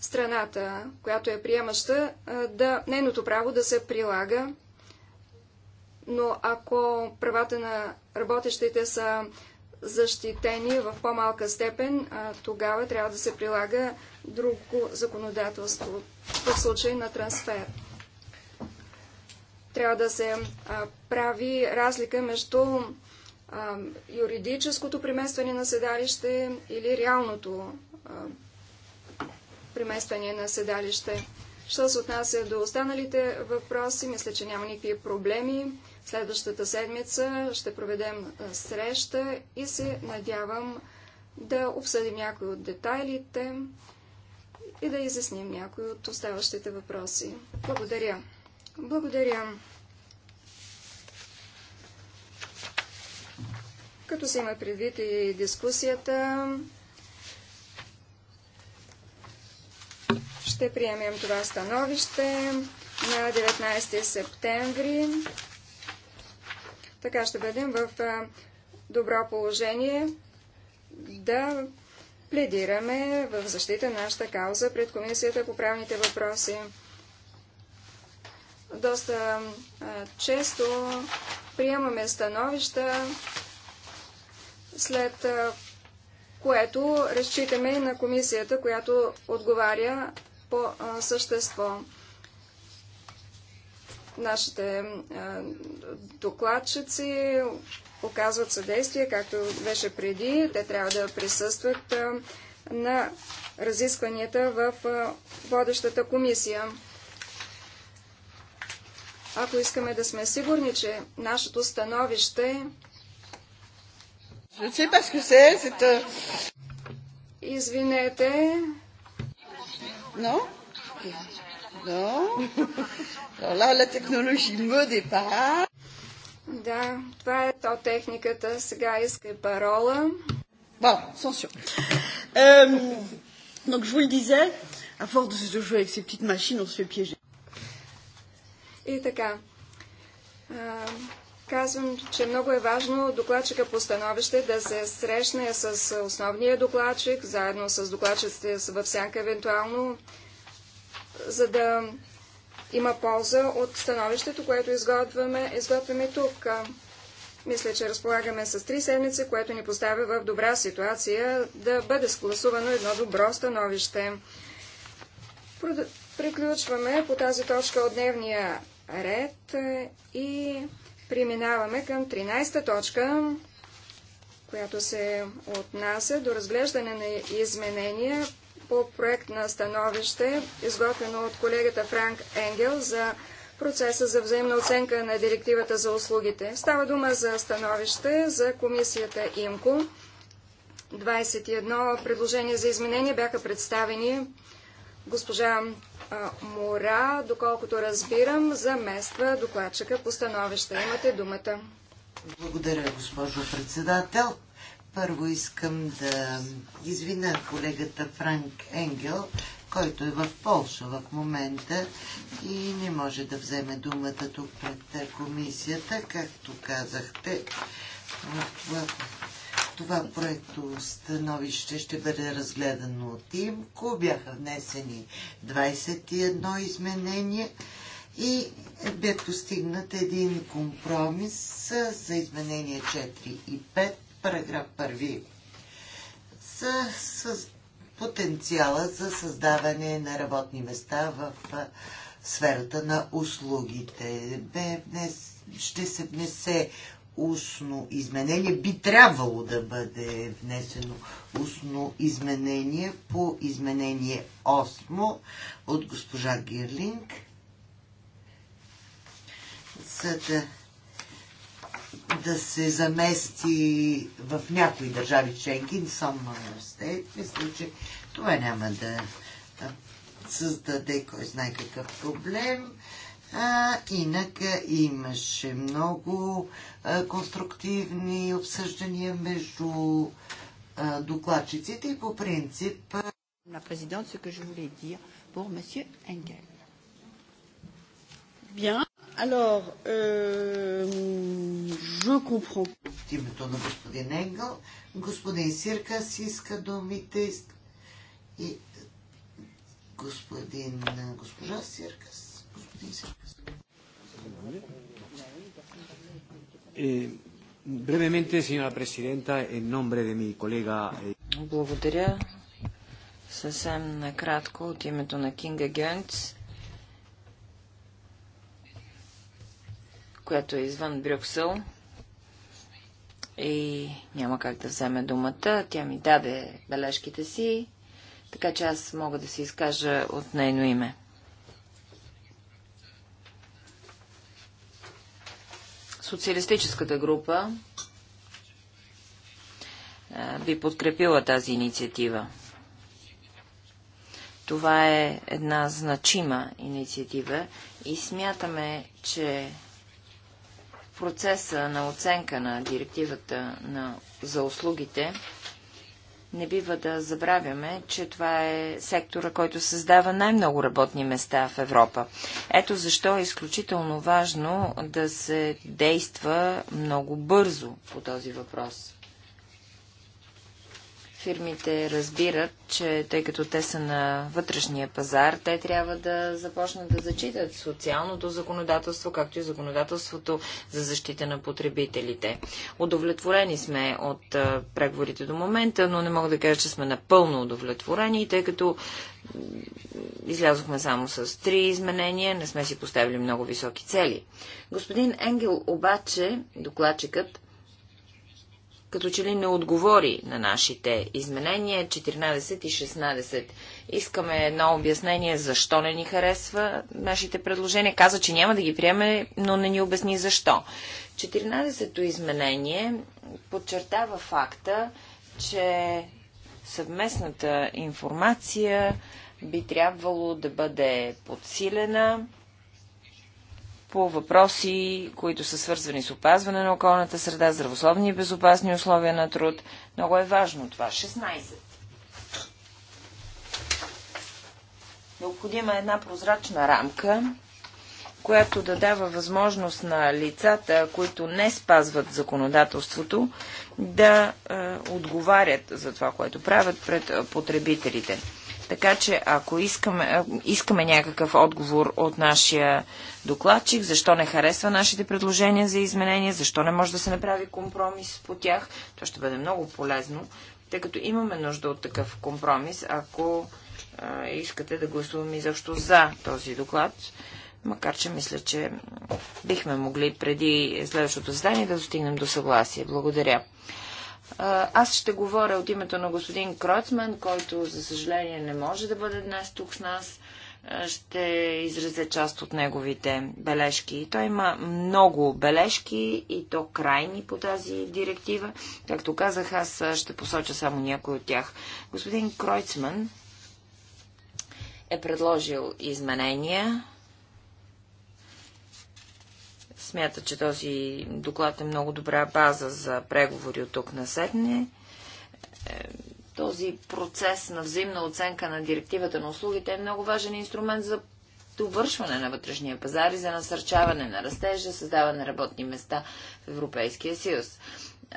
страната, която е приемаща, да, нейното право да се прилага но ако правата на работещите са защитени в по-малка степен, тогава трябва да се прилага друго законодателство в случай на трансфер. Трябва да се прави разлика между юридическото преместване на седалище или реалното преместване на седалище. Що се отнася до останалите въпроси, мисля, че няма никакви проблеми. Следващата седмица ще проведем среща и се надявам да обсъдим някои от детайлите и да изясним някои от оставащите въпроси. Благодаря. Благодаря. Като се има предвид и дискусията, ще приемем това становище на 19 септември. Така ще бъдем в добро положение да пледираме в защита нашата кауза пред Комисията по правните въпроси. Доста често приемаме становища, след което разчитаме на комисията, която отговаря по същество. Нашите докладчици оказват съдействие, както беше преди. Те трябва да присъстват на разискванията в водещата комисия. Ако искаме да сме сигурни, че нашето становище euh, Извинете. Но? No? maintenant. Alors là, la technologie me dépasse. Да, това е то техниката. Сега иска парола. Voilà, censure. Euh, donc je vous le disais, à force de jouer avec ces petites machines, on se fait piéger. И така. Казвам, че много е важно докладчика по становище да се срещне с основния докладчик, заедно с докладчиците във всяка евентуално, за да има полза от становището, което изготвяме, изготвяме тук. Мисля, че разполагаме с три седмици, което ни поставя в добра ситуация да бъде сгласувано едно добро становище. Приключваме по тази точка от дневния ред е, и преминаваме към 13-та точка, която се отнася до разглеждане на изменения по проект на становище, изготвено от колегата Франк Енгел за процеса за взаимна оценка на директивата за услугите. Става дума за становище за комисията ИМКО. 21 предложения за изменения бяха представени. Госпожа Мора, доколкото разбирам, замества докладчика по становище. Имате думата. Благодаря, госпожо председател. Първо искам да извина колегата Франк Енгел, който е в Полша в момента и не може да вземе думата тук пред комисията. Както казахте, това, това проекто становище ще бъде разгледано от ИМКО. Бяха внесени 21 изменения и бе постигнат един компромис за изменения 4 и 5 параграф първи са с потенциала за създаване на работни места в сферата на услугите. Бе, днес ще се внесе устно изменение. Би трябвало да бъде внесено устно изменение по изменение 8 от госпожа Гирлинг, за да да се замести в някои държави членки, не само на университет, Мисля, че това няма да създаде кой знае какъв проблем. А, инака имаше много а, конструктивни обсъждания между а, докладчиците и по принцип. Президент, се ce que je voulais dire pour Bien. Alors, euh, je comprends. От името на господин господин иска думите и господин, госпожа Сиркас. Господин Сиркас. Е, eh, Благодаря. Съвсем накратко от името на Кинга Генц. която е извън Брюксел и няма как да вземе думата. Тя ми даде бележките си, така че аз мога да се изкажа от нейно име. Социалистическата група би подкрепила тази инициатива. Това е една значима инициатива и смятаме, че процеса на оценка на директивата на, за услугите, не бива да забравяме, че това е сектора, който създава най-много работни места в Европа. Ето защо е изключително важно да се действа много бързо по този въпрос. Фирмите разбират, че тъй като те са на вътрешния пазар, те трябва да започнат да зачитат социалното законодателство, както и законодателството за защита на потребителите. Удовлетворени сме от преговорите до момента, но не мога да кажа, че сме напълно удовлетворени, тъй като излязохме само с три изменения, не сме си поставили много високи цели. Господин Енгел обаче, докладчикът, като че ли не отговори на нашите изменения 14 и 16. Искаме едно обяснение защо не ни харесва нашите предложения. Каза, че няма да ги приеме, но не ни обясни защо. 14-то изменение подчертава факта, че съвместната информация би трябвало да бъде подсилена по въпроси, които са свързвани с опазване на околната среда, здравословни и безопасни условия на труд. Много е важно това. 16. Необходима е една прозрачна рамка, която да дава възможност на лицата, които не спазват законодателството, да е, отговарят за това, което правят пред е, потребителите. Така че, ако искаме, искаме някакъв отговор от нашия докладчик, защо не харесва нашите предложения за изменения, защо не може да се направи компромис по тях, то ще бъде много полезно, тъй като имаме нужда от такъв компромис, ако а, искате да гласуваме изобщо за този доклад. Макар, че мисля, че бихме могли преди следващото задание да достигнем до съгласие. Благодаря. Аз ще говоря от името на господин Кройцман, който, за съжаление, не може да бъде днес тук с нас. Ще изразя част от неговите бележки. Той има много бележки и то крайни по тази директива. Както казах, аз ще посоча само някой от тях. Господин Кройцман е предложил изменения смята, че този доклад е много добра база за преговори от тук на сетне. Е, този процес на взаимна оценка на директивата на услугите е много важен инструмент за довършване на вътрешния пазар и за насърчаване на растежа, създаване на работни места в Европейския съюз. Е,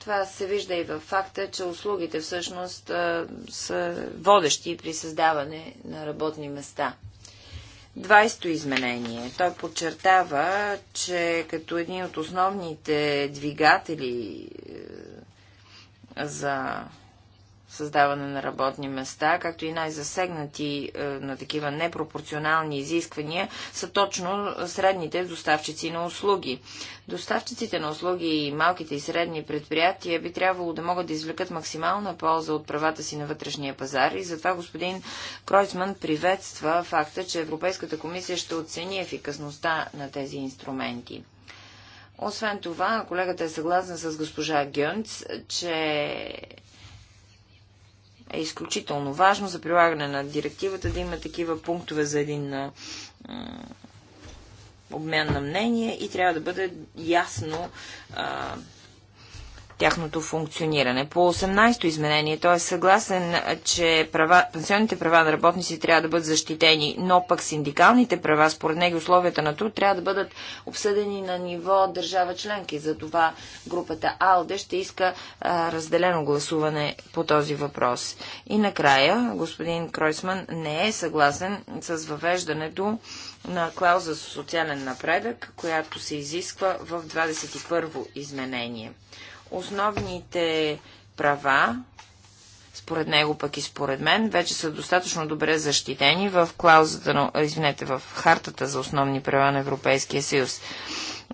това се вижда и в факта, че услугите всъщност е, са водещи при създаване на работни места – 20-то изменение. Той подчертава, че като един от основните двигатели е, за създаване на работни места, както и най-засегнати е, на такива непропорционални изисквания, са точно средните доставчици на услуги. Доставчиците на услуги и малките и средни предприятия би трябвало да могат да извлекат максимална полза от правата си на вътрешния пазар и затова господин Кройцман приветства факта, че Европейската комисия ще оцени ефикасността на тези инструменти. Освен това, колегата е съгласна с госпожа Гюнц, че е изключително важно за прилагане на директивата да има такива пунктове за един обмен на мнение и трябва да бъде ясно а, тяхното функциониране. По 18-то изменение той е съгласен, че права, пенсионните права на работници трябва да бъдат защитени, но пък синдикалните права, според него условията на труд, трябва да бъдат обсъдени на ниво държава членки. Затова групата АЛДЕ ще иска а, разделено гласуване по този въпрос. И накрая, господин Кройсман не е съгласен с въвеждането на клауза за социален напредък, която се изисква в 21-во изменение. Основните права, според него пък и според мен, вече са достатъчно добре защитени в клаузата, на, извинете, в хартата за основни права на Европейския съюз.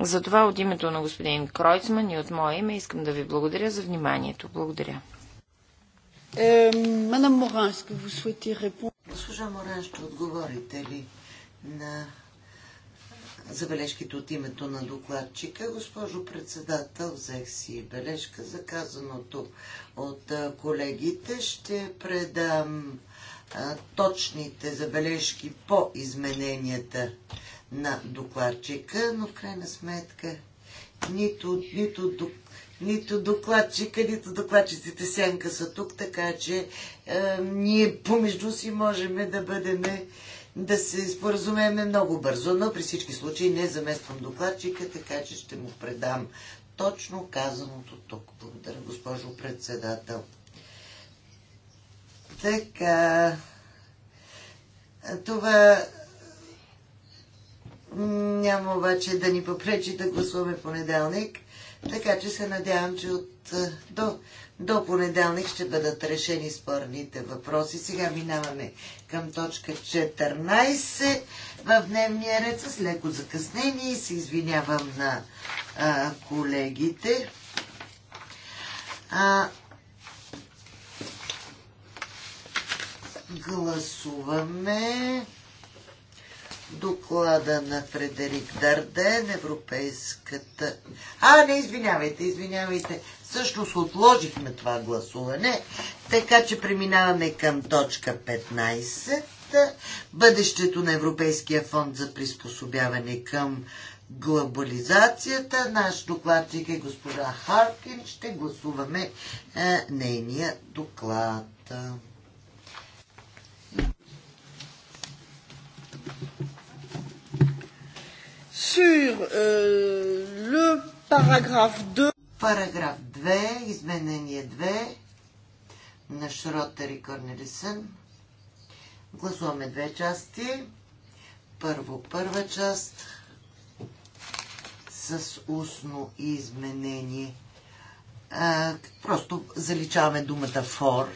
Затова от името на господин Кройцман и от мое име искам да ви благодаря за вниманието. Благодаря. Е, мадам Моран, Госпожа Моран, ще отговорите ли на забележките от името на докладчика. Госпожо председател, взех си бележка за казаното от колегите. Ще предам точните забележки по измененията на докладчика, но в крайна сметка нито, нито, нито докладчика, нито докладчиците сянка са тук, така че е, ние помежду си можем да бъдем да се споразумеме много бързо, но при всички случаи не замествам докладчика, така че ще му предам точно казаното тук. Благодаря, госпожо председател. Така, това няма обаче да ни попречи да гласуваме понеделник, така че се надявам, че от, е, до, до понеделник ще бъдат решени спорните въпроси. Сега минаваме към точка 14 в дневния ред с леко закъснение и се извинявам на а, колегите. А, гласуваме доклада на Фредерик Дарден, Европейската... А, не, извинявайте, извинявайте. Всъщност отложихме това гласуване, така че преминаваме към точка 15. Бъдещето на Европейския фонд за приспособяване към глобализацията. Наш докладчик е госпожа Харкин. Ще гласуваме е, нейния доклад. Sur euh, le paragraphe 2. Параграф 2, изменение 2 на Шротер и Корнелисън. Гласуваме две части. Първо, първа част с устно изменение. А, просто заличаваме думата for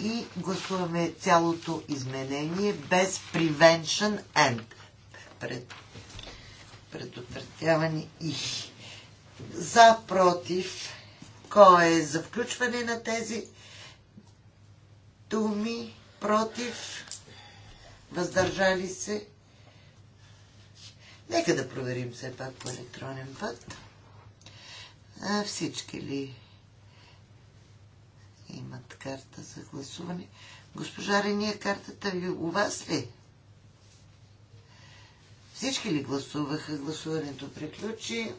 и гласуваме цялото изменение без prevention and пред, предотвратяване и. За, против. Кой е за включване на тези думи? Против. Въздържали се. Нека да проверим все пак по електронен път. А, всички ли имат карта за гласуване? Госпожа Рения, картата ви у вас ли? Всички ли гласуваха? Гласуването приключи.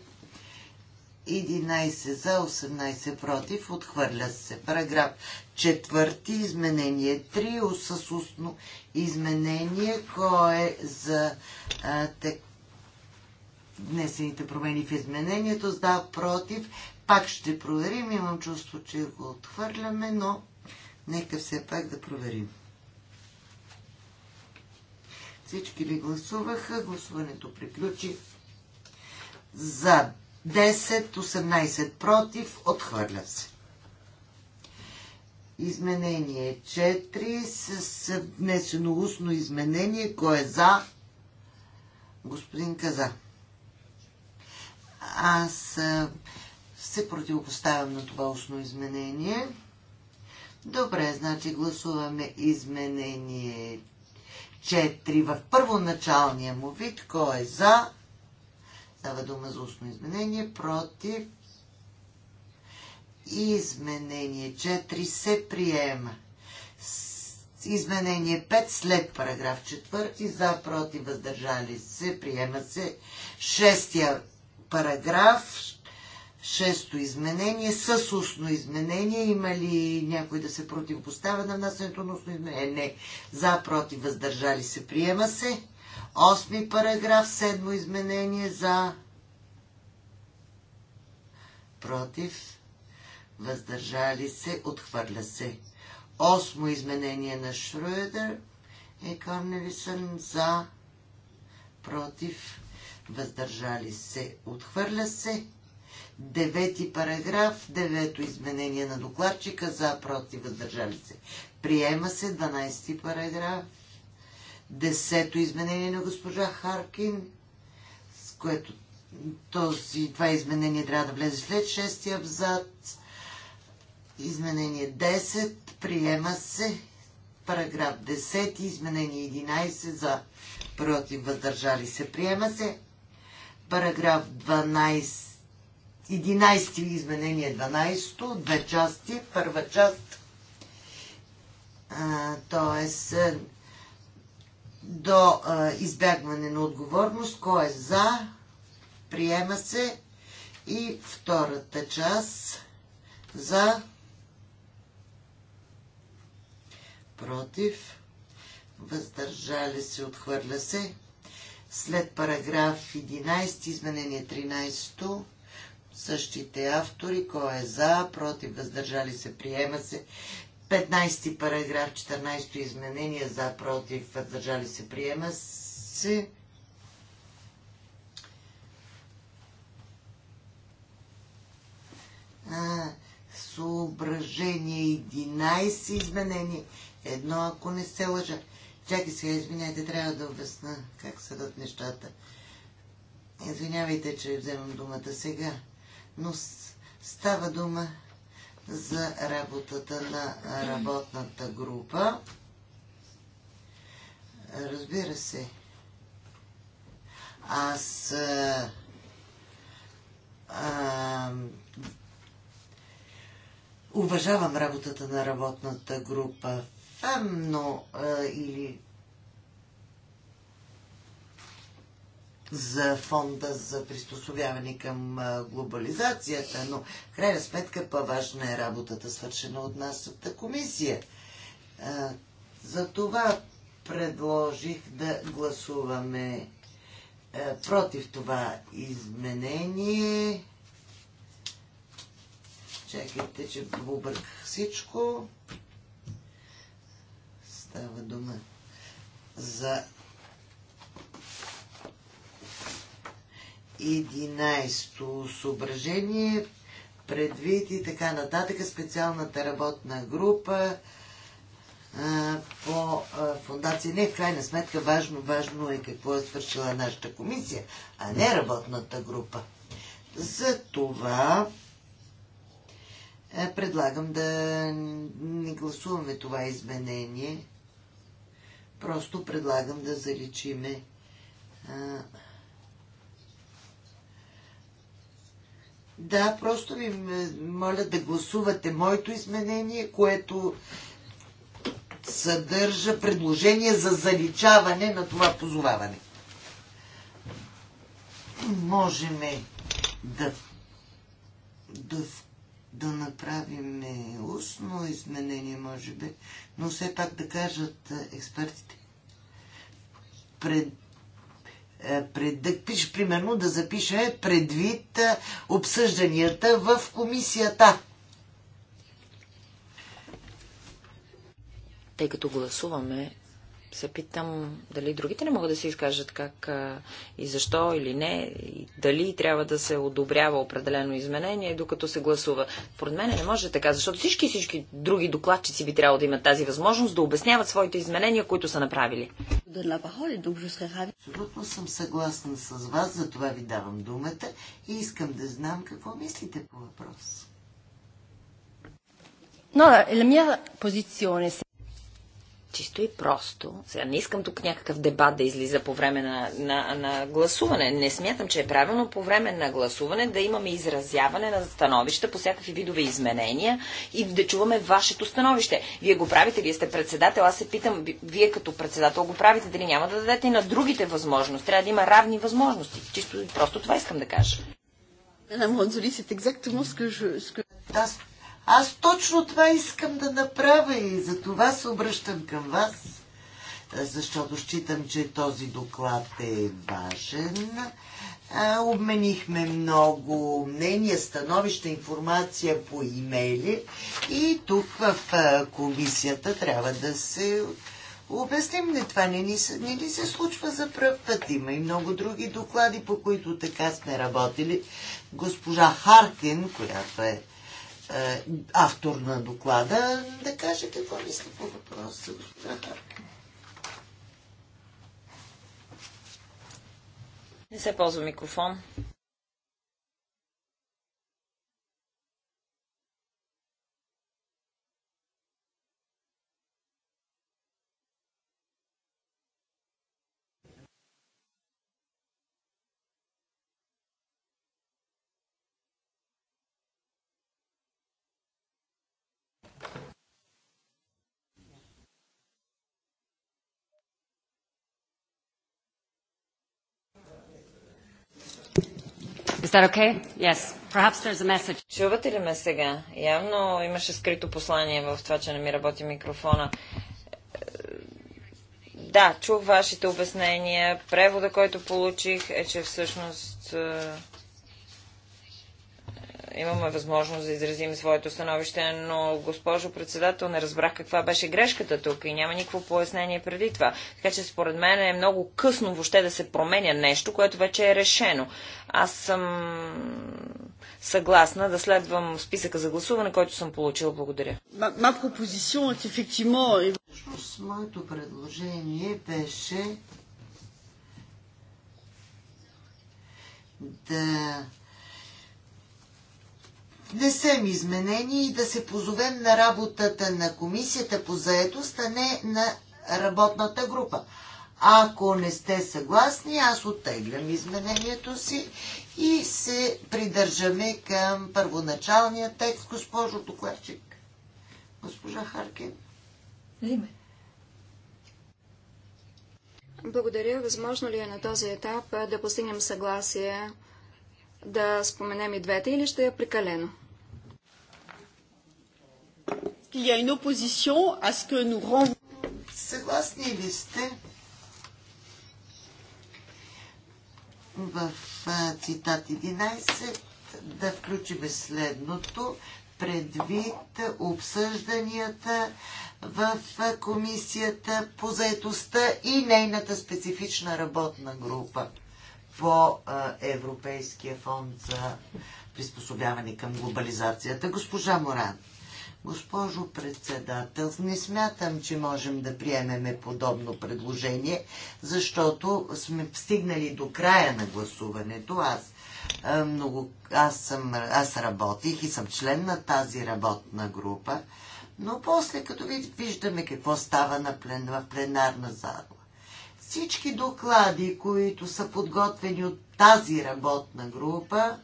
11 за 18 против. Отхвърля се. Параграф 4. Изменение 3 с устно изменение. кое е за а, тек... днесените промени в изменението? Да, против. Пак ще проверим. Имам чувство, че го отхвърляме, но нека все пак да проверим. Всички ли гласуваха? Гласуването приключи. За 10, 18 против, отхвърля се. Изменение 4 с внесено устно изменение. Кой е за? Господин Каза. Аз се противопоставям на това устно изменение. Добре, значи гласуваме изменение 4 в първоначалния му вид. Кой е за? Става дума за устно изменение. Против. Изменение 4 се приема. Изменение 5 след параграф 4 за против въздържали се приема се шестия параграф шесто изменение с устно изменение. Има ли някой да се противопоставя на внасянето на устно изменение? Не. За, против, въздържали се, приема се. Осми параграф, седмо изменение за против, въздържали се, отхвърля се. Осмо изменение на Шрюдер е Корнелисън за против, въздържали се, отхвърля се. Девети параграф, девето изменение на докладчика за против, въздържали се. Приема се 12 параграф десето изменение на госпожа Харкин, с което този, това изменение трябва да влезе след шестия абзац. Изменение 10 приема се. Параграф 10, изменение 11 за против въздържали се приема се. Параграф 12 11 изменение 12, две части, първа част, Тоест, до а, избягване на отговорност, кой е за, приема се и втората част за против, въздържали се, отхвърля се. След параграф 11, изменение 13, същите автори, кой е за, против, въздържали се, приема се. 15 параграф, 14 изменение за против, въздържали се, приема се. съображение 11 изменение. Едно, ако не се лъжа. Чакай сега, извиняйте, трябва да обясна как съдат нещата. Извинявайте, че вземам думата сега, но става дума за работата на работната група. Разбира се, аз а, а, уважавам работата на работната група ФЕМ, но а, или за фонда за приспособяване към глобализацията, но в крайна сметка по-важна е работата, свършена от нашата комисия. За това предложих да гласуваме против това изменение. Чакайте, че обърках всичко. Става дума за 11-то съображение, предвид и така нататък, специалната работна група по фундация. Не, в крайна сметка, важно, важно е какво е свършила нашата комисия, а не работната група. За това е, предлагам да не гласуваме това изменение. Просто предлагам да заличиме а, Да, просто ви моля да гласувате моето изменение, което съдържа предложение за заличаване на това позоваване. Можеме да, да, да направим устно изменение, може би, но все пак да кажат експертите. Пред, е, пред, да пише, примерно да запише предвид е, обсъжданията в комисията. Тъй като гласуваме се питам дали другите не могат да се изкажат как а, и защо или не, и дали трябва да се одобрява определено изменение, докато се гласува. Поред мен не може така, защото всички всички други докладчици би трябвало да имат тази възможност да обясняват своите изменения, които са направили. Абсолютно съм съгласна с вас, за това ви давам думата и искам да знам какво мислите по въпрос. No, la mia posizione чисто и просто. Сега не искам тук някакъв дебат да излиза по време на, на, на гласуване. Не смятам, че е правилно по време на гласуване да имаме изразяване на становища по всякакви видове изменения и да чуваме вашето становище. Вие го правите, вие сте председател. Аз се питам, вие като председател го правите, дали няма да дадете и на другите възможности. Трябва да има равни възможности. Чисто и просто това искам да кажа. Да, аз точно това искам да направя и за това се обръщам към вас, защото считам, че този доклад е важен. Обменихме много мнения, становища, информация по имейли и тук в комисията трябва да се обясним. Не, това не ни, се, не ни се случва за пръв път. Има и много други доклади, по които така сме работили. Госпожа Харкин, която е е, автор на доклада, да каже какво мисли по въпроса. Не се ползва микрофон. Is that okay? Yes. Perhaps there's a message. Чувате ли ме сега? Явно имаше скрито послание в това, че не ми работи микрофона. Да, чух вашите обяснения. Превода, който получих е, че всъщност е, имаме възможност да изразим своето становище, но госпожо председател, не разбрах каква беше грешката тук и няма никакво пояснение преди това. Така че според мен е много късно въобще да се променя нещо, което вече е решено. Аз съм съгласна да следвам списъка за гласуване, който съм получила. Благодаря. Е, е. Всъщност, моето предложение беше да внесем изменения и да се позовем на работата на комисията по заетост, а не на работната група. Ако не сте съгласни, аз оттеглям изменението си и се придържаме към първоначалния текст, госпожо Токларчик. Госпожа Харкин. Име. Благодаря. Възможно ли е на този етап да постигнем съгласие да споменем и двете или ще е прекалено? qu'il y a une opposition à ce que nous renvoyons. Съгласни ли сте в цитат 11 да включим следното предвид обсъжданията в комисията по заедостта и нейната специфична работна група по Европейския фонд за приспособяване към глобализацията. Госпожа Моран. Госпожо председател, не смятам, че можем да приемеме подобно предложение, защото сме стигнали до края на гласуването. Аз много, аз, съм, аз работих и съм член на тази работна група, но после като виждаме какво става на плен, в пленарна зала, всички доклади, които са подготвени от тази работна група,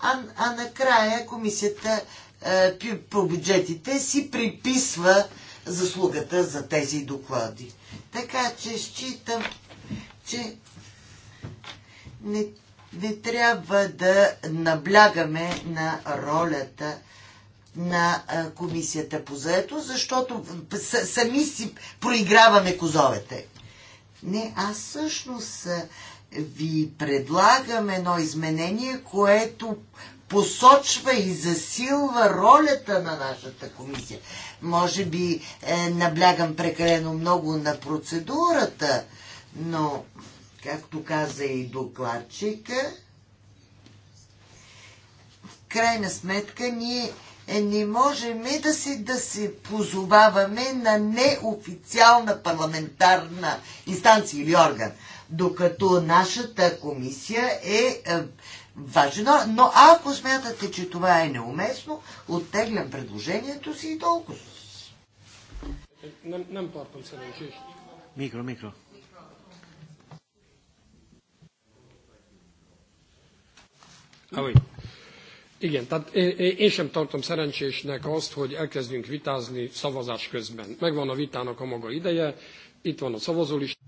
а, а накрая комисията е, по бюджетите си приписва заслугата за тези доклади. Така че считам, че не, не трябва да наблягаме на ролята на е, комисията по заето, защото сами си проиграваме козовете. Не, аз всъщност е, ви предлагам едно изменение, което посочва и засилва ролята на нашата комисия. Може би е, наблягам прекалено много на процедурата, но, както каза и докладчика, в крайна сметка ние е, не можем да се, да се позоваваме на неофициална парламентарна инстанция или орган, докато нашата комисия е, е важно, но ако смятате, че това е неуместно, оттеглям предложението си и толкова. Микро, микро. Ah, oui. Igen, tehát én sem tartom szerencsésnek azt, hogy elkezdünk vitázni szavazás közben. Megvan a vitának a maga ideje, itt van a szavazólista.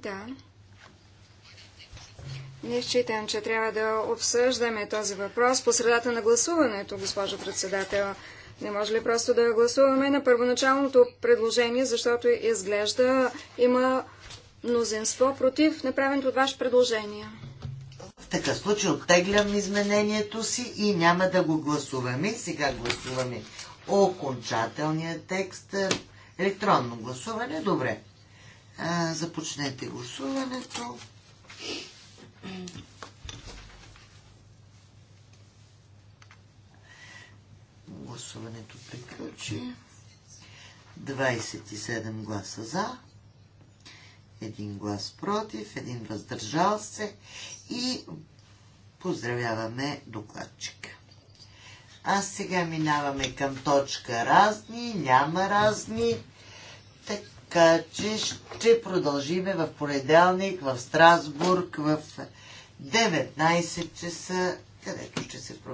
Да. Не считам, че трябва да обсъждаме този въпрос по средата на гласуването, госпожо председател. Не може ли просто да гласуваме на първоначалното предложение, защото изглежда има мнозинство против направеното от ваше предложение? В такъв случай оттеглям изменението си и няма да го гласуваме. Сега гласуваме окончателния текст. Електронно гласуване, добре. А, започнете гласуването. Гласуването приключи. 27 гласа за, 1 глас против, 1 въздържал се и поздравяваме докладчика. А сега минаваме към точка разни, няма разни. Така така че ще продължиме в понеделник в Страсбург в 19 часа, където ще се проведе.